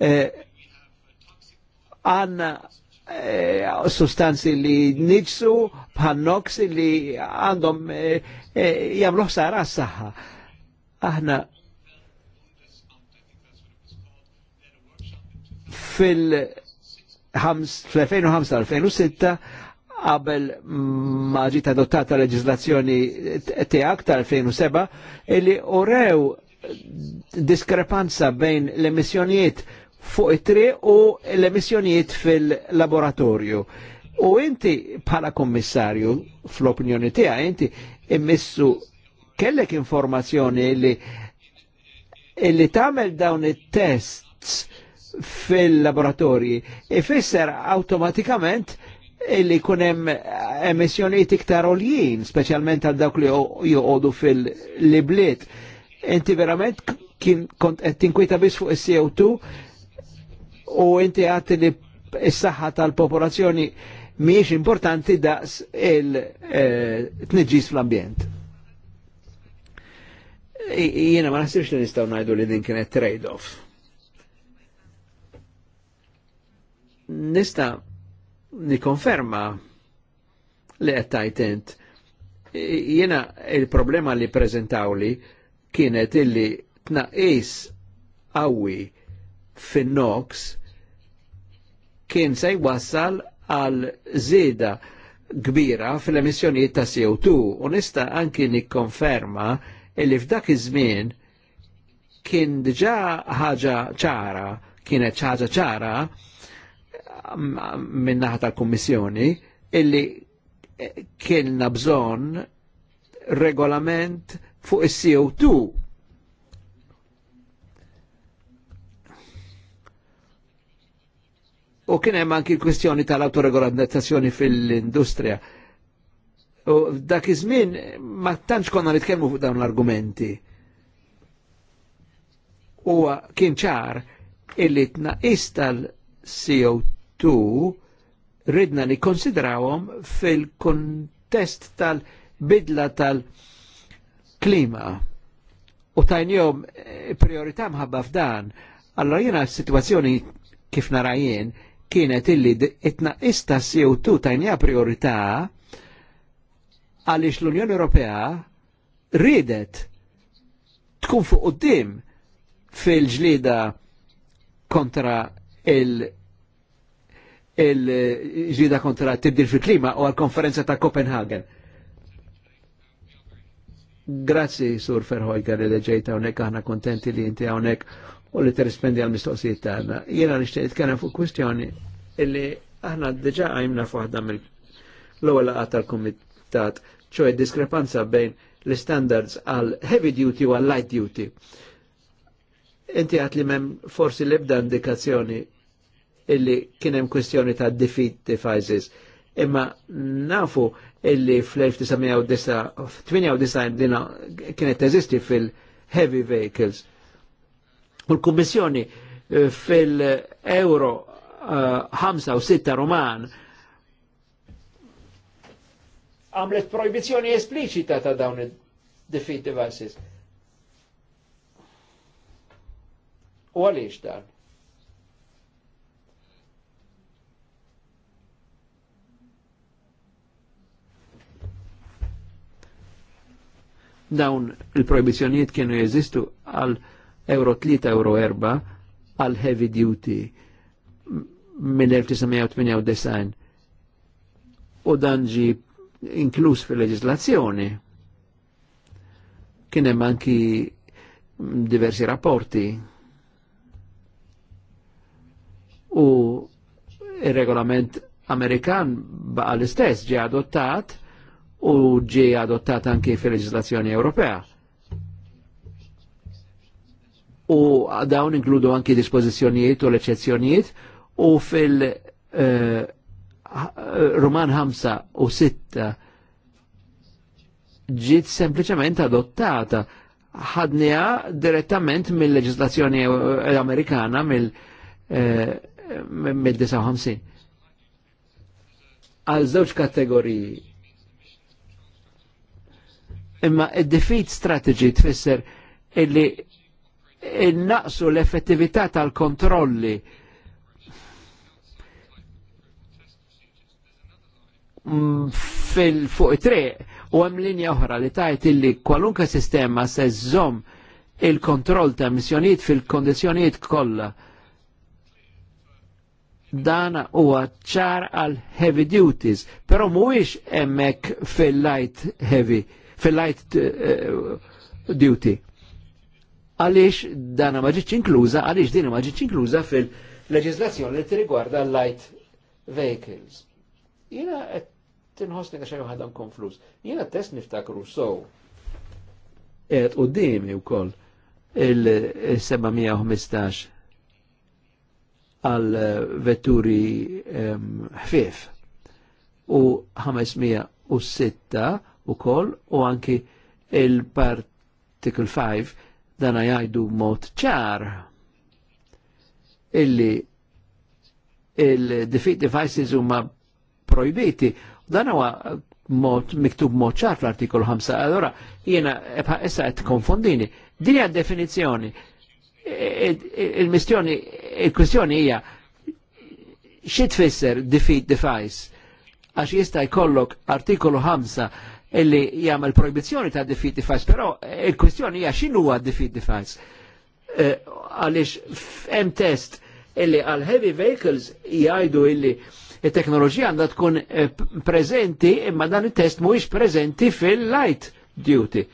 Speaker 2: E, għanna e, sustanzi li niġsu bħal NOx li għandhom e, jagħmlu ħsara s-saħħa. Aħna fil-2005-2006 qabel ma ġiet adottata leġislazzjoni tiegħek tal-2007 illi urew diskrepanza bejn l-emissjonijiet fuq it tri u l-emissjonijiet fil-laboratorju. U inti bħala kommissarju, fl-opinjoni tiegħek, inti immissu kellek informazzjoni li illi tagħmel dawn it-tests fil-laboratorji ifisser automatikament illi kunem emissjoniet iktar oljien, specialment għal dawk li joqodu fil-libliet. Inti verament kien kont qed tinkwita biss fuq is-CO2 u inti għati li s-saħħa tal-popolazzjoni importanti daqs il-tniġġis eh, fl-ambjent. Jiena ma naħsibx li nistgħu ngħidu li din kienet trade-off. Nista' nikonferma li qed tajtent. Jiena il-problema li preżentawli kienet illi tnaqis qawwi fin-nox kien se jwassal għal żieda kbira fil-emissjonijiet ta' CO2 u nista' anki nikkonferma illi f'dak iż-żmien kien diġà ħaġa ċara, kienet ħaġa ċara minnaħa tal-Kommissjoni illi kienna bżon regolament fuq is-CO2. U kien hemm anki l-kwistjoni tal-autoregolamentazzjoni fil-industrija. U dak iż-żmien ma tantx konna nitkellmu fuq dawn l-argumenti. Huwa kien ċar illi tnaqis tal-CO2 tu ridna li fil-kontest tal-bidla tal-klima u tajnjom eh, priorità mħabba f'dan, allora jena situazzjoni kif narajien kienet illi itna ista CO2 tajnja priorità għaliex l-Unjoni Ewropea ridet tkun fuq qoddim fil-ġlida kontra il- il-ġida kontra tibdil fil-klima u għal-konferenza ta' Kopenhagen. Grazzi, Sur Ferħojker, li ġejta għonek, aħna kontenti li jinti għonek u li t-rispendi għal-mistoqsijiet Jena nishtiq t-kena fuq kwistjoni illi d-deġa għajmna f'waħda mill-ewwel għata tal komitat ċoe diskrepanza bejn l-standards għal heavy duty u għal light duty. Inti għat li mem forsi l-ebda indikazzjoni illi kienem kwestjoni ta' defeat devices. Imma nafu illi fl-1998 dina kienet teżisti fil-heavy vehicles. U l kommissjoni eh, fil-Euro 5 eh, u 6 Roman għamlet proibizjoni esplicita ta' dawn il defeat devices. U għalix dan? Dawn il-proibizjonijiet kienu jeżistu għal euro 3, euro 4 għal heavy duty minn 1998 u dan ġi inkluż fil-leġislazzjoni. Kien hemm anki diversi rapporti u il-regolament Amerikan baqa l-istess ġi adottat u ġie adottata anki fil-leġislazzjoni Ewropea. U dawn inkludu anki dispożizzjonijiet u l-eċezzjonijiet u fil- uh, eh, Roman 5 u 6 ġiet sempliċement adottata ħadniha direttament mill-leġislazzjoni Amerikana mill-59. Eh, Għal żewġ kategoriji Imma id-defeat strategy tfisser illi innaqsu l-effettività tal-kontrolli mm, fil-fuq triq u hemm linja oħra li tajt illi kwalunka sistema se żżomm il-kontroll ta' missjonijiet fil kondizjoniet kollha. Dan huwa ċar għal heavy duties, però mhuwiex hemmhekk fil-light heavy fil-light eh, eh, duty. Għaliex dana ma ġietx inkluża, għaliex din ma ġietx inkluża fil-leġislazzjoni li tirrigwarda l-light vehicles. Jiena qed tinħossni għax hemm ħadam konfluż. Jiena test niftakru sow dimi u koll il-715 għal vetturi ehm, ħfif u 506 u koll u anki il-Particle 5 dana jajdu mod ċar illi il-defeat devices huma projbiti. Dan huwa mod miktub mod ċar fl-artikolu 5. Allora jiena issa qed konfondini. Din hija definizzjoni. Il-mistjoni il-kwestjoni hija xi tfisser defeat device għax jista' jkollok artikolu illi jagħmel proibizzjoni ta' defeat device, pero il-kwestjoni hija xinu huwa defeat device. Eh, Għalix hemm test illi għal heavy vehicles jgħidu illi il teknoloġija għandha tkun eh, prezenti imma dan il test mhuwiex prezenti fil-light duty.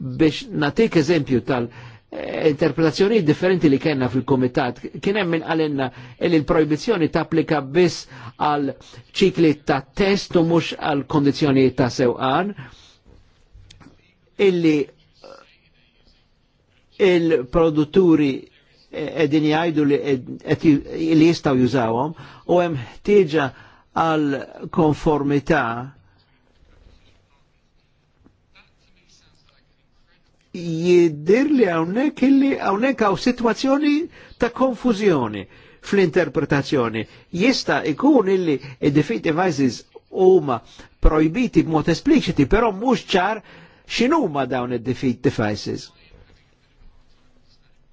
Speaker 2: Biex natik eżempju tal- Eh, interpretazzjoni differenti li kena fil-komitat. Kien hemm min għalenna li l-proibizjoni tapplika biss għal ċikli ta' test u mhux għal kondizjoni ta' sewqan illi eh, il-produtturi eh, edin jajdu li, jistaw jużawhom u hemm ħtieġa għal konformità jiddir li għawnek illi għawnek għaw situazzjoni ta' konfuzjoni fl-interpretazzjoni. Jista ikun illi defeat devices huma projbiti b'mod espliciti, però mhux ċar x'inhuma dawn id-defeat devices.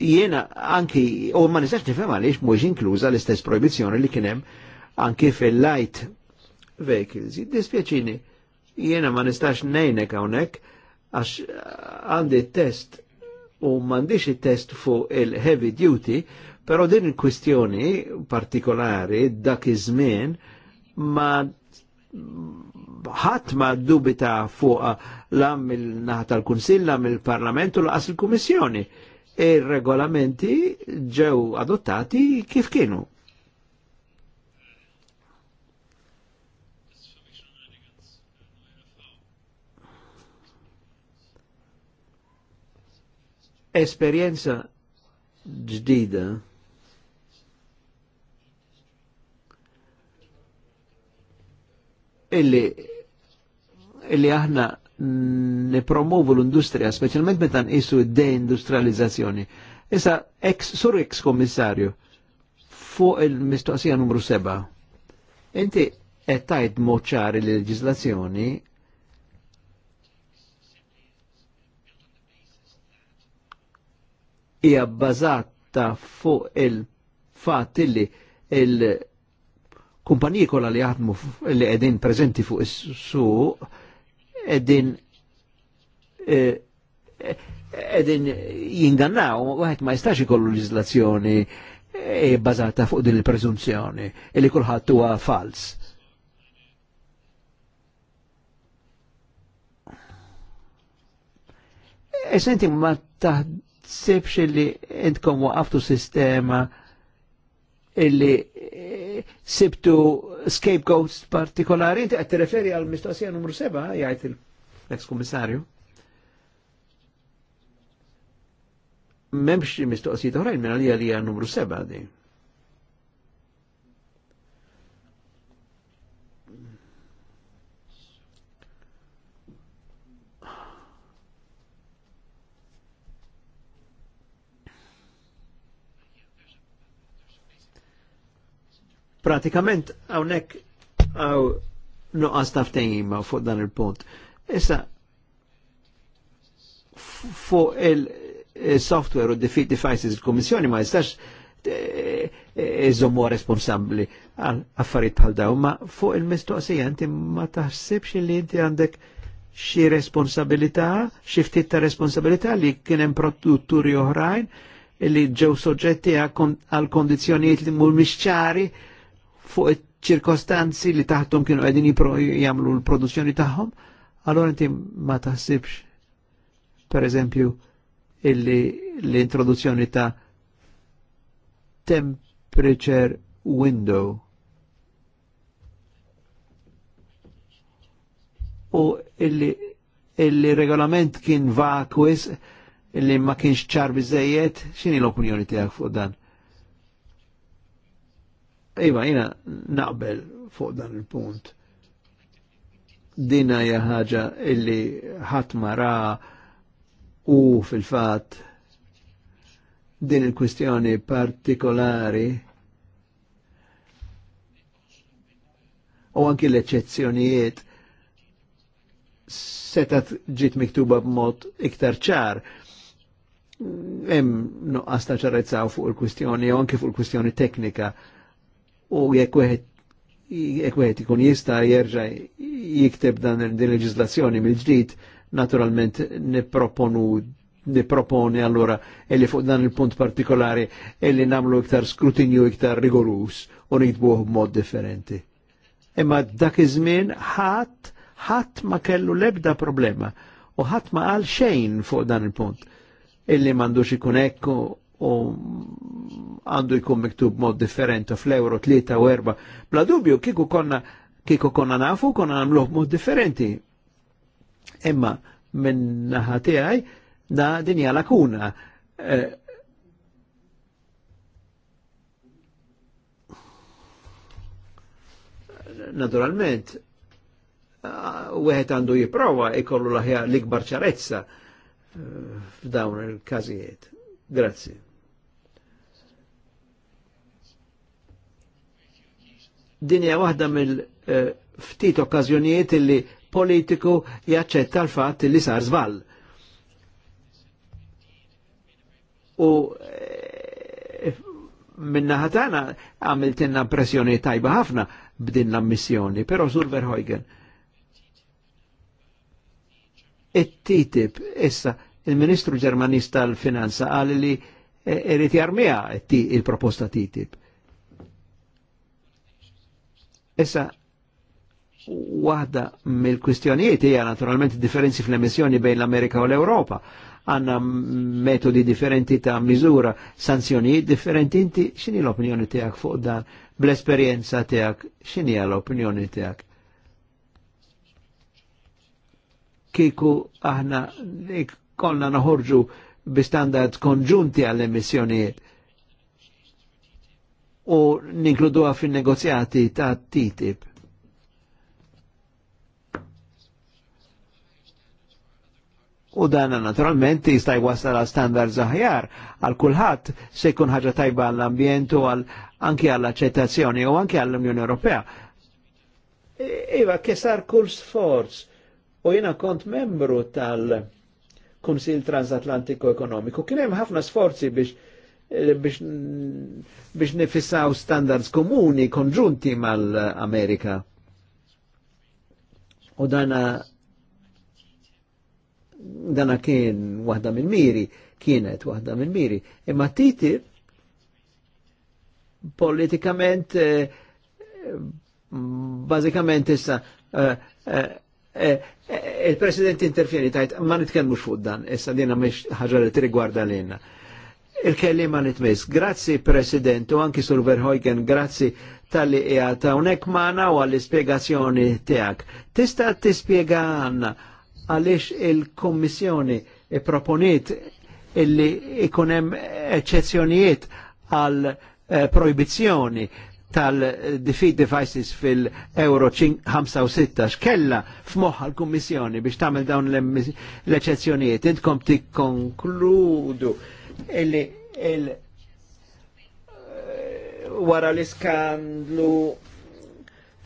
Speaker 2: Jiena anki, u ma nistax nifhem għaliex mhux inkluża l-istess projbizzjoni li kien hemm anki fil-light vehicles. Jiddispjaċini, jiena ma nistax nejnek hawnhekk għax għandi test u mandiċ il-test fuq il-heavy duty, pero din il-kwistjoni partikolari dak iż-żmien ma ħadd ma dubita fuq la il naħa tal-Kunsill, l'am il parlament u qas il-Kummissjoni. E regolamenti ġew adottati kif kienu. esperienza ġdida illi illi aħna nipromovu l-industrija, specialment meta nqisu deindustrializzazzjoni. Issa ex sur ex kommissarju fuq il-mistoqsija numru seba, Inti qed tajt moċar l leġislazzjoni hija bbażata fuq il-fatt illi il-kumpaniji kollha li jaħdmu li qegħdin preżenti fuq is-suq qegħdin eh, qegħdin jingannaw waħed ma jistax ikollu leġiżlazzjoni eh, bbażata fuq din il-preżunzjoni illi e kulħadd huwa fals. E senti ma taħ tsebx li entkom waqaftu sistema illi eh, sibtu scapegoats partikolari, inti għed referi għal mistoqsija numru 7, jgħajt l ex kommissarju. Memx mistoqsija toħrajn minna li għalija numru 7 din. Pratikament hawnhekk għaw nuqqas taftajim fuq dan il-punt. Issa fuq il-software u defeat devices il-Kommissjoni ma jistax eh, eh, iżommu responsabli għal affarijiet bħal daw, ma fuq il-mistoqsija inti ma taħsibx li inti għandek xi responsabilità, xi ftit ta' responsabilità li kien hemm produtturi oħrajn li ġew soġġetti għal kondizzjonijiet li mhumiex ċari fuq ċirkostanzi li taħtom kienu għedin jamlu l-produzzjoni taħħom, allora inti ma taħsibx, per eżempju, illi l-introduzzjoni ta' temperature window. U illi regolament kien vakwis illi ma kienx ċar bizzejiet, xini l-opinjoni tijak fuq dan? Iva, jina naqbel fuq dan il-punt. Dina hija ħaġa illi ħadd mara u fil-fatt din il-kwistjoni partikolari u anki l-eċezzjonijiet setat ġit miktuba b'mod iktar ċar. Hemm nuqqas ta' ċarrezzaw fuq il-kwistjoni u anki fuq il-kwistjoni teknika u jekk wieħed ikun jista' jerġa' jikteb dan il leġislazzjoni mill-ġdid, naturalment nipproponu niproponi allora illi fuq dan il-punt partikolari illi namlu iktar skrutinju iktar rigorus u nikdbuh mod differenti. Imma dak iż-żmien ħadd ħadd ma kellu lebda problema u ħadd ma qal xejn fuq dan il-punt illi m'għandux ikun hekk u għandu jkun miktub mod differenti fl-euro 3 u 4. Bla dubju, kiku konna kiku konna nafu, konna namlu mod differenti. Imma minn naħa tiegħi da dinja lakuna. Eh, naturalment, naturalment, eh, wieħed għandu jipprova ikollu laħja l-ikbar ċarezza eh, f'dawn il kazijiet grazie Dinja waħda mill-ftit eh, okkazjonijiet illi politiku jaċċetta l-fatt li sar żball. U eh, minna ħatana għamiltinna impressjoni tajba ħafna b'din l-ammissjoni, pero Sur Verhoegen. it titib issa, il-Ministru Ġermanista tal-Finanza għal li eh, irrit jarmija il-proposta TTIP. Issa, wahda mill-kwistjonijiet hija naturalment differenzi fl-emissjoni bejn l-Amerika u l europa Għanna metodi differenti ta' miżura, sanzjonijiet differenti. Inti x'inhi l-opinjoni tijak fuq dan? bl esperienza tiegħek x'inhi l-opinjoni tijak. Kiku aħna konna naħorġu bi standard konġunti għall-emissjonijiet u ninkluduha fin-negozjati ta' TTIP. U dan naturalment jista' jwassal għal standards aħjar għal kulħadd se jkun ħaġa tajba għall ambjent u għal anke għall aċċettazzjoni u anke għall unjoni Ewropea. Iva, kesar kull sforz u jiena kont membru tal- Kunsil Transatlantiku Ekonomiku. Kien hemm ħafna sforzi biex Eh, biex, nifissaw standards komuni konġunti mal-Amerika. U dana dana kien wahda minn miri, kienet wahda minn miri. Imma titi politikament eh, bazikament issa eh, il-president interfjeni tajt ma nitkellmux fuq dan, issa dina mhix ħaġa li tirigwarda lilna il-kellima nitmiss. Grazzi, President, u anki Sur Verhoeken, grazzi tal-li iħata unek magħna u għall-ispjegazzjoni tiegħek. Tista' tispjega għandna għaliex il-Kommissjoni i proponiet illi ikun hemm eċċezzjonijiet għal eh, proibizzjoni tal-defeat devices fil-Euro 5 Kella 6 xkella f'moħħa l-Kummissjoni biex tagħmel dawn l-eċezzjonijiet. Intkom tikkonkludu konkludu illi il eh, wara l-iskandlu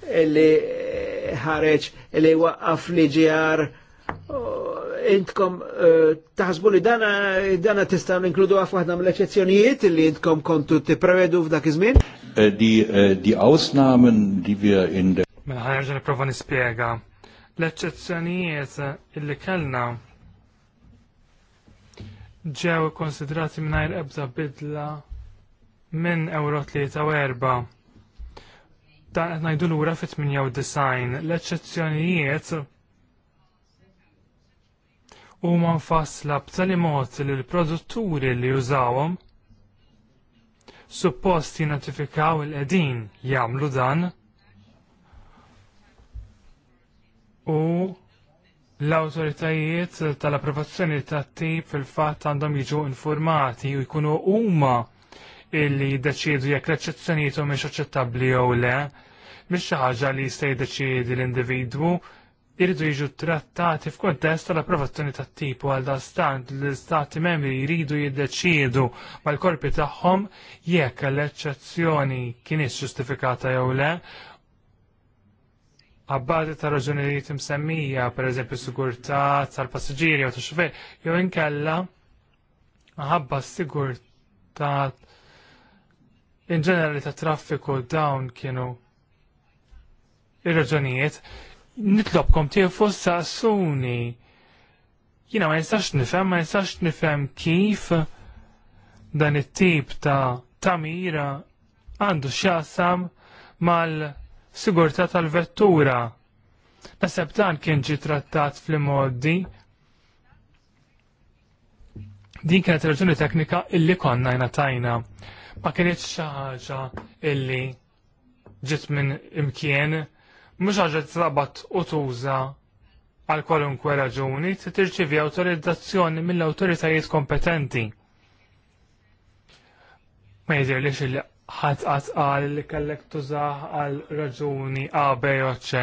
Speaker 2: illi eh, ħareċ illi waqqaf li ġjar eh, intkom taħsbu li dana dana tista' ninkludu għaf waħda mill-eċezzjonijiet li intkom kontu tipprevedu f'dak iż-żmien?
Speaker 5: Di Ausnahmen li wir in de
Speaker 2: Mela
Speaker 4: ħajja nipprova nispjega. L-eċezzjonijiet illi kellna ġew konsidrati mingħajr ebda bidla minn euro 34. u Dan qed ngħidu lura fit jew design l-eċċezzjonijiet huma mfassla b'tali mod li l-produtturi li jużawhom suppost jinnotifikaw il-qedin jagħmlu dan u l-autoritajiet tal-approvazzjoni ta' tip fil-fatt għandhom jiġu informati u jkunu huma illi jiddeċidu jekk l-eċċezzjonijiet u miex aċċettabbli jew le, mhix xi ħaġa li jista' jiddeċiedi l-individwu jiridu jiġu trattati f'kuntest tal-approvazzjoni tat tipu għal dastant l-istati membri jridu jiddeċiedu mal-korpi tagħhom jekk l-eċċezzjoni kienx ġustifikata jew le għabbadi ta' raġunijiet msemmija, per eżempju sigurtà tal-passiġġieri u tax-xufer, jew inkella ħabba sigurtà in ġenerali ta' traffiku dawn kienu ir-raġunijiet. Nitlobkom tiefu saqsuni. Jina ma nistax nifhem, ma nistax nifhem kif dan it-tip ta' tamira għandu x'jaqsam mal- sigurta tal-vettura. Naseb dan kien ġi trattat fl-modi din kienet raġuni teknika illi konna jna tajna. Ma kienet xaħġa illi ġit minn imkien, mux ħaġa t-trabat u tuża għal kwalunkwe raġuni t-tirċivi autorizzazzjoni mill-autoritajiet kompetenti. Ma jidir li xilli ħadd qatt qal li kellek tużaħ għal raġuni A, B o C.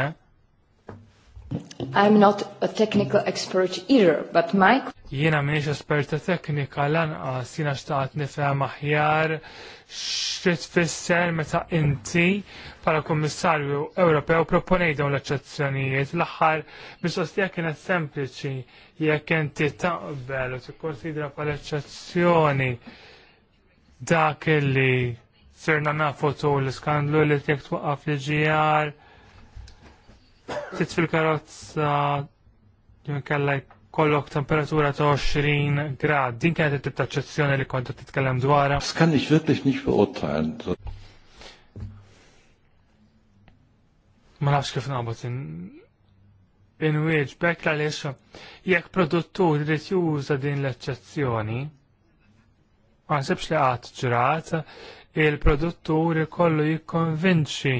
Speaker 6: I'm not a technical expert either, but my
Speaker 4: Jiena m'iniex esperta teknika lanqas jiena xtaqt nifhem aħjar x'trid tfisser meta inti bħala Kummissarju Ewropew proponej dawn l-eċċezzjonijiet l-aħħar mistoqsija kienet sempliċi jekk inti taqbel u tikkonsidra bħala eċċezzjoni dak li Sirna nafu tu l-skandlu li t-jek twaqqaf li ġijar, titfil karozza, jom kalla kollok temperatura ta' 20 grad. Din kienet it ċezzjoni li konta titkellem
Speaker 5: dwar? Skan kann ich nix nicht beurteilen.
Speaker 4: Ma nafx kif naqbad inwieġ bekk lix, jekk produttur irid juża din l-eċċezzjoni, ma nsibx li għat ġrat, il produtturi kollu jikkonvinċi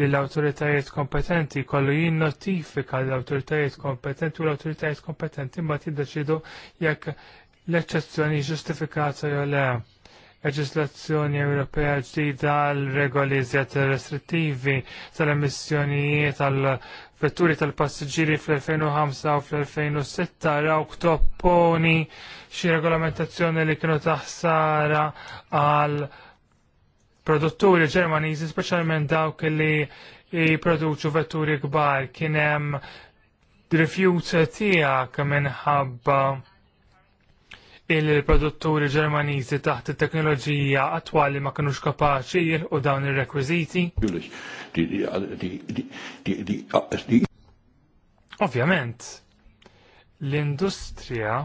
Speaker 4: li l-autoritajiet kompetenti kollu jinnotifika l-autoritajiet kompetenti u l-autoritajiet kompetenti ma tiddeċidu jekk l eċezzjoni ġustifikata jew le. Leġislazzjoni Ewropea ġdida l-regoli zjat restrittivi tal-emissjonijiet tal-vetturi tal-passiġġieri fl-2005 u fl-2006 raw ktopponi xi regolamentazzjoni li kienu taħsara għal produtturi ġermaniżi speċjalment dawk li jipproduċu vetturi kbar kien hemm tijak tiegħek minħabba il-produtturi ġermaniżi taħt it-teknoloġija attwali ma kinux kapaċi u dawn ir-rekwiżiti? Ovvjament, l-industrija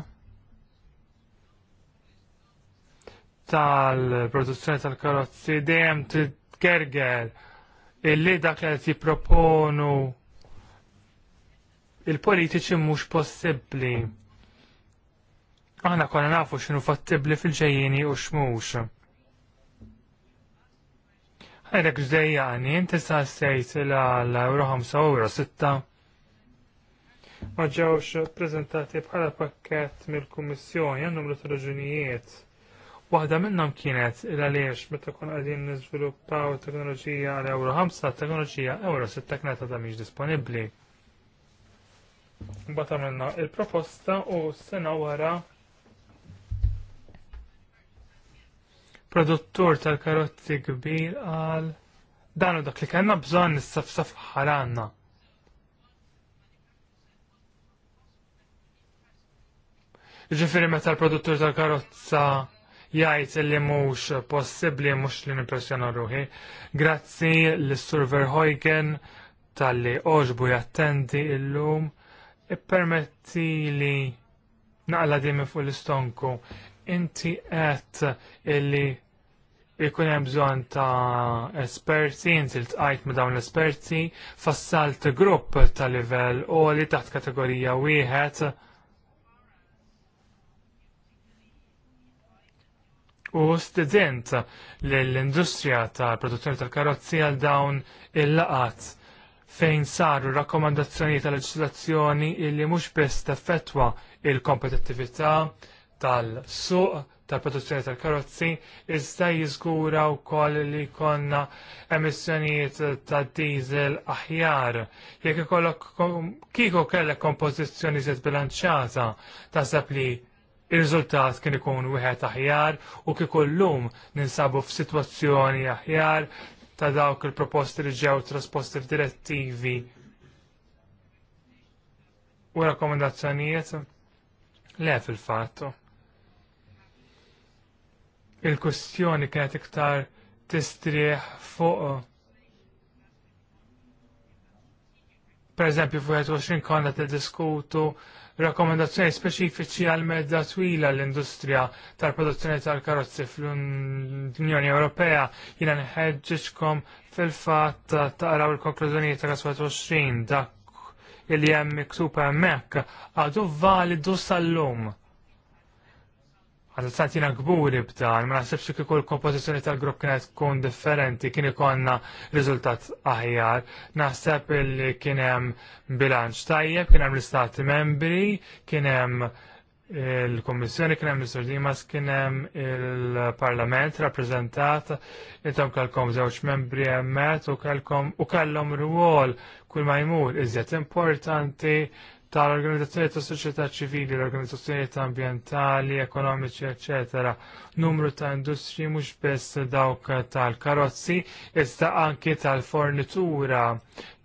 Speaker 4: tal-produzzjoni tal-karozzi dejjem titgerger illi dak li qed jipproponu il-politiċi mhux possibbli. Aħna konna nafu x'inhu fattibbli fil-ġejjieni u x'mhux. Ħajrek ġdejjani, inti sa sejt l-euro 5 euro 6 ma ġewx prezentati bħala pakket mill-Kummissjoni għan numru ta' raġunijiet Waħda minnhom kienet il għaliex meta kon qegħdin niżviluppaw teknoloġija għal Euro 5, teknoloġija Euro 6 teknata għadha mhix disponibbli. Bata għamilna il-proposta u sena wara produttur tal-karozzi kbir għal dan dak li kellna bżonn nissafsaf ħaranna. Ġifiri meta l-produttur tal-karozza jgħid li mhux possibbli mhux li nimpressjona ruħi. Grazzi l-Sur Verhoeken tal-li oġbu jattendi illum ippermetti li naqla dimi fuq l-istonku inti qed illi jkun hemm bżonn ta' esperti, inti l-tqajt ma' dawn l-esperti, fassalt grupp ta' livell u li taħt kategorija wieħed u stedzent l-industrija ta' produzzjoni tal-karozzi għal dawn il-laqat fejn saru rakkomandazzjoni tal leġislazzjoni illi mhux biss teffettwa il-kompetittività tal-suq tal-produzzjoni tal-karozzi iżda jiżgura wkoll li konna emissjonijiet ta' diesel aħjar. Jekk ikollok kieku kellek kompożizzjoni żed bilanċata taħseb li ir-riżultat kien ikun wieħed aħjar u kif kullum ninsabu f'sitwazzjoni aħjar ta' dawk il-proposti li ġew trasposti f'direttivi u rakkomandazzjonijiet le fil-fattu. il kwistjoni kienet iktar tistrieħ fuq per eżempju fuq 21 konna t-diskutu rakkomandazzjoni speċifiċi għal medda twila l-industrija tal-produzzjoni tal-karozzi fl-Unjoni Ewropea jina nħedġiġkom fil-fat taqraw il-konklużjoni ta' 27 dak il jemmi hemm miktub għadu validu sal-lum. Għal santina gburi b'dan, ma naħsibx kif ikun kompożizzjoni tal-grupp kienet tkun differenti, kien ikonna riżultat aħjar. Naħseb li kien hemm bilanċ tajjeb, kien hemm l-istati membri, kien hemm il-Kommissjoni eh, kien hemm l-Istor Dimas, kien hemm il-Parlament rappresentat, intom kellkom żewġ membri hemmhekk u kalkom u kellhom rwol kull ma jmur iżjed importanti tal-organizzazzjoni ta' soċjetà ċivili, l-organizzazzjoni ta' ambientali, ekonomiċi, eccetera, numru ta' industri mhux biss dawk tal-karozzi, iżda anki tal-fornitura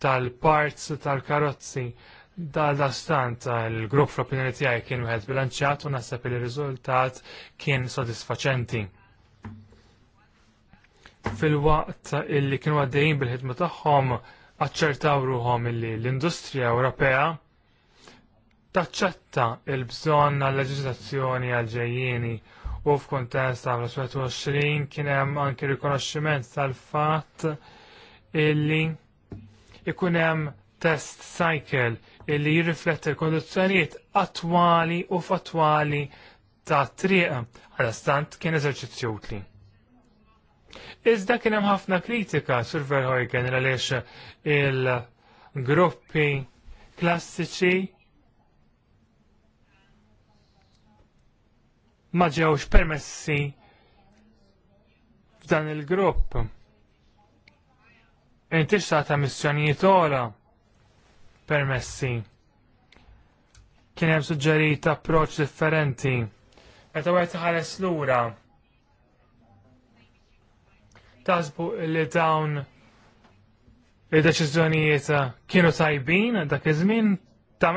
Speaker 4: tal-parts tal-karozzi. Da da stant il-grupp fl-opinjoni tiegħi kien wieħed bilanċjat u naħseb li riżultat kien sodisfaċenti. Fil-waqt illi kienu għaddejjin bil-ħidma tagħhom aċċertaw ruhom illi l-industrija Ewropea taċċetta il-bżonn għal leġislazzjoni għal ġejjieni u f'kuntest għal 2020 kien hemm anki rikonoxximent tal-fatt illi ikun hemm test cycle illi jirrifletti l-kondizzjonijiet attwali u fatwali ta' triq għal stant kien eżerċizzju utli. Iżda kien hemm ħafna kritika sur Verhoeven għaliex il-gruppi klassiċi ma ġewx permessi f'dan il-grupp. Intix ta' missjonijiet oħra permessi. Kien hemm suġġerit approċċ differenti. Meta wieħed ħares lura. Tasbu li dawn il-deċiżjonijiet kienu tajbin dak iż-żmien ta'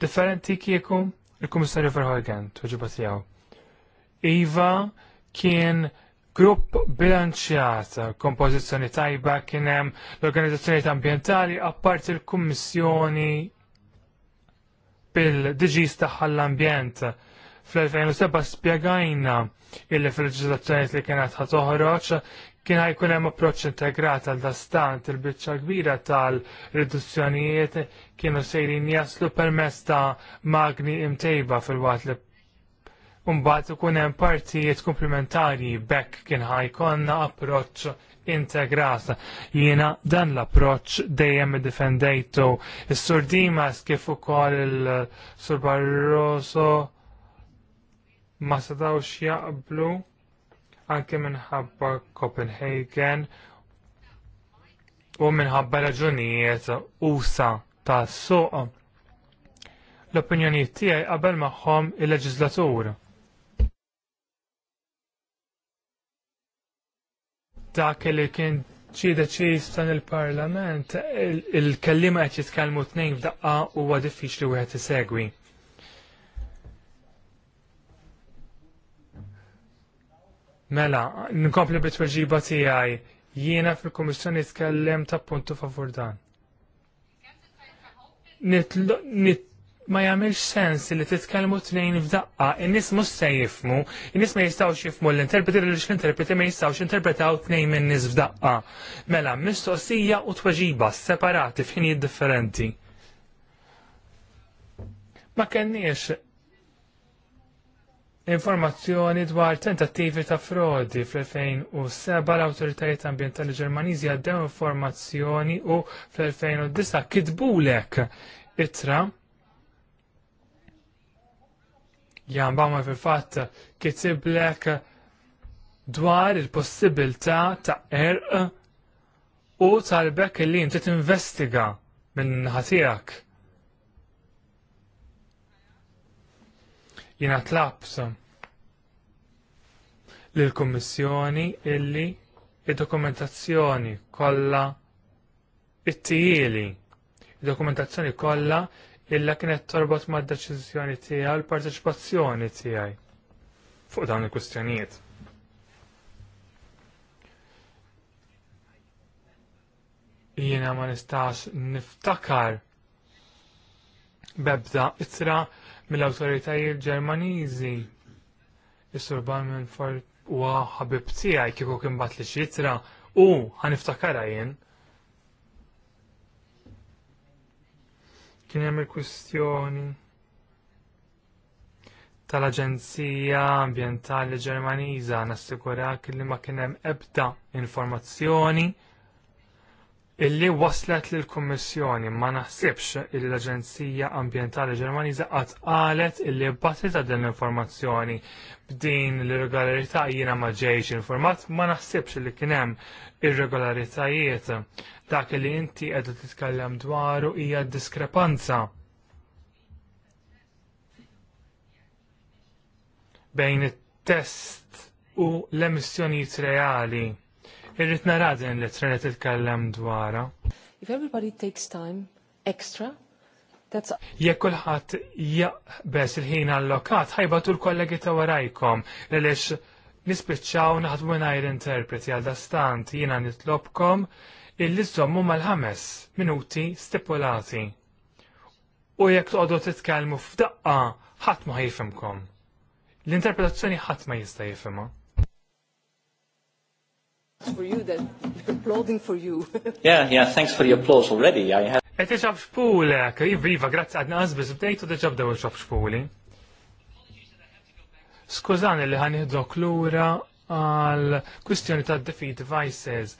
Speaker 4: differenti kieku il-Kummissarju Verhoeven tweġiba tiegħu. Iva kien grupp bilanċjat, kompożizzjoni tajba kien hemm l organizzazzjoni ambjentali apparti l-Kummissjoni bil-diġis tagħha l-ambjent fl-2007 spiegajna illi fil-ġizazzjoniet li kienet ħatoħroċ kien ħajkun hemm approċċ integrat għal dastant il-biċċa kbira tal-riduzzjonijiet kienu sejrin jaslu permezz ta' magni imtejba fil-waqt li mbagħad ikun hemm partijiet komplementari bekk kien ħajkonna approċċ integrat. Jiena dan l-approċċ dejjem defendejtu. Is-Sur Dimas kif ukoll il-Sur Barroso ma sadawx jaqblu anke minħabba Copenhagen u minħabba raġunijiet usa ta' suq l-opinjonijiet tiegħi qabel magħhom il-leġislatur. Dak li kien ċi deċiż tan il-Parlament, il-kellima qed jitkellmu tnejn f'daqqa huwa diffiċli wieħed isegwi. Mela, nkompli bit-tweġiba tiegħi jiena fil-Kummissjoni tkellem ta' puntu favur dan. Ma jagħmilx sens li titkellmu tnejn f'daqqa, in-nies mhux se jifmu, n nies ma jistgħux jifmu l-interpreti li l-interpreti ma jistgħux interpretaw tnejn minn nies f'daqqa. Mela, mistoqsija u tweġiba separati f'ħini differenti. Ma kenniex informazzjoni dwar tentattivi ta' frodi fl-2007 l-autoritajiet ambientali ġermaniżi għaddew informazzjoni u fl-2009 kitbulek itra jan bama fil-fatt kitiblek dwar il possibilta ta' erq u talbek li t tinvestiga minn ħatijak jina tlabs l-Kommissjoni illi id-dokumentazzjoni kollha it-tieli, id-dokumentazzjoni kollha illa kienet torbot mad deċiżjoni tijaj, l-parteċipazzjoni tiegħi fuq dawn il-kwistjonijiet. Jiena ma nistax niftakar bebda itra mill-awtoritajiet Ġermaniżi. Is-Sur minn Fort huwa ħabib tiegħi kieku kien bat li xitra u ħaniftakara jien. Kien hemm il-kwistjoni tal-Aġenzija Ambjentali Ġermaniża nassikurak li ma kien hemm ebda informazzjoni illi waslet lil kummissjoni ma naħsibx illi l-Aġenzija Ambjentali Ġermaniża qatt qalet illi batti ta' din l-informazzjoni b'din l-irregolarità jiena ma ġejx informat ma naħsibx li kien hemm irregolaritajiet dak li inti qiegħda titkellem dwaru hija diskrepanza bejn it-test u l-emissjonijiet reali. Irrit nara li trenet il-kallam titkellem If everybody takes time extra, that's Jekk kulħadd jaqbes il-ħin allokat, ħajbatu l-kollegi ta' warajkom għaliex nispiċċaw naħdmu ngħid interpreti għal dastant jina nitlobkom illi żommu mal-ħames minuti stipulati. U jekk toqgħodu titkellmu f'daqqa ħadd ma ħajfimkom. L-interpretazzjoni ħadd ma jista' jifhimha
Speaker 6: for you that applauding for you.
Speaker 4: yeah, yeah, thanks for the applause already. I had Et iġab xpulek, jiviva, grazzi għadna għazbiz, bdejtu deġab daw iġab xpuli. Skużani li ħanidok lura għal kwistjoni ta' defeat devices.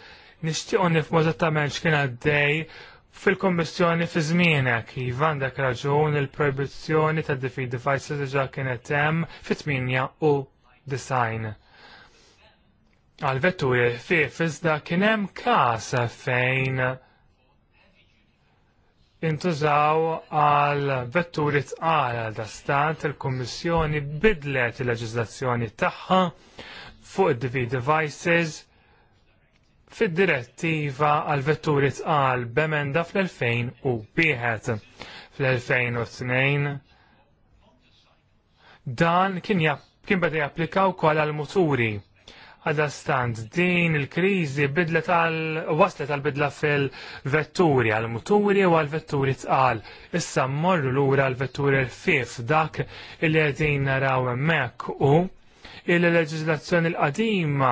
Speaker 4: Nishtiqo nifmu eżattament x'kien għaddej fil-kommissjoni fi żmienek. Ivan dak raġun il-proibizzjoni ta' defeat devices diġà kienet hemm fit-8 u design għal vetturi ħfief iżda kien hemm każ fejn intużaw għal vetturi tqal għal dastant il-Kummissjoni bidlet il leġislazzjoni tagħha fuq dv devices fid-direttiva għal vetturi tqal b'emenda fl-2001. Fl-2002 dan kien, kien beda japplika wkoll għal muturi Għadastant, din il-krizi bidlet għal waslet tal bidla fil-vetturi, għal muturi u għal vetturi tqal. Issa morru l-ura għal vetturi l-fif dak il-li għedin naraw emmek u il-leġizlazzjoni l-qadima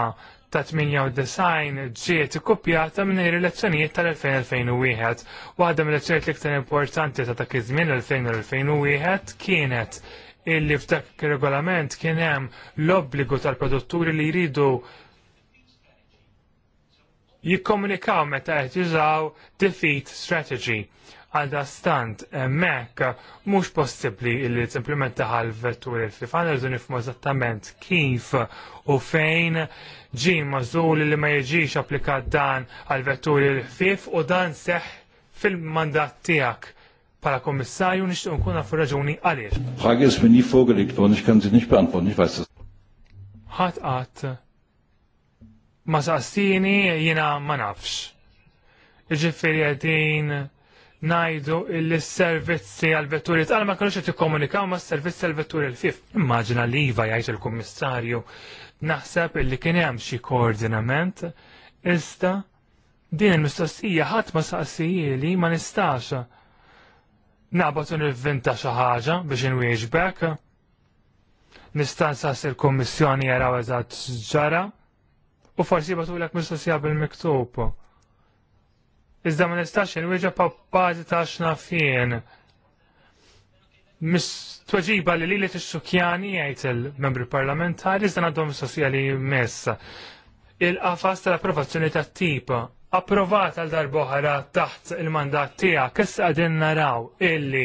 Speaker 4: ta' 98 ġiet kopjata minn il-elezzjonijiet tal-2001. Waħda mill-elezzjonijiet l-iktar importanti ta' dak iż-żmien l-2000 l-2001 kienet illi f'dak regolament kien hemm l-obbligu tal-produtturi li jridu jikkomunikaw meta qed jużaw defeat strategy għal stant hemmhekk mhux possibbli illi implementa għal vetturi fifan irridu nifmu eżattament kif u fejn ġi mażul li ma jiġix applikat dan għal vetturi l-ħfif u dan seħ fil-mandat tiegħek Pala kommissarju nixtieq nkun nafu raġuni għaliex.
Speaker 5: Frage is mir nie vorgelegt worden, ich kann sie nicht beantworten, ich weiß das.
Speaker 4: Ħadd qatt ma saqsini jiena ma nafx. Iġifieri qegħdin najdu il-servizzi għal-vetturi tal-ma kħalux qed komunikaw ma' servizzi għal-vetturi l-fif. Immaġina li iva jgħid il-kummissarju naħseb illi kien hemm xi koordinament iżda din il-mistoqsija ħadd ma saqsijili ma nistax naqbad un nivvinta xi ħaġa biex inwieġbek. Nista' nsaqs il-Kummissjoni jaraw eżatt ġara u forsi batulek mistoqsija bil-miktub. Iżda ma nistax pa' bazi ta' xnafien. Mis-tweġiba li li li t-xukjani jgħid il-membri parlamentari, iżda għandhom mistoqsija li messa. Il-qafas tal-approvazzjoni tat-tipa approvat għal darboħra taħt il-mandat tija, kessa għadin naraw illi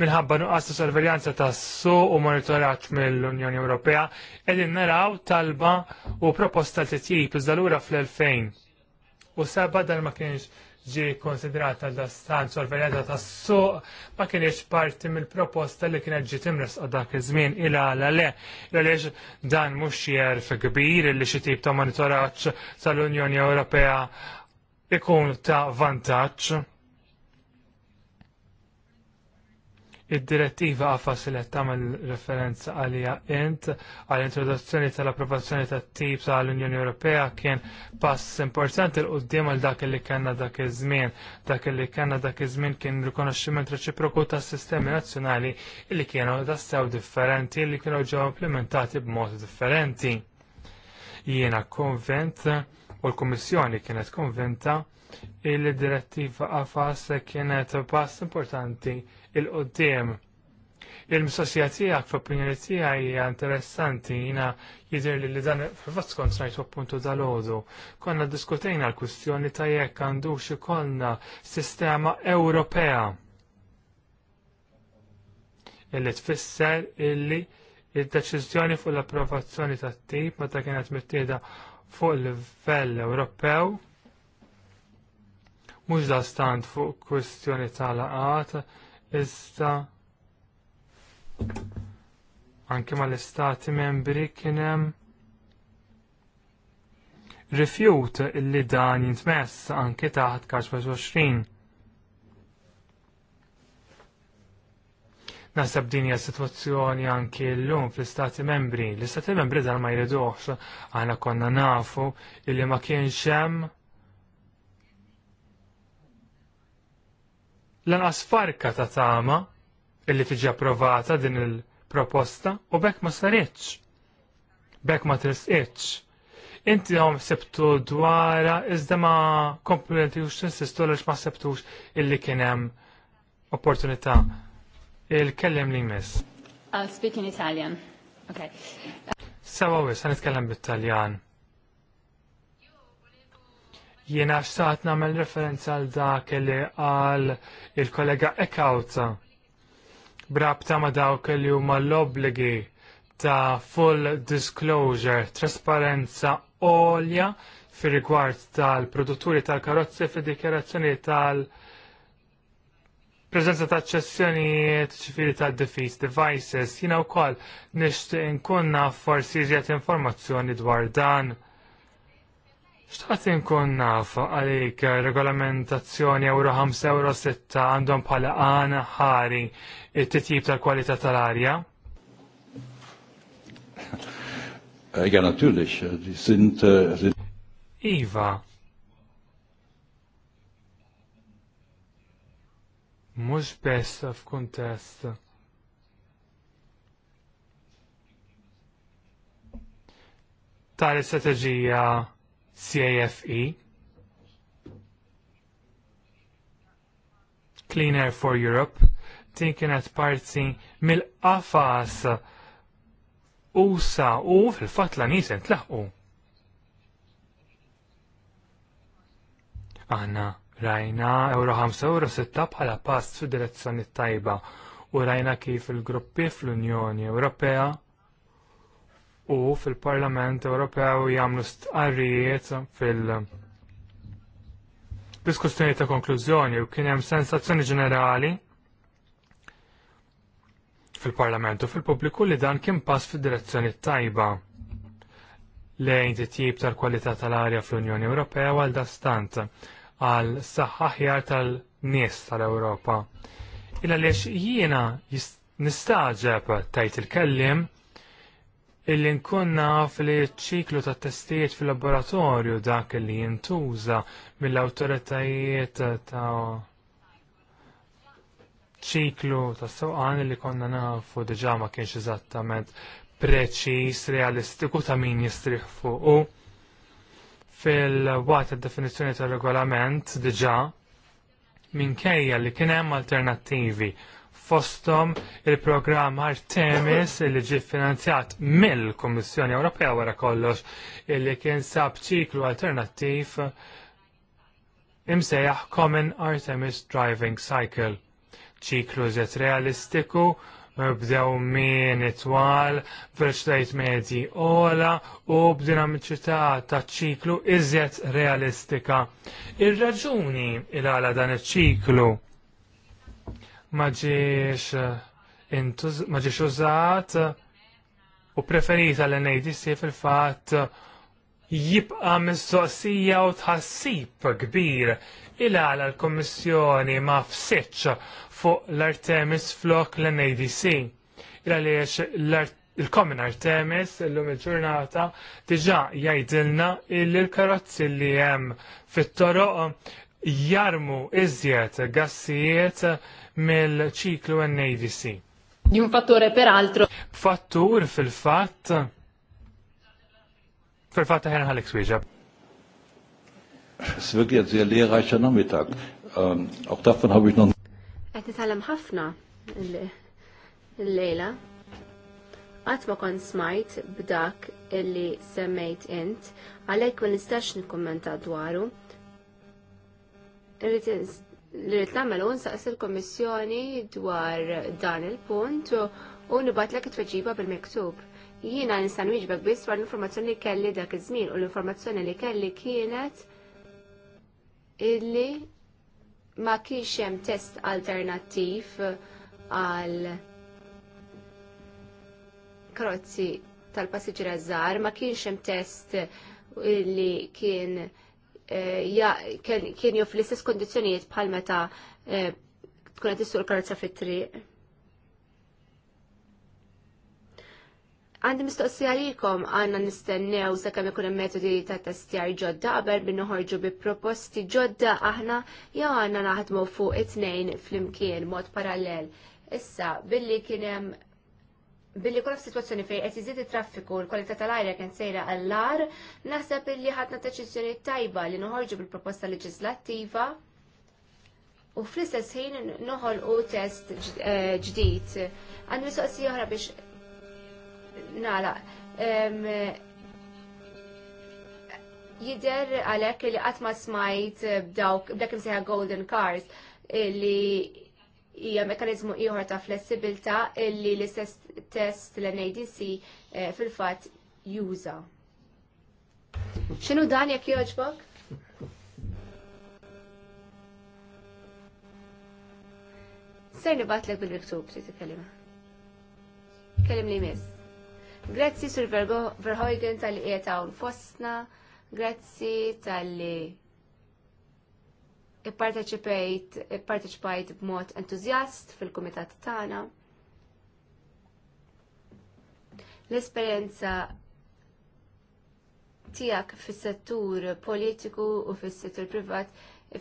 Speaker 4: minħabba nuqqas ta' sorveljanza ta' su u monitorat mill-Unjoni Ewropea, għadin naraw talba u proposta t-tjib iżdalura fl-2000. U seba dal ma kienx ġi konsiderata da stan sorveljanza ta' su ma kienx parti mill-proposta li kienet ġi timres għad dak iż-żmien ila la le, għaliex dan mhux jerf kbir illi xi tip ta' monitoraġġ tal-Unjoni Ewropea ikun ta' vantaġġ id-direttiva għafas li tagħmel referenza għalija int għall-introduzzjoni tal-approvazzjoni tat tips tal-Unjoni Ewropea kien pass importanti l qudiem għal dak li kellna dak iż-żmien. Dak li kellna dak iż-żmien kien rikonoxximent reċiproku tas-sistemi nazzjonali li kienu sew differenti li kienu ġew implementati b'mod differenti. Jiena konvent u l-Kummissjoni kienet konvinta il-direttiva għafas kienet pass importanti il-qoddim. il missosja tiegħek f'opinjoni tiegħi hija interessanti jina jidir li dan fil skont kont ngħid dal-ħodu. Konna diskutejna l-kwistjoni ta' jekk għandux ikollna sistema Ewropea illi tfisser illi il deċiżjoni fuq l-approvazzjoni tat-tip meta kienet mittieda fuq il-livell Ewropew mhux da stand fuq kwistjoni tal-laqat iżda anke mal-istati membri kien hemm rifjut li dan jintmess anke taħt 20. nasab din hija sitwazzjoni anki llum fl-Istati Membri. L-Istati Membri dan ma jridux aħna konna nafu illi ma kienx hemm lanqas farka ta' tama illi tiġi approvata din il-proposta u bekk ma saritx. Bekk ma trisqitx. Inti għom sebtu dwara, iżda ma komplementi u xinsistu għax ma sebtux illi kienem opportunità Il-kellem li jmiss.
Speaker 1: I'll speak in Italian. Okay.
Speaker 4: Sawa wis, għan it-kellem bit-Taljan. Jiena xtaqt namel referenza għal dak li għal il-kollega Ekawta. Brabta ma dawk li huma l-obligi ta' full disclosure, trasparenza olja fir rigward tal-produtturi tal-karozzi fid dikjerazzjoni tal-, -produtturi tal preżenza ta' ċessjonijiet ċifiri ta' defis, devices, jina u koll nishtiq inkunna forsi iżjed informazzjoni dwar dan. Xtaqt inkun naf għalik regolamentazzjoni euro 5 euro 6 għandhom pala għana ħari it-titjib tal-kwalità tal-arja?
Speaker 5: Ja, natürlich. Sind, Iva,
Speaker 4: mhux bess f'kuntest tal-istrateġija CAFE Clean Air for Europe din kienet parti mill-qafas usa u fil-fatt la nisen tlaħqu. Aħna Rajna euro 5 euro 6 bħala pass fi direzzjoni tajba u rajna kif il-gruppi fl-Unjoni Ewropea u fil-Parlament Ewropew jagħmlu stqarrijiet fil- diskussjoni ta' konklużjoni u kien hemm sensazzjoni ġenerali fil-Parlament u fil-pubbliku li dan kien pass fid-direzzjoni tajba lejn titjib tal-kwalità tal-arja fl-Unjoni Ewropea għal dastant għal saħħaħjar ħjar tal-nies tal-Ewropa. Illa għaliex jiena nistaġeb tajt il-kellim illi nkunna naf li ċiklu ta' testijiet fil-laboratorju dak li jintuża mill-awtoritajiet ta' ċiklu ta' sewqan li konna nafu diġa ma kienx eżattament preċis, realistiku ta' min jistriħ fuq u fil-wat id-definizzjoni tal-regolament diġa minkejja li kien hemm alternattivi fostom il-programm Artemis li ġi finanzjat mill-Kommissjoni Ewropea wara kollox illi kien sab ċiklu alternattiv imsejjaħ Common Artemis Driving Cycle ċiklu zet realistiku bdew min itwal fil-xtajt medji ola u b'dinamiċità ta' ċiklu iżjed realistika. Ir-raġuni il-għala dan iċ-ċiklu maġiex eh, użat u preferita l-NADC fil-fat jibqa mistoqsija u tħassib kbir il għala l komissjoni ma fsitx fuq l-Artemis flok l-NADC. Għaliex il-Common Artemis l-lum Ila il-ġurnata diġa jajdilna illi l-karozzi li jem fit-toroq jarmu iżjed gassijiet mill-ċiklu NADC.
Speaker 5: Di un fattore
Speaker 4: peraltro. Fattur fil-fatt. Fil-fatt ħen
Speaker 5: ħalek swieġab. Svegħed li għaxa namitak. Auch davon non
Speaker 1: Qed nitalem ħafna l-lejla. Qatt ma kont smajt b'dak illi semmejt int, għalhekk ma nistax nikkummenta dwaru. Rrit namel u nsaqs il komissjoni dwar dan il-punt u nibatlek it-tweġiba bil-miktub jiena nistan wieġbek biss dwar l-informazzjoni li kelli dak iż-żmien u l-informazzjoni li kelli kienet illi ma kienx hemm test alternattiv għal karozzi tal-passiġġier żgħar, ma kienx hemm test li kien eh, ja, kien jof fl istess kondizzjonijiet bħal meta eh, tkun qed issur karozza fit-triq. Għandi mistoqsija għalikom għanna nistennew se kemm ikun metodi ta' testjar ġodda qabel bin noħorġu bi proposti ġodda aħna jew għanna naħdmu fuq it-tnejn flimkien mod parallel. Issa, billi kien hemm billi kolla f'sitwazzjoni fejn qed iżid it-traffiku l-kwalità tal-ajra kien sejra għall-ar, naħseb billi ħadna deċiżjoni tajba li noħorġu bil-proposta leġislattiva u fl-istess ħin noħol u test eh, ġdid. Għandu mistoqsija oħra biex nala. Jider għalek li għatma smajt b'dawk, b'dak imsejħa golden cars, li hija mekanizmu ieħor ta' flessibilta illi l-istess test l-NADC eh, fil-fat juża. X'inhu dan jekk jogħġbok? Ser nibatlek bil-miktub, trid kelima. Kellim li miss. Grazzi sur Verhoeven tal-li qiegħed hawn fostna, grazzi tal-li ipparteċipajt b'mod entużjast fil-kumitat tagħna. L-esperjenza tijak fis settur politiku u fis settur privat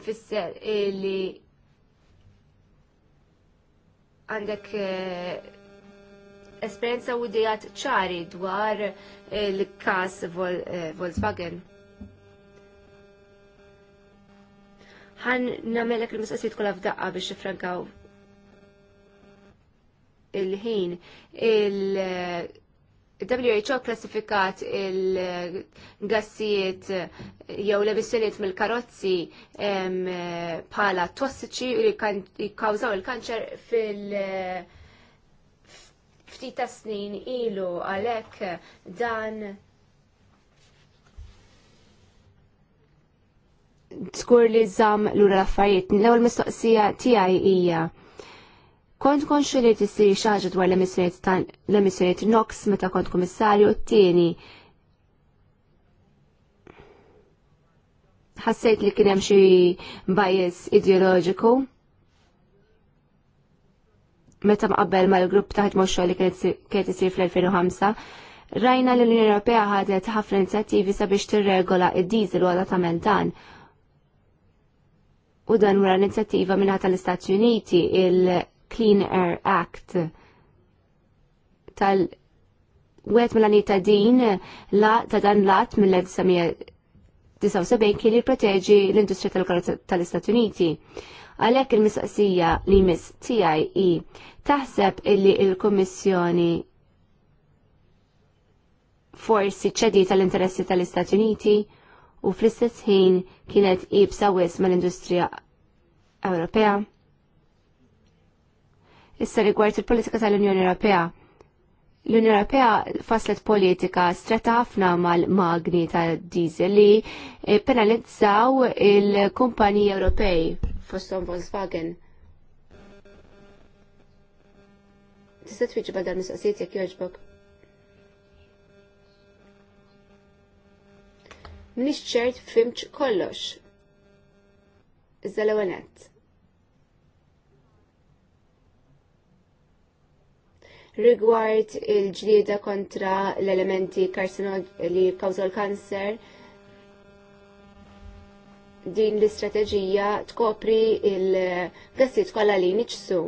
Speaker 1: fisser li għandek eh, esperjenza u idejat ċari dwar il-kas eh, Volkswagen. Għan namelek il-mistoqsijiet kolla f'daqqa biex frankaw il-ħin. Il-WHO eh, klassifikat il-gassijiet eh, jew l-emissjoniet mill-karozzi bħala tossiċi li jikkawżaw il-kanċer fil- ftit snin ilu għalhekk dan skur li żamm lura l-affarijiet. L-ewwel mistoqsija tiegħi hija kont konxu li tisir xaġa dwar l-emissjoniet NOx meta kont komissarju t-tieni. Ħassejt li kien hemm xi ideologiku. ideoloġiku meta ma mal-grupp taħt xogħol li kienet isir fl-2005, rajna li l-Unjoni Ewropea ħadet ħafna inizjattivi sabiex tirregola id-diesel wara tagħmel dan. U dan wara l-inizjattiva minn tal-Istati Uniti il-Clean Air Act tal- Wet mill ta' din la ta' dan lat mill-1979 kien jirproteġi l-industrija tal-karozza tal-Istati Uniti Għalhekk il-mistaqsija li mis TIE. Taħseb illi il-Kummissjoni forsi ċedi tal-interessi tal-Istati Uniti u fl-istess ħin kienet ibsa wis mal-industrija Ewropea. Issa rigward il-politika tal-Unjoni Ewropea. L-Unjoni Ewropea faslet politika stretta ħafna mal-magni tal-diesel li eh, penalizzaw il-kumpaniji Ewropej fostom Volkswagen. Tista' tfiċi bħal dar mistoqsijiet jekk jogħġbok. Mnix ċert fimċ kollox. Iżda l-ewenet. Rigward il-ġlieda kontra l-elementi karsinog li kawżaw l-kanser, din l-istrateġija tkopri il-gassiet kollha li niċsu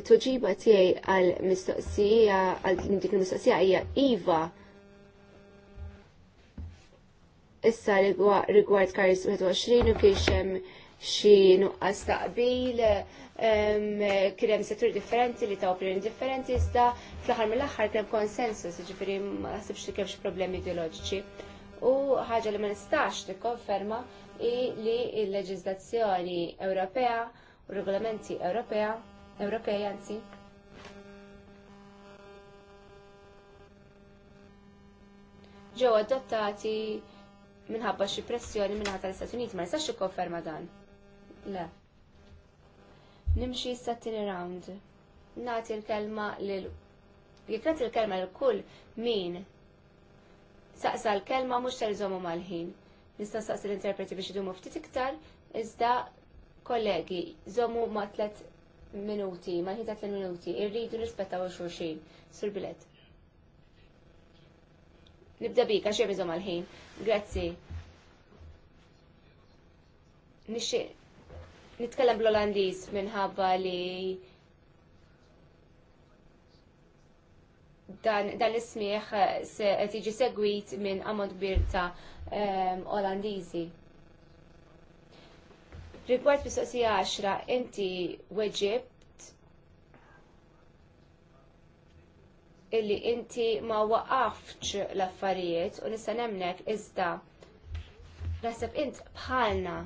Speaker 1: it-tweġiba tiegħi għal mistoqsija għal dik il-mistoqsija hija iva issa rigward karis 21 u kien hemm xi nuqqas taqbil kien hemm settur differenti li ta' opinjoni differenti iżda fl-aħħar mill-aħħar kien konsensus, jiġifieri ma ħsibx li kemm xi problemi ideoloġiċi. U ħaġa li ma nistax tikkonferma li l-leġiżlazzjoni Ewropea u regolamenti Ewropea Ewropej anzi. Ġew adottati minħabba xi pressjoni minn ħata l-Istati Uniti ma jistax ikkonferma dan. Le. Nimxi issa tieni round. Nagħti l-kelma lil jekk nagħti l-kelma lil kull min saqsa l-kelma mhux terżomu mal-ħin. Nista' saqsi l-interpreti biex idumu ftit iktar, iżda kollegi, żomu ma' tlet minuti, ma ħin ta' minuti, irridu u xurxin, Sur bilet. Nibda bika xie bizom għalħin, ħin Grazzi. Nixi, nitkellem bl-Olandiz minħabba li dan, dan ismiħ se tiġi segwit minn għamod birta ta' um, ehm, Olandizi. Rigward mistoqsija 10, inti weġibt illi inti ma waqafx l-affarijiet u nista' nemnek iżda naħseb int bħalna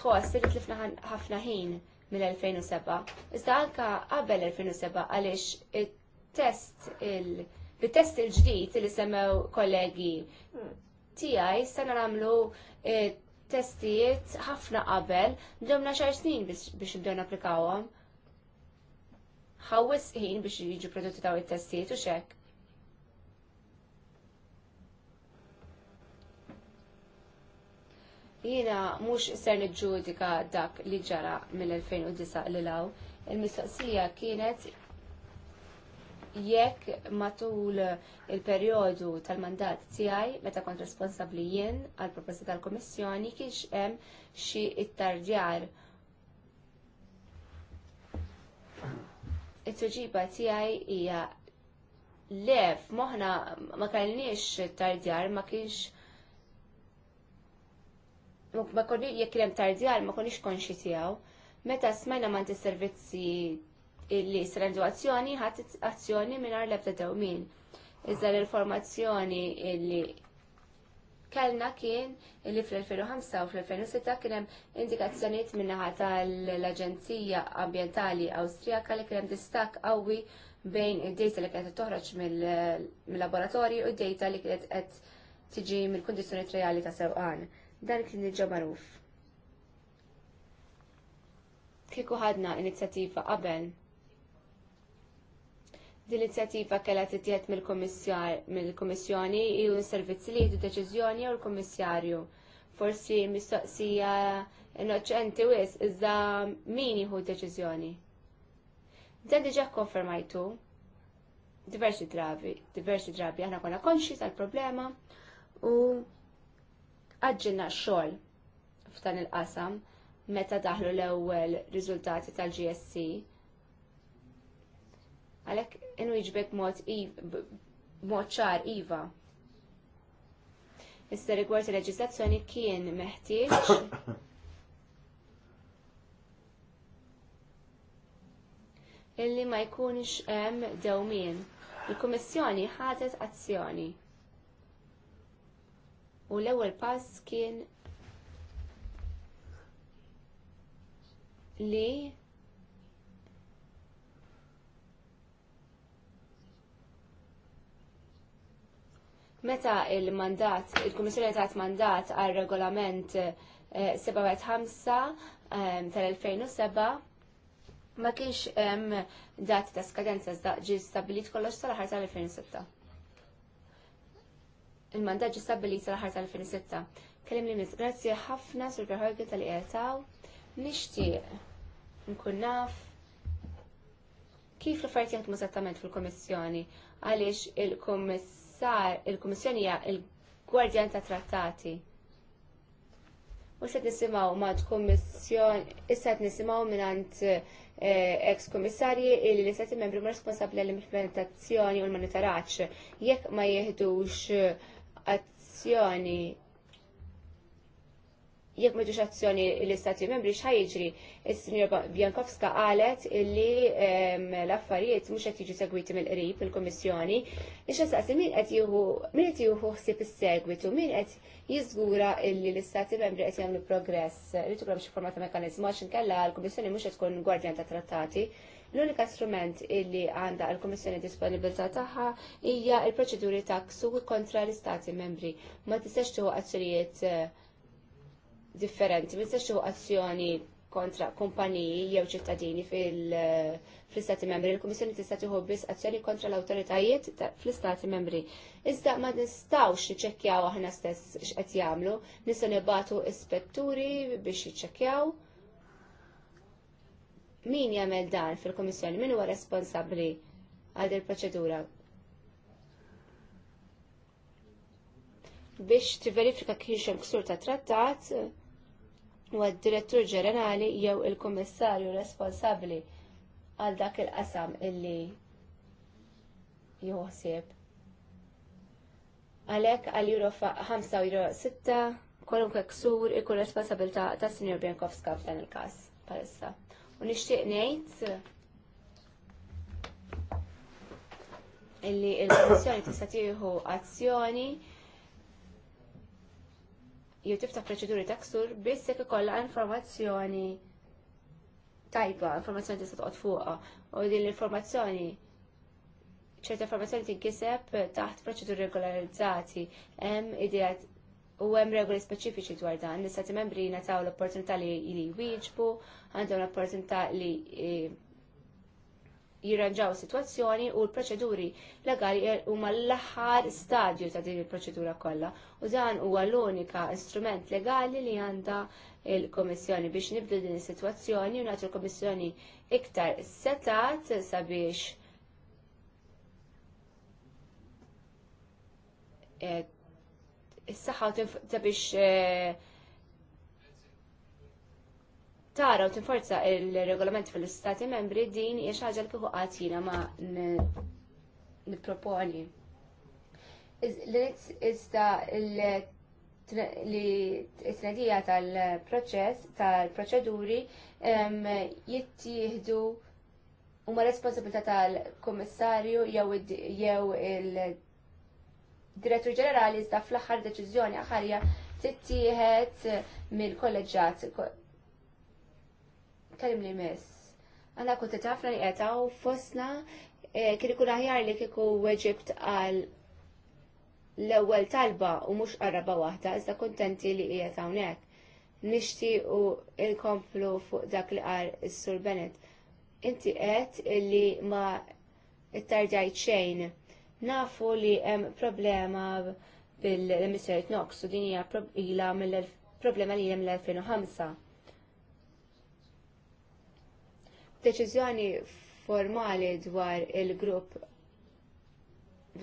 Speaker 1: tħoss li tlifna ħafna ħin mill-2007. Iżda anka qabel 2007 għaliex it-test il- bit-test il-ġdid li semmew kollegi hmm. tiegħi sanna nagħmlu testijiet ħafna qabel, ġemna xar snin biex nibdew napplikawhom. Ħawwis ħin biex jiġu prodotti taw it-testijiet u xek. Jiena mhux ser niġġudika dak li ġara mill-2009 l law, il-mistoqsija kienet jekk matul il-perjodu tal-mandat tiegħi meta kont responsabbli jien għal proposti tal-Kummissjoni kienx hemm xi ittardjar. It-tweġiba tiegħi hija lef, moħna ma kellniex tardjar, ma kienx ma konni jekk hemm tardjar ma konniex konxi tiegħu. Meta smajna mant servizzi illi s-rendu azzjoni ħat azzjoni minar lebda dewmin. Iżda l-informazzjoni illi kellna kien illi fl-2005 u fl-2006 kien hemm indikazzjonijiet minnaħa tal-Aġenzija Ambientali Awstrijaka li kien hemm distak qawwi bejn id-data li kienet toħroġ mill-laboratorju u d-data li kienet qed tiġi mill-kundizzjonijiet reali ta' sewqan. Dan kien diġà magħruf kieku ħadna inizjattiva qabel L-inizjattiva kellha titjed mill-Kummissjoni u s-servizzi li deċiżjoni u l-Kummissarju. Forsi mistoqsija innoċenti wis iżda min jieħu deċiżjoni. Dan diġà konfermajtu diversi drabi, diversi drabi, aħna konna konxi tal-problema u għadġinna xogħol f'dan il-qasam meta daħlu l-ewwel riżultati tal-GSC. Għalhekk inwiġbek mod ċar iva. Issa rigward il-leġislazzjoni kien meħtieġ illi ma jkunx hemm dewmien. Il-Kummissjoni ħadet azzjoni. U l-ewwel pass kien li Meta il-mandat, il-Kummissjoni tat mandat għal regolament 75 eh, eh, tal-2007 ma kienx hemm dat ta' skadenza ġi stabbilit kollox sal ħar tal-2006. Il-mandat ġi stabbilit sal ħar tal-2006. Kellim li miss, grazzi ħafna sur Verhoeven tal-qiegħtaw. Nixtieq nkun naf kif l-affarijiet jaħdmu mużattament fil kummissjoni għaliex il-Kommiss sar il-Kummissjoni hija il-Gwardjan ta' Trattati. U qed nisimaw mad kummissjon, issa nisimaw minant eh, ex kummissarji li li seti membri ma responsabli l-implementazzjoni u l-monitoraċ. Jekk ma jihdux eh, azzjoni jekk ma azzjoni l-Istati Membri x'ħajġri. s signor Bjankowska qalet li l-affarijiet mhux qed jiġu segwiti mill-qrib il-Kummissjoni. Nixtaqsi min għet jieħu min qed jieħu ħsieb is-segwitu, min qed jiżgura li l-Istati Membri qed jagħmlu progress rritu tukrem xi formata ta' għax inkella l-Kummissjoni mhux qed tkun gwardjan ta' trattati. L-unika strument illi għanda l-Komissjoni disponibilta tagħha hija l-proċeduri ta' ksu kontra l-Istati membri. Ma tistax tuħu azzjonijiet eh, differenti, ma jistax azzjoni kontra kumpaniji jew ċittadini fil-istati membri. Il-Kummissjoni tista' tieħu biss azzjoni kontra l-awtoritajiet fl-istati membri. Iżda ma nistgħux niċċekkjaw aħna stess x'qed jagħmlu, nistgħu nibatu ispetturi biex jiċċekkjaw. Min jagħmel dan fil-Kummissjoni? Min huwa responsabbli għal il-proċedura? biex tiverifika kienx hemm ksur ta' trattat, u għad-direttur ġenerali jew il-kummissarju responsabbli għal dak il-qasam illi joħsib. Għalhekk għal euro 5 u 6 kwalunkwe ksur ikun responsabilta ta' Sr. Bjankowska f'dan il-każ bħalissa. U nixtieq ngħid illi l-Kummissjoni tista' tieħu azzjoni jew tiftaħ proċeduri ta' ksur biss jekk ikollha informazzjoni tajba, informazzjoni tista' toqgħod fuqha u din l-informazzjoni ċerta informazzjoni tinkiseb taħt proċeduri regolarizzati hemm idea u hemm regoli speċifiċi dwar dan. Nista membri nataw l-opportunità li jwieġbu, għandhom l-opportunità li eh, jirranġaw situazzjoni u l-proċeduri legali huma l-aħħar stadju ta' din il-proċedura kollha u dan huwa l-unika instrument legali li għandha il-Komissjoni biex nibdu din is-sitwazzjoni u nagħtu l-Komissjoni iktar setat sabiex eh, is-saħħa sabiex eh, tara u tinforza il-regolament fil-istati membri din hija xi ħaġa li kieku qatt jiena ma nipproponi. Iżda l t tal-proċess, tal-proċeduri jittieħdu huma responsabilità tal-Kummissarju jew il-Direttur Ġenerali iżda fl-aħħar deċiżjoni aħħarja tittieħed mill-kolleġġat kellim li mess. Għanna kunti tafna li u fosna e, kien ikun aħjar li kieku weġibt għal l-ewwel talba u mhux qaraba waħda, iżda kuntenti li qiegħed hawnhekk. Nixtiequ inkomplu fuq dak li qal is-Sur Bennett. Inti qed li ma ittardajt xejn. Nafu li hemm problema bil-emissarijiet NOx u din hija problema li hemm l-2005 deċiżjoni formali dwar il-grupp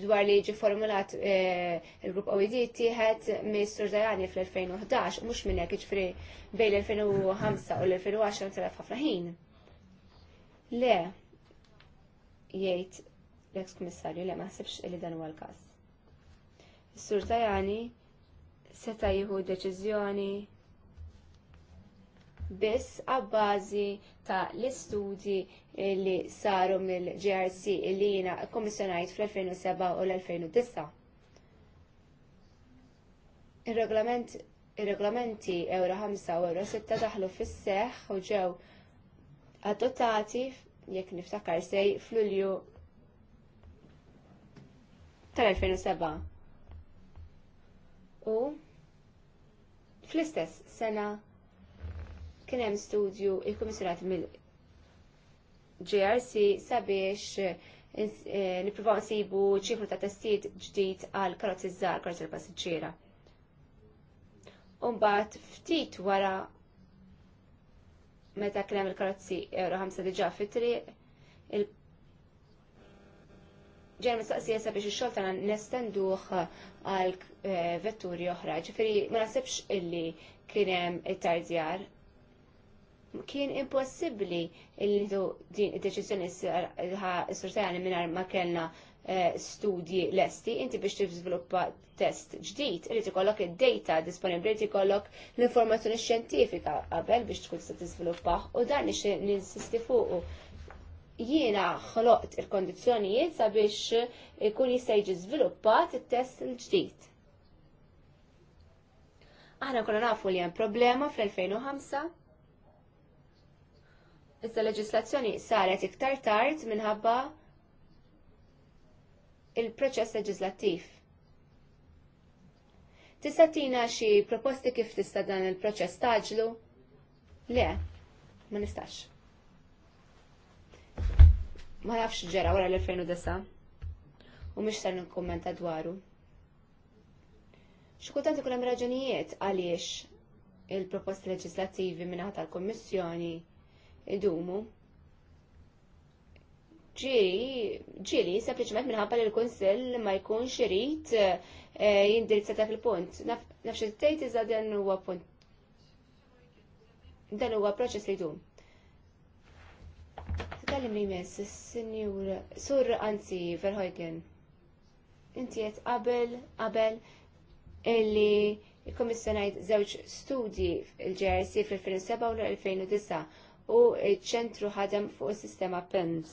Speaker 1: dwar li ġi formulat eh, il-grupp OED tiħed mis Surżajani fl-2011, mux minn jek ġifri bejn l-2005 u l-2010 telef ħafna ħin. Le, jgħid l-eks komissarju, le ma ħsibx li dan huwa l-każ. Is-Sur Tajani seta' jieħu deċiżjoni biss għabbażi ta' l-istudji li saru mill-GRC li jina komissjonajt fl-2007 u l-2009. Ir-regolamenti Euro 5 u Euro 6 daħlu fis-seħ u ġew adottati jekk niftakar sej fl-Ulju tal-2007. U fl-istess sena kien hemm studju il mill-GRC sabiex eh, nippruvaw nsibu ċifru ta' testijiet ġdid għal karozzi żgħar karozzi l-passiġġiera. Umbagħad ftit wara meta kien hemm il-karozzi Euro 5 diġà fit-triq, il ġen mistaqsija sabiex ix-xogħol nestenduh għal eh, vetturi oħra. Ġifieri ma nasibx illi kien hemm it-tardjar kien impossibbli il-lidu din id-deċizjoni s-surtajani minar ma kellna eh, studji lesti, inti biex tiżviluppa test ġdid, irid ikollok id-data disponibbli, irid ikollok l-informazzjoni xjentifika qabel biex tkun se tiżviluppaħ u dan nix ninsisti fuqu. Jiena xloqt il-kondizzjonijiet sabiex ikun jista' jiġi żviluppat it-test l ġdid Aħna konna nafu li hemm problema fl-2005 issa leġislazzjoni saret iktar tard minħabba il-proċess leġislattiv. Tista' tina xi proposti kif tista' dan il-proċess taġlu? Le, ma nistax. Ma nafx ġera wara l-2009 u mhix ser nikkummenta dwaru. Xi ikun hemm raġunijiet għaliex il-proposti leġislattivi mingħata tal-Kummissjoni idumu. ġiri, sempliciment minħabba li l-Kunsill ma jkunx irid eh, jindirizza dak il-punt. Nafx il tejt iżda dan huwa punt. Dan huwa proċess li jdum. Tkellim li mess, sinjur, sur anzi, Verhoeken. Inti qed qabel, qabel illi il-Komissjonajt żewġ studji il-GRC fil-2007 u l-2009 u ċentru ħadem fuq is-sistema PIMS.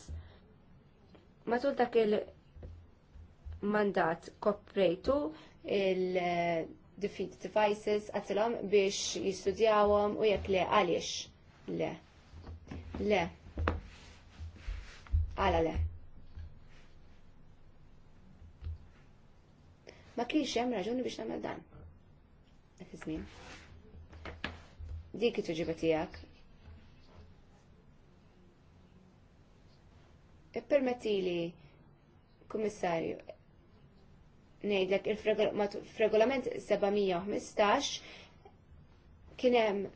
Speaker 1: Matul dak il-mandat kopprejtu il-defeat devices għatilom biex jistudjawhom u jekk le għaliex le. Le. Għala le. Ma kienx hemm raġuni biex nagħmel dan. Dak iż-żmien. Dik it-tuġiba tiegħek Permettili, kummissarju, ngħidlek il fregolament 715 kien hemm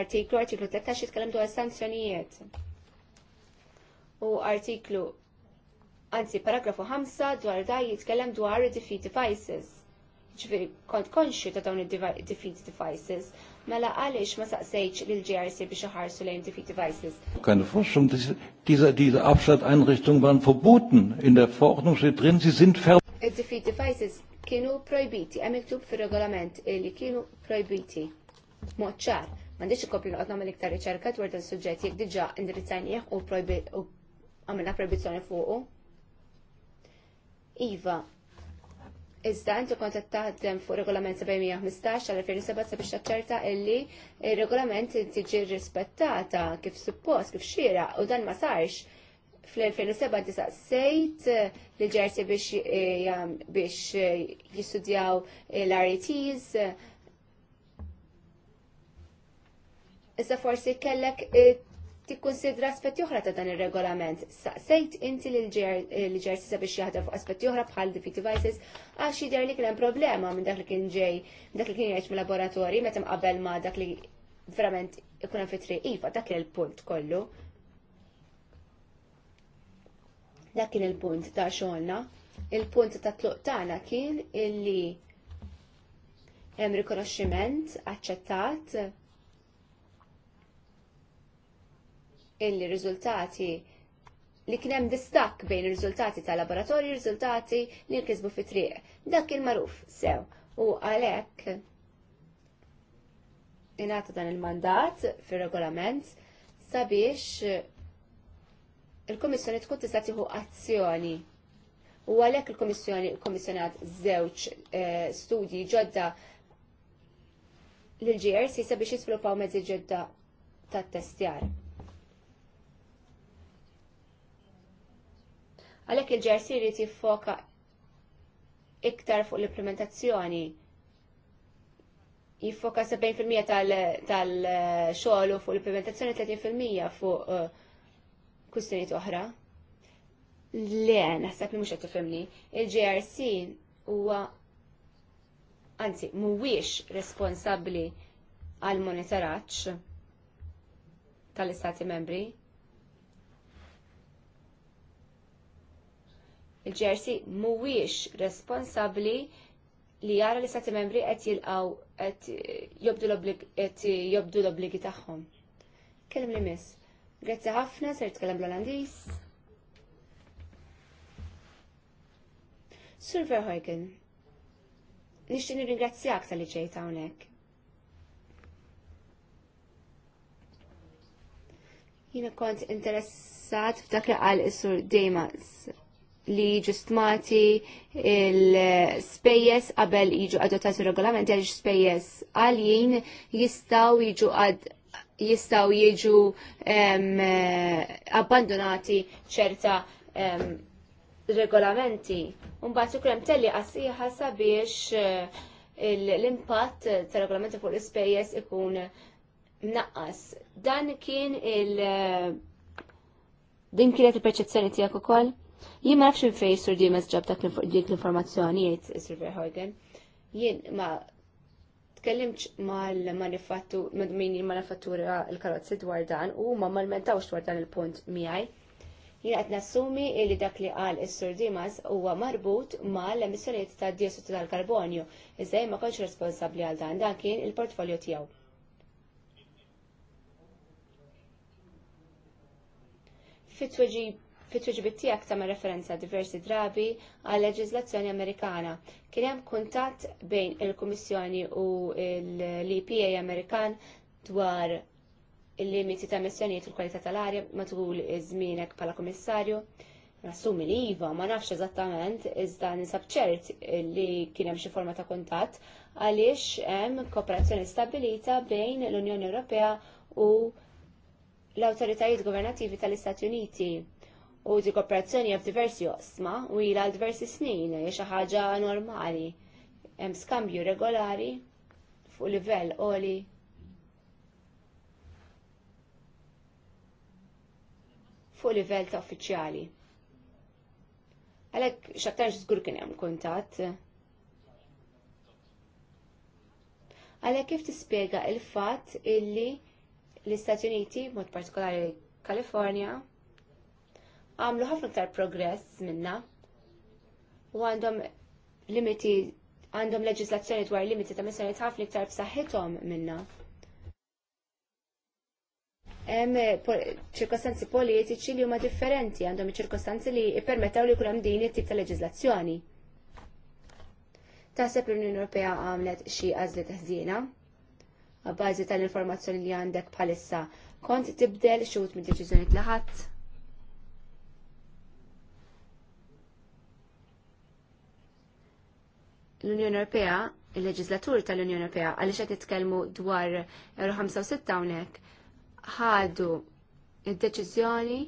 Speaker 1: artiklu, artiklu 13 jitkellem dwar sanzjonijiet. U artiklu anzi paragrafu 5 dwar da jitkellem dwar defeat devices. Ġifieri kont konxi ta' dawn id-defeat devices mela għalix ma saqsejx lil GRC biex iħarsu l defeat devices.
Speaker 5: Keine Forschung, diese, diese Abschalteinrichtungen waren verboten. In der Verordnung steht drin, sie sind ver...
Speaker 1: Defeat devices kienu projbiti, hemm miktub fil regolament li kienu projbiti. Moċċar, mandiċ kopju ikopli noqgħod nagħmel iktar riċerka dwar dan suġġett jek diġa indirizzajnieh u għamilna proibizzjoni fuqu. Iva, Iżda inti kont taħdem fuq regolament 715 għal 2007 sabiex taċċerta illi il regolament tiġi rispettata kif suppost, kif xira, u dan ma sarx fl-2007 disa' sejt li ġersi biex eh, biex eh, jistudjaw l-RETs. Issa forsi kellek tikkonsidra aspetti oħra ta' dan ir-regolament. Sejt inti lil ġersi biex jaħdem fuq aspetti oħra bħal DP devices għax jidher li kien hemm problema minn dak li kien ġej, dak li kien jgħid mill-laboratorji meta mqabel ma' dak li verament ikun hemm fitri iva dak kien il-punt kollu. Dak kien il-punt ta' xogħolna. Il-punt ta' tluq tagħna kien illi hemm rikonoxximent aċċettat il-riżultati li kien hemm distakk bejn ir-riżultati tal-laboratorju riżultati li nkisbu fi triq. Dak il-maruf sew u għalhekk ingħata dan il-mandat fir-regolament sabiex il-Komissjoni tkun tista' tieħu azzjoni. U għalhekk il-Komissjoni komissjonat żewġ eh, studji ġodda lil grc sabiex jisviluppaw mezzi ġodda tat-testjar. Għalhekk il-ġersi jrid jiffoka iktar fuq l-implementazzjoni jiffoka 70% tal-xogħol u fuq l-implementazzjoni 30% fuq uh, kustinijiet oħra. Le, naħseb li mhux qed tifhimni. Il-GRC huwa anzi mhuwiex responsabbli għal monitoraġġ tal-Istati Membri Il-ġersi mhuwiex responsabbli li jara li stati membri qed jilqgħu għet jobdu l-obbligi tagħhom. Kellim li miss. Grazzi ħafna, ser tkellem bl-Olandis. Sur Verhoeken, nixtieq nirringrazzjak tal-li ġej hawnhekk. Jina kont interessat f'dak li qal is-sur li ġustmati il-spejjes qabel jiġu adottati regolamenti għal spejjes għaljien jistaw jiġu għad jistaw jiġu abbandonati ċerta regolamenti. Unbat krem telli għasiħa sabiex eh, l-impatt ta' regolamenti fuq l-spejjes ikun mnaqqas. Dan kien il- eh, din kienet il-perċezzjoni tiegħek ukoll? Jien ma nafx fej sur Dimas ġab dak dik l-informazzjoni jgħid Sir Verhoeven. Jien ma tkellimx mal-manifattu min manifattura l-karozzi dwar dan u ma mal-mentawx dwar dan il-punt miegħi. Jien qed nassumi li dak li qal is-Sur Dimas huwa marbut mal-emissjonijiet ta' diossidu tal-karbonju, iżda ma kontx responsabbli għal dan dan kien il-portfolio tiegħu. fit-tweġib fit-tuġbit tiegħek tagħmel referenza diversi drabi għal leġiżlazzjoni Amerikana. Kien hemm kuntatt bejn il-Kummissjoni u l-EPA Amerikan dwar il-limiti ta' missjonijiet u l-kwalità tal-arja matul iż-żmienek bħala kummissarju. Nassumi li iva, ma nafx eżattament, iżda nisab ċert li kien hemm xi forma ta' kuntatt għaliex hemm kooperazzjoni stabilita bejn l-Unjoni Ewropea u l-awtoritajiet governativi tal-Istati Uniti u di kooperazzjoni għaf diversi osma u jila għal diversi snin, xi ħaġa normali, hemm skambju regolari fuq livell oli. fuq livell ta' uffiċjali. Għalek xaktarx żgur kien hemm kuntatt. Għalek kif tispjega il-fatt illi l-Istati Uniti, mod partikolari Kalifornja, għamlu ħafna tar progress minna u għandhom limiti għandhom leġislazzjoni dwar limiti ta' missjoni ħafna iktar b'saħħithom minna. Hemm ċirkostanzi politiċi li huma differenti għandhom ċirkostanzi li jippermettaw li jkun hemm din it-tip ta' leġislazzjoni. Taħseb l-Unjoni Ewropea għamlet xi għażliet ħżiena għabbażi tal-informazzjoni li għandek bħalissa kont tibdel wħud minn deċiżjonijiet li ħadd l-Unjoni Ewropea, il-leġislaturi tal-Unjoni Ewropea, għaliex qed titkellmu dwar Euro 56 hawnhekk, ħadu id-deċiżjoni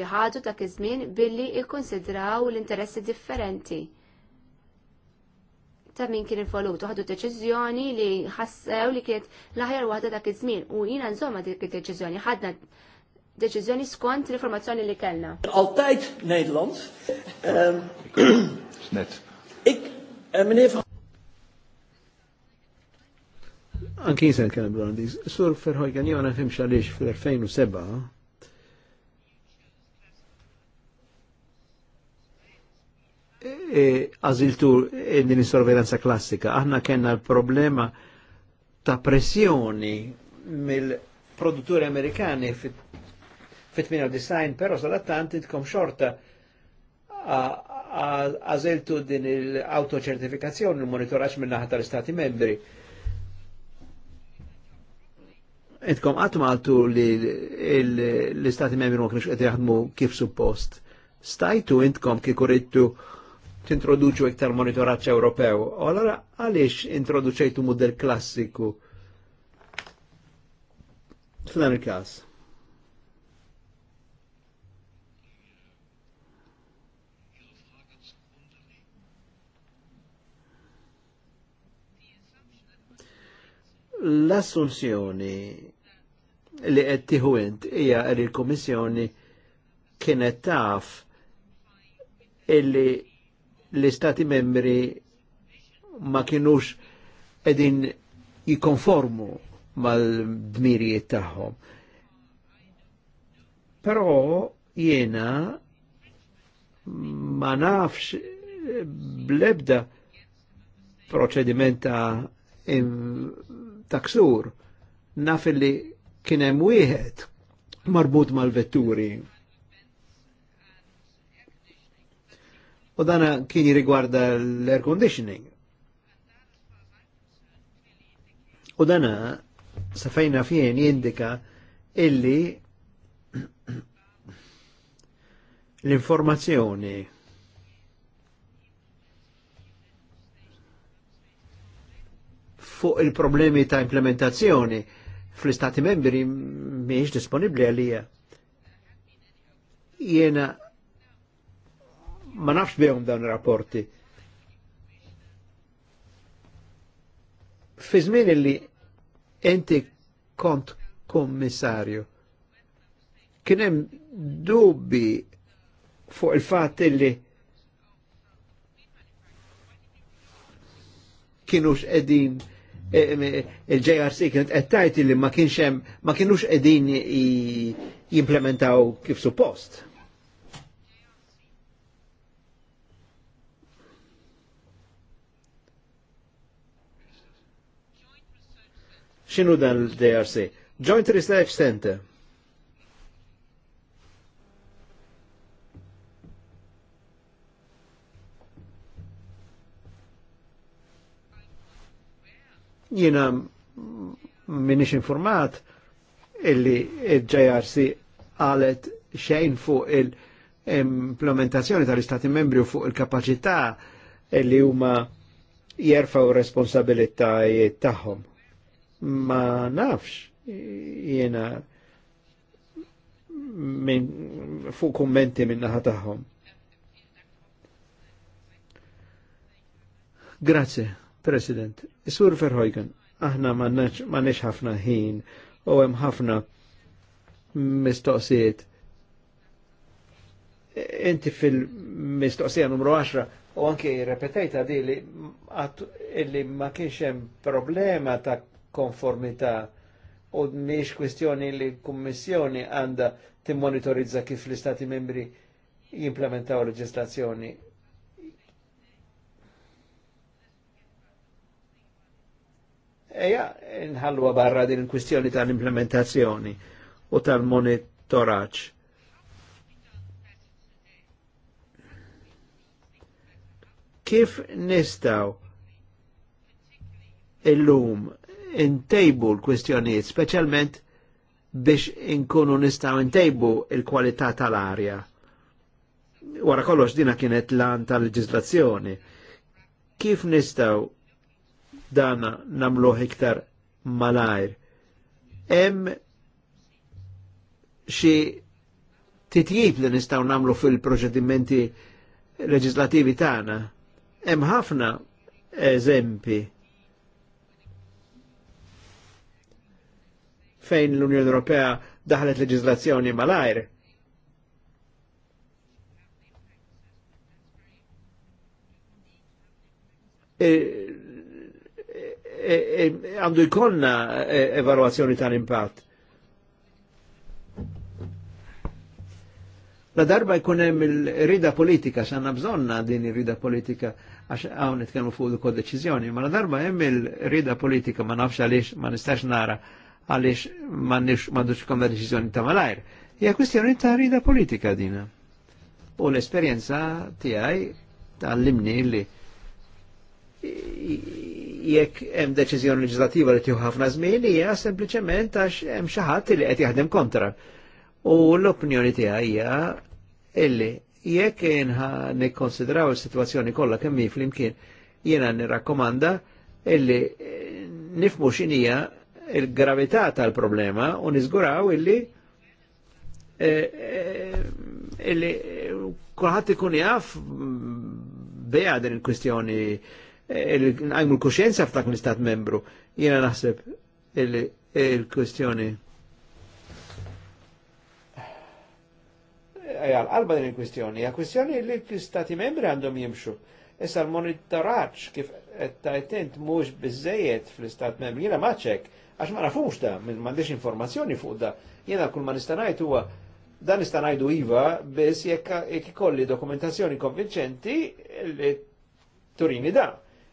Speaker 1: li ħadu dak iż-żmien billi jikkonsidraw l-interessi differenti ta' min kien involut u ħadu deċiżjoni li ħassew li kienet l-aħjar waħda dak iż-żmien u jiena nżomma dik id-deċiżjoni ħadna deċiżjoni skont l-informazzjoni li kellna.
Speaker 2: Altajt Nederland. Ehm, Snet. Ik, eh, meneer Van. Anki jisen kellem bl-Olandiz. Sur Ferħojgan, jgħana fimx għalix fil 2007
Speaker 6: e,
Speaker 2: għaziltu e, din sorveranza klassika. Aħna kena l-problema ta' pressjoni mill-produtturi amerikani fit fit-98, pero sal-attant idkom xorta għazeltu din il-autoċertifikazzjoni, il-monitoraċ minnaħat tal-Istati membri. Idkom għatmaltu li l-Istati membri ma kienx qed kif suppost. Stajtu intkom kieku rittu t-introduċu iktar monitoraċ Ewropew. U allora għalix introduċejtu model klassiku? F'dan il-każ. l-assunzjoni li qed tieħu int hija li l-Kummissjoni kienet taf illi l-Istati membri ma kienux edin jikonformu mal-dmirijiet tagħhom. Però jiena ma nafx blebda proċediment ta' taksur. Naf li kien hemm wieħed marbut mal-vetturi. U dana kien jirigwarda l-air conditioning. U dana safajna fien jindika illi l-informazzjoni fuq il-problemi ta' implementazzjoni fl-istati membri miex disponibli għalija. Jena ma nafx bihom dawn rapporti. Fizmin żmien li enti kont kommissarju, kienem dubbi fuq il fat li kienux edin il-JRC kienet qed tajti li ma kienx hemm ma kienux qegħdin jimplementaw kif suppost. X'inhu dan l-JRC? Joint Research Center. jina minix informat illi il-JRC għalet xejn fuq il-implementazzjoni tal-Istati membri u fuq il-kapacità illi huma jerfaw responsabilitajiet tagħhom. Ma nafx jiena min fuq kummenti minn naħa tagħhom. Grazie. President, Isur Verhoeven, aħna ma nix ħafna ħin u hemm ħafna mistoqsijiet. Inti fil-mistoqsija numru 10 u anke repetajta di li illi ma kienx hemm problema ta' konformità u miex kwestjoni li kummissjoni għanda timmonitorizza kif l-Istati membri jimplementaw leġislazzjoni Eja, nħallu barra din il-kwistjoni tal-implementazzjoni u tal-monitoraċ. Kif nistaw illum intejbu l-kwistjonijiet, specialment biex inkunu nistaw intejbu il-kwalità tal-arja? Wara kollox dina kienet lan tal-leġislazzjoni. Kif nistaw dana namlu iktar malajr. Em xi titjib li nistgħu namlu fil-proċedimenti leġislativi tagħna. Hemm ħafna eżempi fejn l-Unjoni Ewropea daħlet leġislazzjoni malajr. E, għandu e, e, jkollna e, evalwazzjoni tal-impatt. La darba jkun hemm il-rida politika, x'għandna bżonna din ir-rida politika għax hawn nitkellmu fuq ukoll deċiżjoni, ma la darba hemm il-rida politika ma nafx għaliex ma nistax nara għaliex m'għandux ikomna deċiżjoni ta' malajr. Hija kwistjoni ta' rida politika dina. U l-esperjenza tiegħi tgħallimni li jekk hemm deċiżjoni leġislativa li tieħu ħafna żmien hija sempliċement għax hemm xi ħadd li qed jaħdem kontra. U l-opinjoni tiegħi hija illi jekk nikkonsidraw is-sitwazzjoni kollha kemm hi flimkien jiena nirrakkomanda illi eh, nifmu x'inhija il-gravità tal-problema u niżguraw illi
Speaker 6: eh, eh,
Speaker 2: illi kulħadd ikun jaf mm, beja din il-kwistjoni għajmu l-kuxjenza f'dak l-istat membru. Jena naħseb il-kwestjoni. Għal, għalba din il-kwestjoni, hija kwestjoni li l-istati membri għandhom jimxu. Issa l monitoraċ kif qed tajtent mux biżejjed fl-istat membri, Jena maċek, għax ma nafux da, minn m'għandix informazzjoni fuq da. Jena kull ma nistanajt huwa dan nista' ngħidu iva biss jekk ikolli dokumentazzjoni konvinċenti li turini da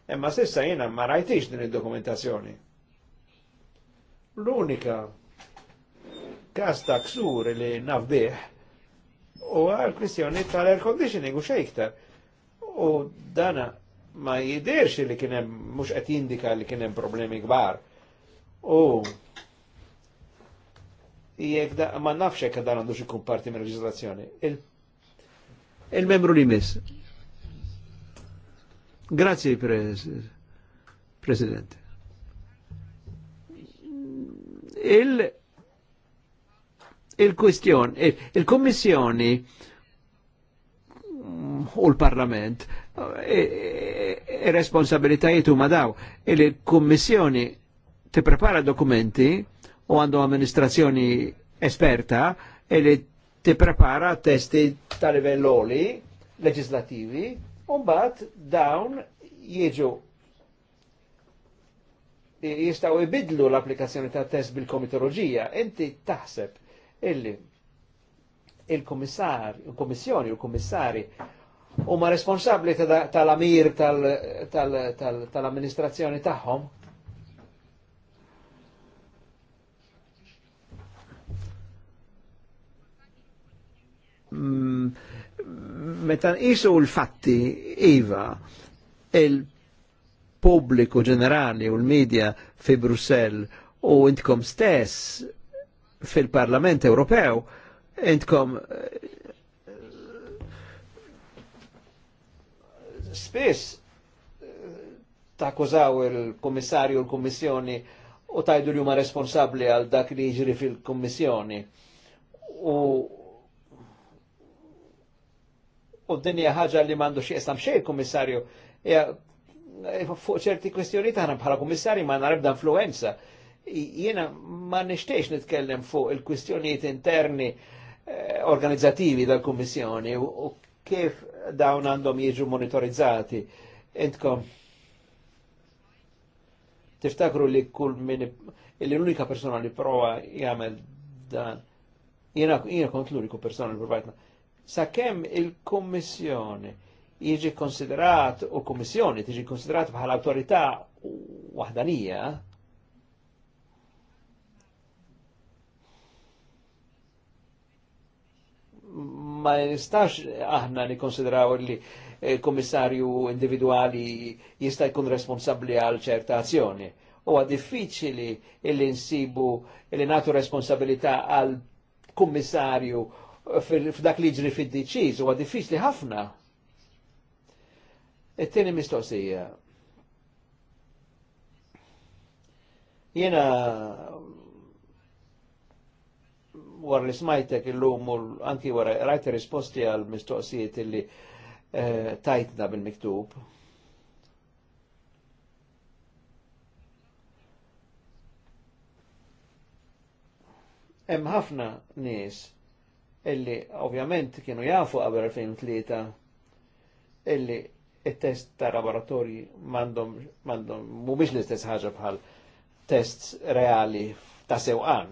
Speaker 2: Emma sissa jina ma rajtix din id-dokumentazzjoni. L-unika kasta ksur li nafbih u għal-kwistjoni tal-air conditioning u xejkta. U dana ma jidirx li kienem, mux qed jindika li kienem problemi kbar. U jek da, ma nafxek dan għandux ikun me minn leġislazzjoni. Il-membru li miss. Grazie, Presidente. Il, il kwestjoni il o il responsabilità. Mm, l-Parlament e, e, e responsabilitajiet e le commissioni ti prepara documenti o hanno amministrazioni esperta ti prepara testi tale livello legislativi Umbat dawn jieġu jistaw ibidlu l-applikazzjoni ta' test bil-komitologija. Inti taħseb illi il-komissar, il-komissjoni, il-komissari u ma responsabli tal-amir tal-amministrazzjoni tagħhom? Mm, meta isu l-fatti iva il-pubbliku ġenerali u l-medja fi Brussel u intkom stess fil-Parlament Ewropew intkom eh, spiss eh, takkużaw il-Kommissarju l-Kommissjoni u tajdu li huma responsabbli għal dak li jiġri fil-Kommissjoni. U u d-dinja ħagġa li m'għandu xi istam il-kommissarju. Eh, fuq ċerti kwestjoni taħna bħala kommissarju ma narabda influenza. Jena ma nishtiex nitkellem fuq il-kwistjonijiet interni eh, organizzativi dal kommissjoni u kif dawn għandhom jieġu monitorizzati. Intkom tiftakru li kull min l-unika persona li prova jagħmel dan. Jena kont l-uniku persona li provajtna sakemm il-Kommissjoni jiġi konsiderat u Kommissjoni tiġi konsiderat bħal autorità waħdanija, ma nistax aħna nikonsidraw li eh, komissarju individuali jista' jkun responsabbli għal ċerta azzjoni. Huwa diffiċili li nsibu li natu responsabilità għal kummissarju f'dak li ġri fid-deċiż huwa diffiċli ħafna. It-tieni mistoqsija. Jena war li smajtek illum u anki war rajt risposti għal mistoqsijiet illi eh, tajtna bil-miktub. Hemm ħafna nies illi ovvjament kienu jafu qabel 2003 illi il-test ta' laboratorji mandom, mandom, mumiex l-istess ħaġa bħal test reali ta' sewqan.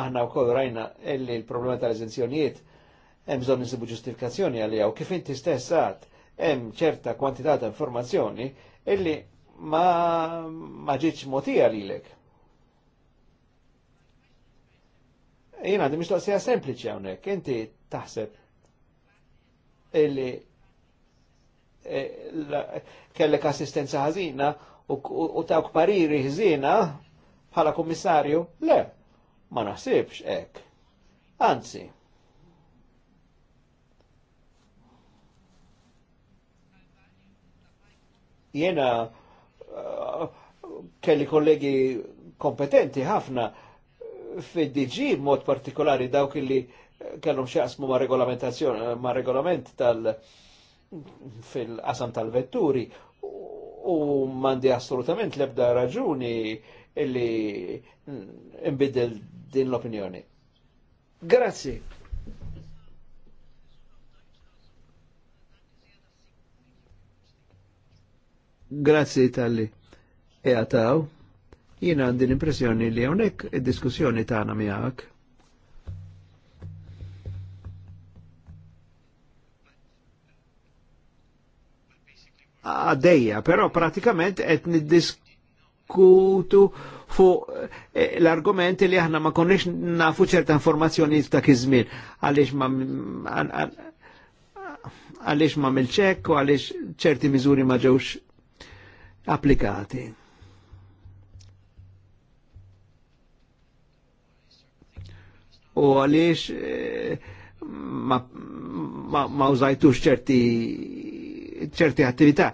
Speaker 2: Aħna u koll rajna illi l-problema tal reżenzjonijiet hemm bżonn nisibu ġustifikazzjoni għalli u kif inti stess għad hemm ċerta kwantità ta' informazzjoni illi ma ma ġietx motija lilek. Jena di mistoqsija sempliċi hawnhekk, inti taħseb illi e, kellek assistenza ħażina u tawk pariri ħżina bħala kummissarju? Le, ma naħsibx hekk. Anzi, jena uh, kelli kollegi kompetenti ħafna fid-DG mod partikolari dawk illi kellhom xaqsmu ma' regolamentazzjoni ma' regolament tal fil-qasam tal-vetturi u mandi assolutament lebda raġuni illi imbidel din l-opinjoni. Grazzi. Grazzi tal-li. E għataw jina għandi l-impressjoni li hawnhekk id-diskussjoni tagħna miegħek Għaddeja, però pratikament qed niddiskutu fuq eh, l argumenti li aħna ma konniex nafu ċerta informazzjoni ta' kizmin għaliex ma għaliex ma milċek u għaliex ċerti miżuri ma ġewx applikati. u għalix eh, ma, ma, ma użajtux ċerti ċerti attività.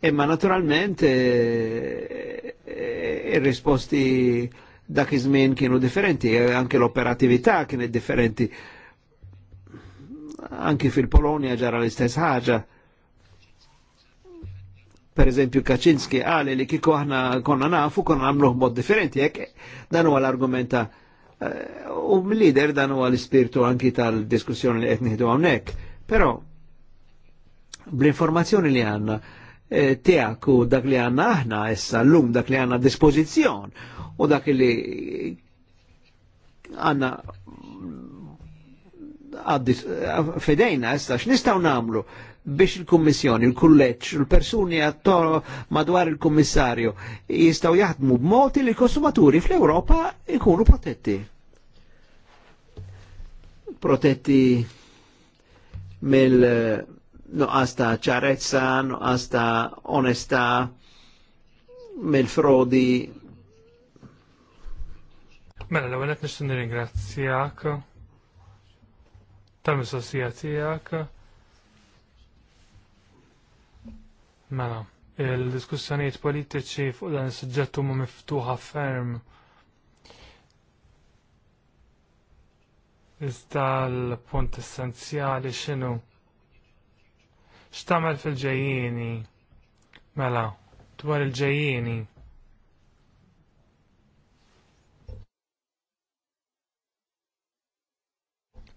Speaker 2: Imma naturalment eh, eh, ir-risposti dak iż-żmien kienu differenti, anke l-operatività kienet differenti. Anki fil-Polonja ġara l-istess ħaġa. Per eżempju, Kaczynski għali li kiko aħna konna nafu, konna namluħ mod differenti, jek dan huwa l-argumenta Eh, u mill-lider dan huwa l-ispirtu anki tal-diskussjoni li qed nieħdu hawnhekk. Però bl-informazzjoni li għandna eh, tiegħek u dak li għandna aħna issa llum dak li għandna dispożizzjon u dak li għandna mm, fedejna issa x'nistgħu nagħmlu biex il-Kummissjoni, il kulleċ il-persuni għattor madwar il-Kummissarju jistaw jaħdmu b'mod li konsumaturi fl europa ikunu protetti. Protetti mill nuqqas ta' ċarezza, nuqqas ta' onestà, mill-frodi.
Speaker 4: Mela, l-għanet nishtu nirringrazzjak tal-mistoqsija tiegħek Mela, il-diskussjonijiet politiċi fuq dan is-suġġett huma miftuħa ferm. Iżda l-punt essenzjali x'inhu? X'tagħmel fil-ġejjieni? Mela, dwar il-ġejjieni.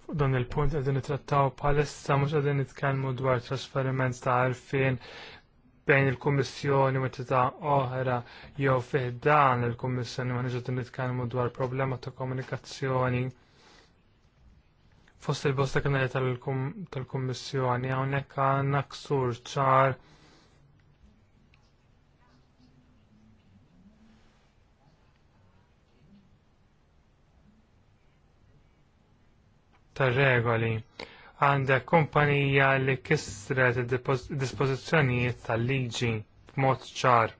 Speaker 4: Fuq dan il-punt qegħdin nittrattaw bħalissa mhux qegħdin nitkellmu dwar trasferiment ta' għarfien bejn il-Kummissjoni ma tita oħra jew fih dan il-Kummissjoni ma niġu nitkellmu dwar problema ta' komunikazzjoni fost il-bosta kanali tal-Kummissjoni hawnhekk għandna ksur ċar ta' regoli għandek kumpanija li kisret id-dispożizzjonijiet tal-liġi b'mod ċar.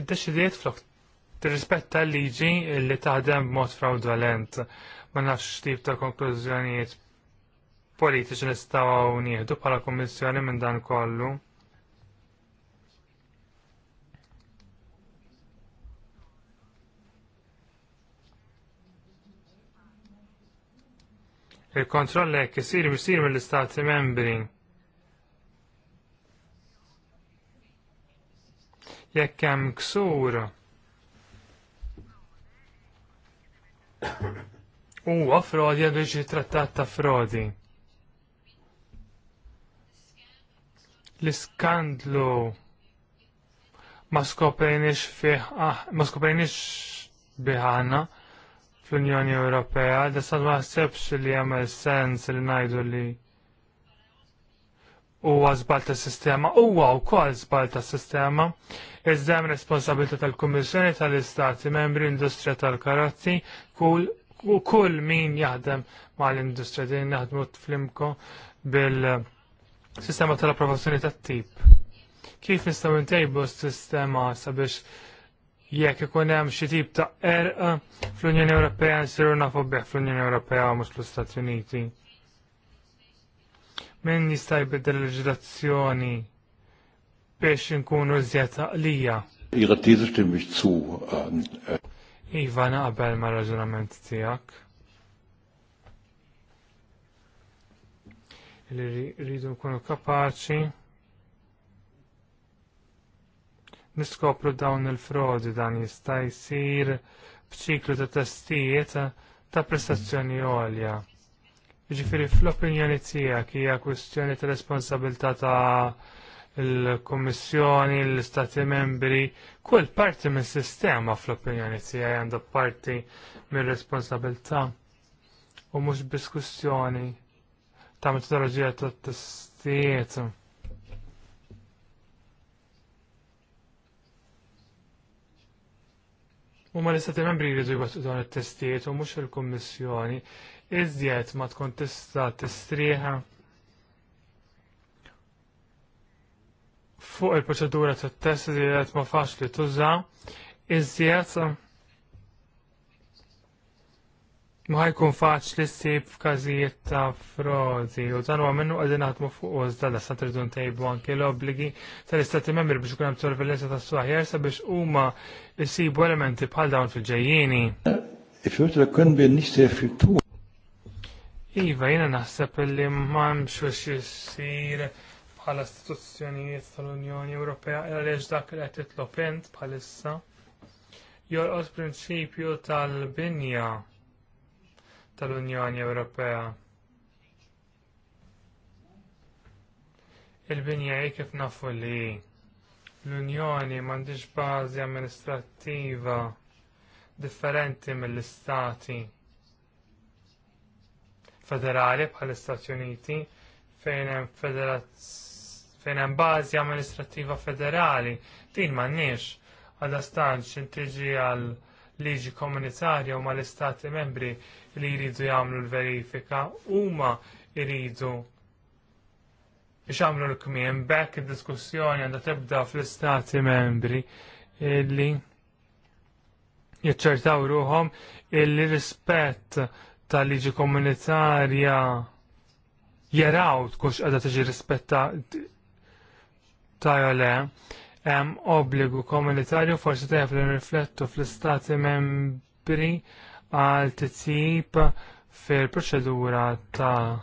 Speaker 4: Id-deċidiet flok tirrispetta l-liġi li taħdem b'mod fraudolent. Ma nafx tip ta' konklużjonijiet politiċi nistaw nieħdu bħala Kummissjoni minn dan kollu. Il-kontroll jekk isir misir mill-Istati membri. Jekk hemm ksur. U frodi għadu jiġi trattat ta' frodi. L-iskandlu ma skoprejniex ah, biħana fl-Unjoni Ewropea, da sa' ma' li jagħmel sens li ngħidu li huwa żball tas sistema huwa wkoll żball tas sistema iżda hemm responsabilità tal-Kummissjoni tal-Istati membri industrija tal-karozzi kull u kull min jaħdem mal-industrija din naħdmu flimko bil sistema tal-approvazzjoni tat-tip. Kif nistgħu ntejbu s-sistema sabiex jekk ikun hemm xi tip ta' erqa fl-Unjoni Ewropea nsiru nafu bih fl-Unjoni Ewropea u mhux fl-Istati Uniti. Min jista' jbiddel leġislazzjoni biex inkunu żjed taqlija. Äh, iva naqbel ma' raġunament tiegħek. li rridu nkunu kapaċi niskopru dawn il-frodi dan jista' jsir b'ċiklu ta' testijiet ta' prestazzjoni għolja. Ġifiri fl-opinjoni tiegħek hija kwistjoni ta' responsabilità ta' il-Kommissjoni, l-Stati membri, kull parti mis sistema fl-opinjoni tiegħi għandu parti mir responsabilità u mhux b'iskussjoni ta' metodologija ta' testijiet. U ma l-istati membri jridu jibgħatu dawn it-testijiet u mhux il-Kummissjoni izdiet ma tkun tista' tistrieħa fuq il-proċedura tat-test li qed ma faċli tuża iżjed ma jkun faċli ssib f'każijiet ta' frodi u dan huwa minnu qegħdin għatmu fuq użda da sa tridu ntejbu anke l-obbligi tal-Istati Membri biex ikun hemm sorveljanza tas u sabiex huma sibu elementi bħal dawn fil-ġejjieni. Iva, jiena naħseb li m'hemmx biex jissir bħala istituzzjonijiet tal-Unjoni Ewropea għaliex dak li qed titlob int bħalissa. Jorqos prinċipju tal-binja tal-Unjoni Ewropea. il binjaj kif nafu li l-Unjoni m'għandix bażi amministrattiva differenti mill-istati federali bħall-Istati Uniti fejn hemm bażi amministrattiva federali din m'għandniex għal stanċ intiġi għal liġi komunitarja u mal-istati membri li jridu jagħmlu l-verifika huma jridu biex għamlu l-kmien bekk id-diskussjoni għandha tibda fl-istati membri illi jiċċertaw ruhom illi rispett tal-liġi komunitarja jaraw tkunx qiegħda tiġi rispetta tajole hemm obbligu komunitarju forsi tefli li nirriflettu fl-istati membri għal titjib fil-proċedura ta'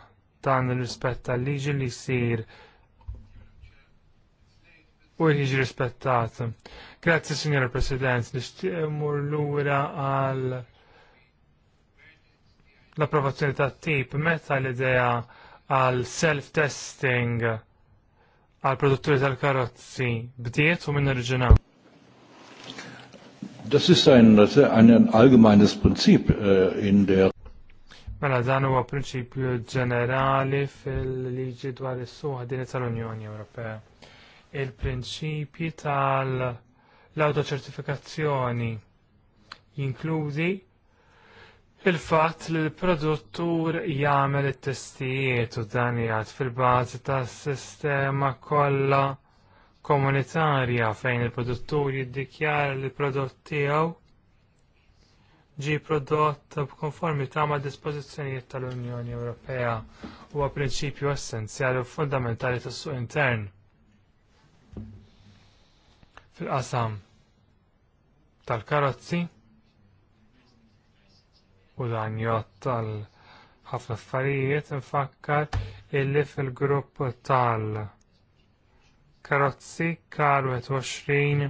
Speaker 4: dan il-rispett tal-liġi li jsir u jiġi rispettat. Grazzi, Signora President, nixtieq mur lura għal l-approvazzjoni ta' tip meta l-idea għal self-testing għal produtturi tal-karozzi bdiet u minn oriġinali.
Speaker 5: Das ist ein, ein, ein allgemeines Prinzip äh, in der
Speaker 4: Mela dan huwa prinċipju ġenerali fil-liġi dwar is-suħa din tal-Unjoni Ewropea. Il-prinċipji tal-autoċertifikazzjoni jinkludi il-fatt li l-produttur jagħmel it-testijiet u dan fil-bażi tas-sistema kollha komunitarja fejn il-produttur jiddikjara li prodott tiegħu ġie prodott b'konformità mad dispożizzjonijiet tal-Unjoni Ewropea huwa prinċipju essenzjali u fundamentali tas-suq intern fil-qasam tal-karozzi u dan jgħod tal-ħafna affarijiet infakkar illi fil-grupp tal-, -tal karozzi kar 20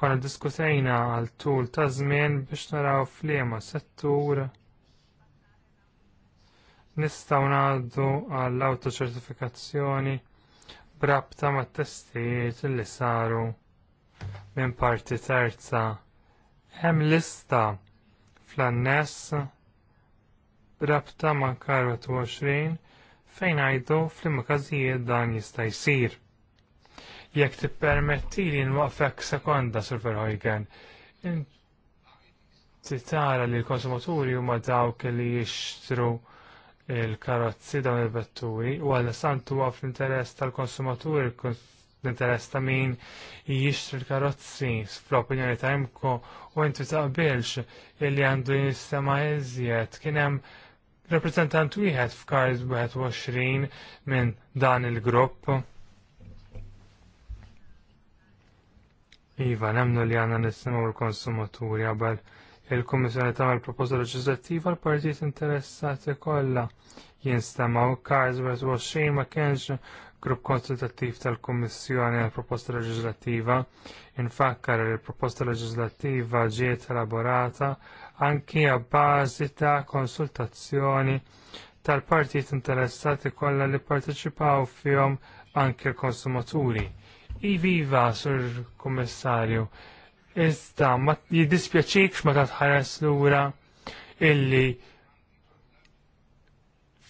Speaker 4: konna diskutejna għal tul ta' żmien biex naraw fliema settur nistgħu ngħaddu għall autoċertifikazzjoni brabta mat testijiet li saru minn parti terza. Hemm lista fl-anness brabta ma' 20, fejn għajdu fl-imkazijiet dan jista' jsir. Jekk tippermetti li nwaqfek sekonda sur Verhoeken, inti tara li l-konsumaturi huma dawk li jixtru il-karozzi dawn il-vetturi u għal santu għaf l-interess tal-konsumaturi l-interess ta' min jixtri l-karozzi fl-opinjoni ta' imko u inti taqbilx illi għandu jistema iżjed kienem u wieħed f'Cars 21 minn dan il-grupp. Iva, nemnu li għanna nisimaw l-konsumaturi għabel il-Kommissjoni tagħmel proposta leġislattiva l-partijiet interessati kollha jinstemaw Kars xejn ma kienx grupp konsultattiv tal-Kummissjoni għal proposta leġislattiva. Infakkar li l-proposta leġislattiva ġiet elaborata anki għabbażi ta' konsultazzjoni tal-partijiet interessati kollha li parteċipaw fihom anke l-konsumaturi Iviva, sur kommissarju, iżda ma jiddispjaċikx ma l lura illi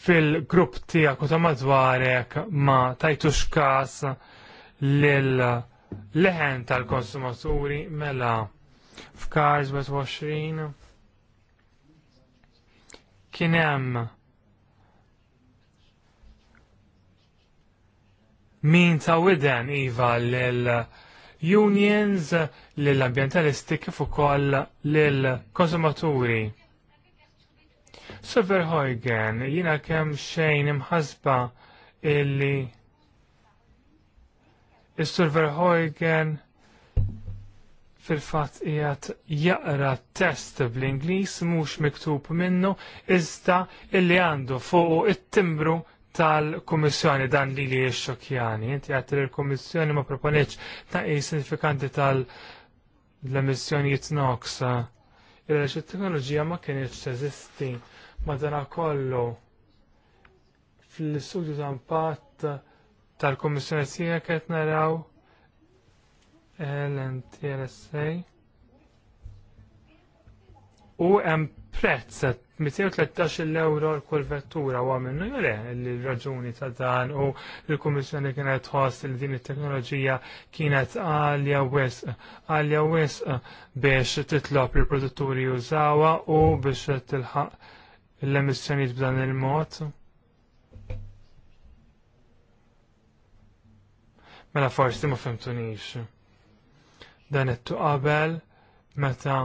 Speaker 4: fil-grupp tijak u ta' madwarek ma tajtux kas l-leħen tal-konsumaturi mela f'kars 20 kienem min ta' widen iva l-unions, l-ambientalisti kif ukoll l-konsumaturi. Sever Hoygen, jina kemm xejn imħasba illi Is-Surver Hoygen fil-fatt jgħat jaqra test bl-Ingliż mhux miktub minnu iżda illi għandu fuq it-timbru tal-Kummissjoni dan li li xokjani, inti għattir li l-Kummissjoni ma proponieċ ta' i sinifikanti tal-emissjonijiet NOx. Il-reċ teknoloġija ma kienieċ teżisti ma dana kollu fil-studju ta' impatt tal-Kummissjoni tiegħek qed naraw LNTLSA u hemm prezz 213 euro l-kull vettura u għamennu jore l-raġuni ta' dan u l-Komissjoni kienet ħoss li din it-teknoloġija kienet għalja wisq, għalja wisq biex titlob li produtturi jużawa u biex tilħaq l-emissjoniet b'dan il-mod. Mela forsi ma fimtunix. Dan it-tuqabel meta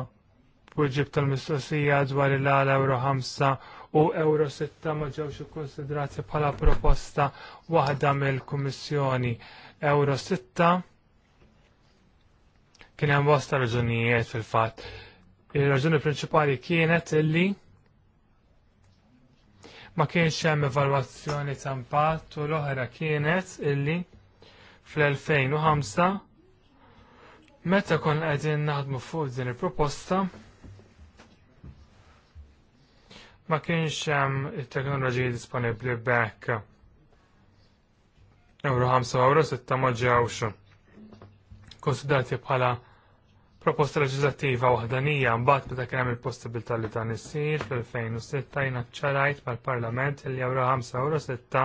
Speaker 4: u ġib tal-mistoqsija dwar il-għala euro 5 u euro 6 ma ġewx ikkonsidrati bħala proposta waħda mill-Kummissjoni. Euro 6 kien hemm bosta raġunijiet fil-fatt. Ir-raġuni prinċipali kienet illi ma kienx hemm evalwazzjoni ta' impatt u l-oħra kienet illi fl-2005 meta kon qegħdin naħdmu fuq din il-proposta ma kienx hemm it-teknoloġiji disponibbli bekk. Euro 5 euro 6 ma ġewx. Konsidrati bħala proposta leġislattiva waħdanija mbagħad meta kien hemm il-possibilità li dan isir fl-2006 jiena ċarajt mal-Parlament li euro 5 euro 6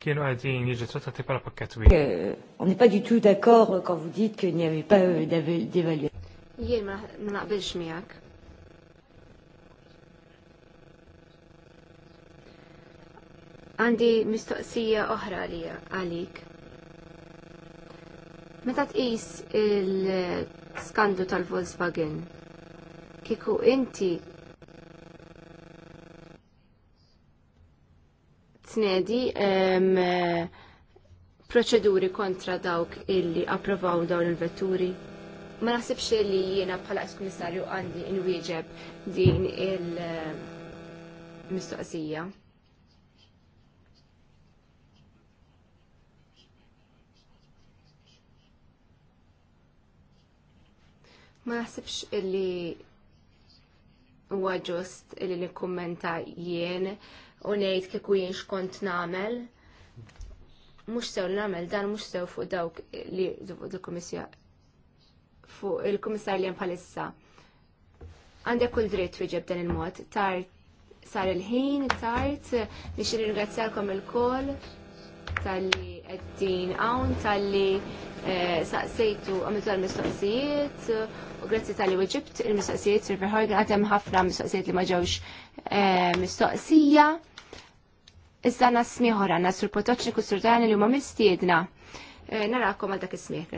Speaker 4: kienu qegħdin jiġu trattati bħala pakket wieħed. Eh,
Speaker 1: on n'est pas du tout d'accord quand vous dites qu'il n'y avait pas euh, d'évaluation. Jien ma naqbilx miegħek. Għandi mistoqsija oħra li għalik. Meta tqis il-skandlu tal-Volkswagen, kiku inti tnedi proċeduri kontra dawk illi approvaw dawn il-vetturi? ma naħsibx li jiena bħala ex-komissarju għandi inwieġeb din il-mistoqsija. Ma naħsibx illi huwa ġust illi nikkummenta jien u ngħid kieku jien xkont nagħmel. Mhux sew nagħmel dan mhux sew fuq dawk li l-Kummissja fuq il-Kummissar li hemm bħalissa. Għandek kull dritt wieġeb dan il-mod, tard sar il-ħin, tard, nix nirringrazzjalkom il-koll tal-li għeddin għawn, tal-li eh, saqsejtu għamitu għal-mistoqsijiet, u grazzi tal-li weġibt il-mistoqsijiet fil-verħor għatem ħafna mistoqsijiet li maġawx eh, mistoqsija. Iżda nasmiħor għanna sur potoċni sultani li huma mistiedna. Eh, narakom għal dak ismiħ.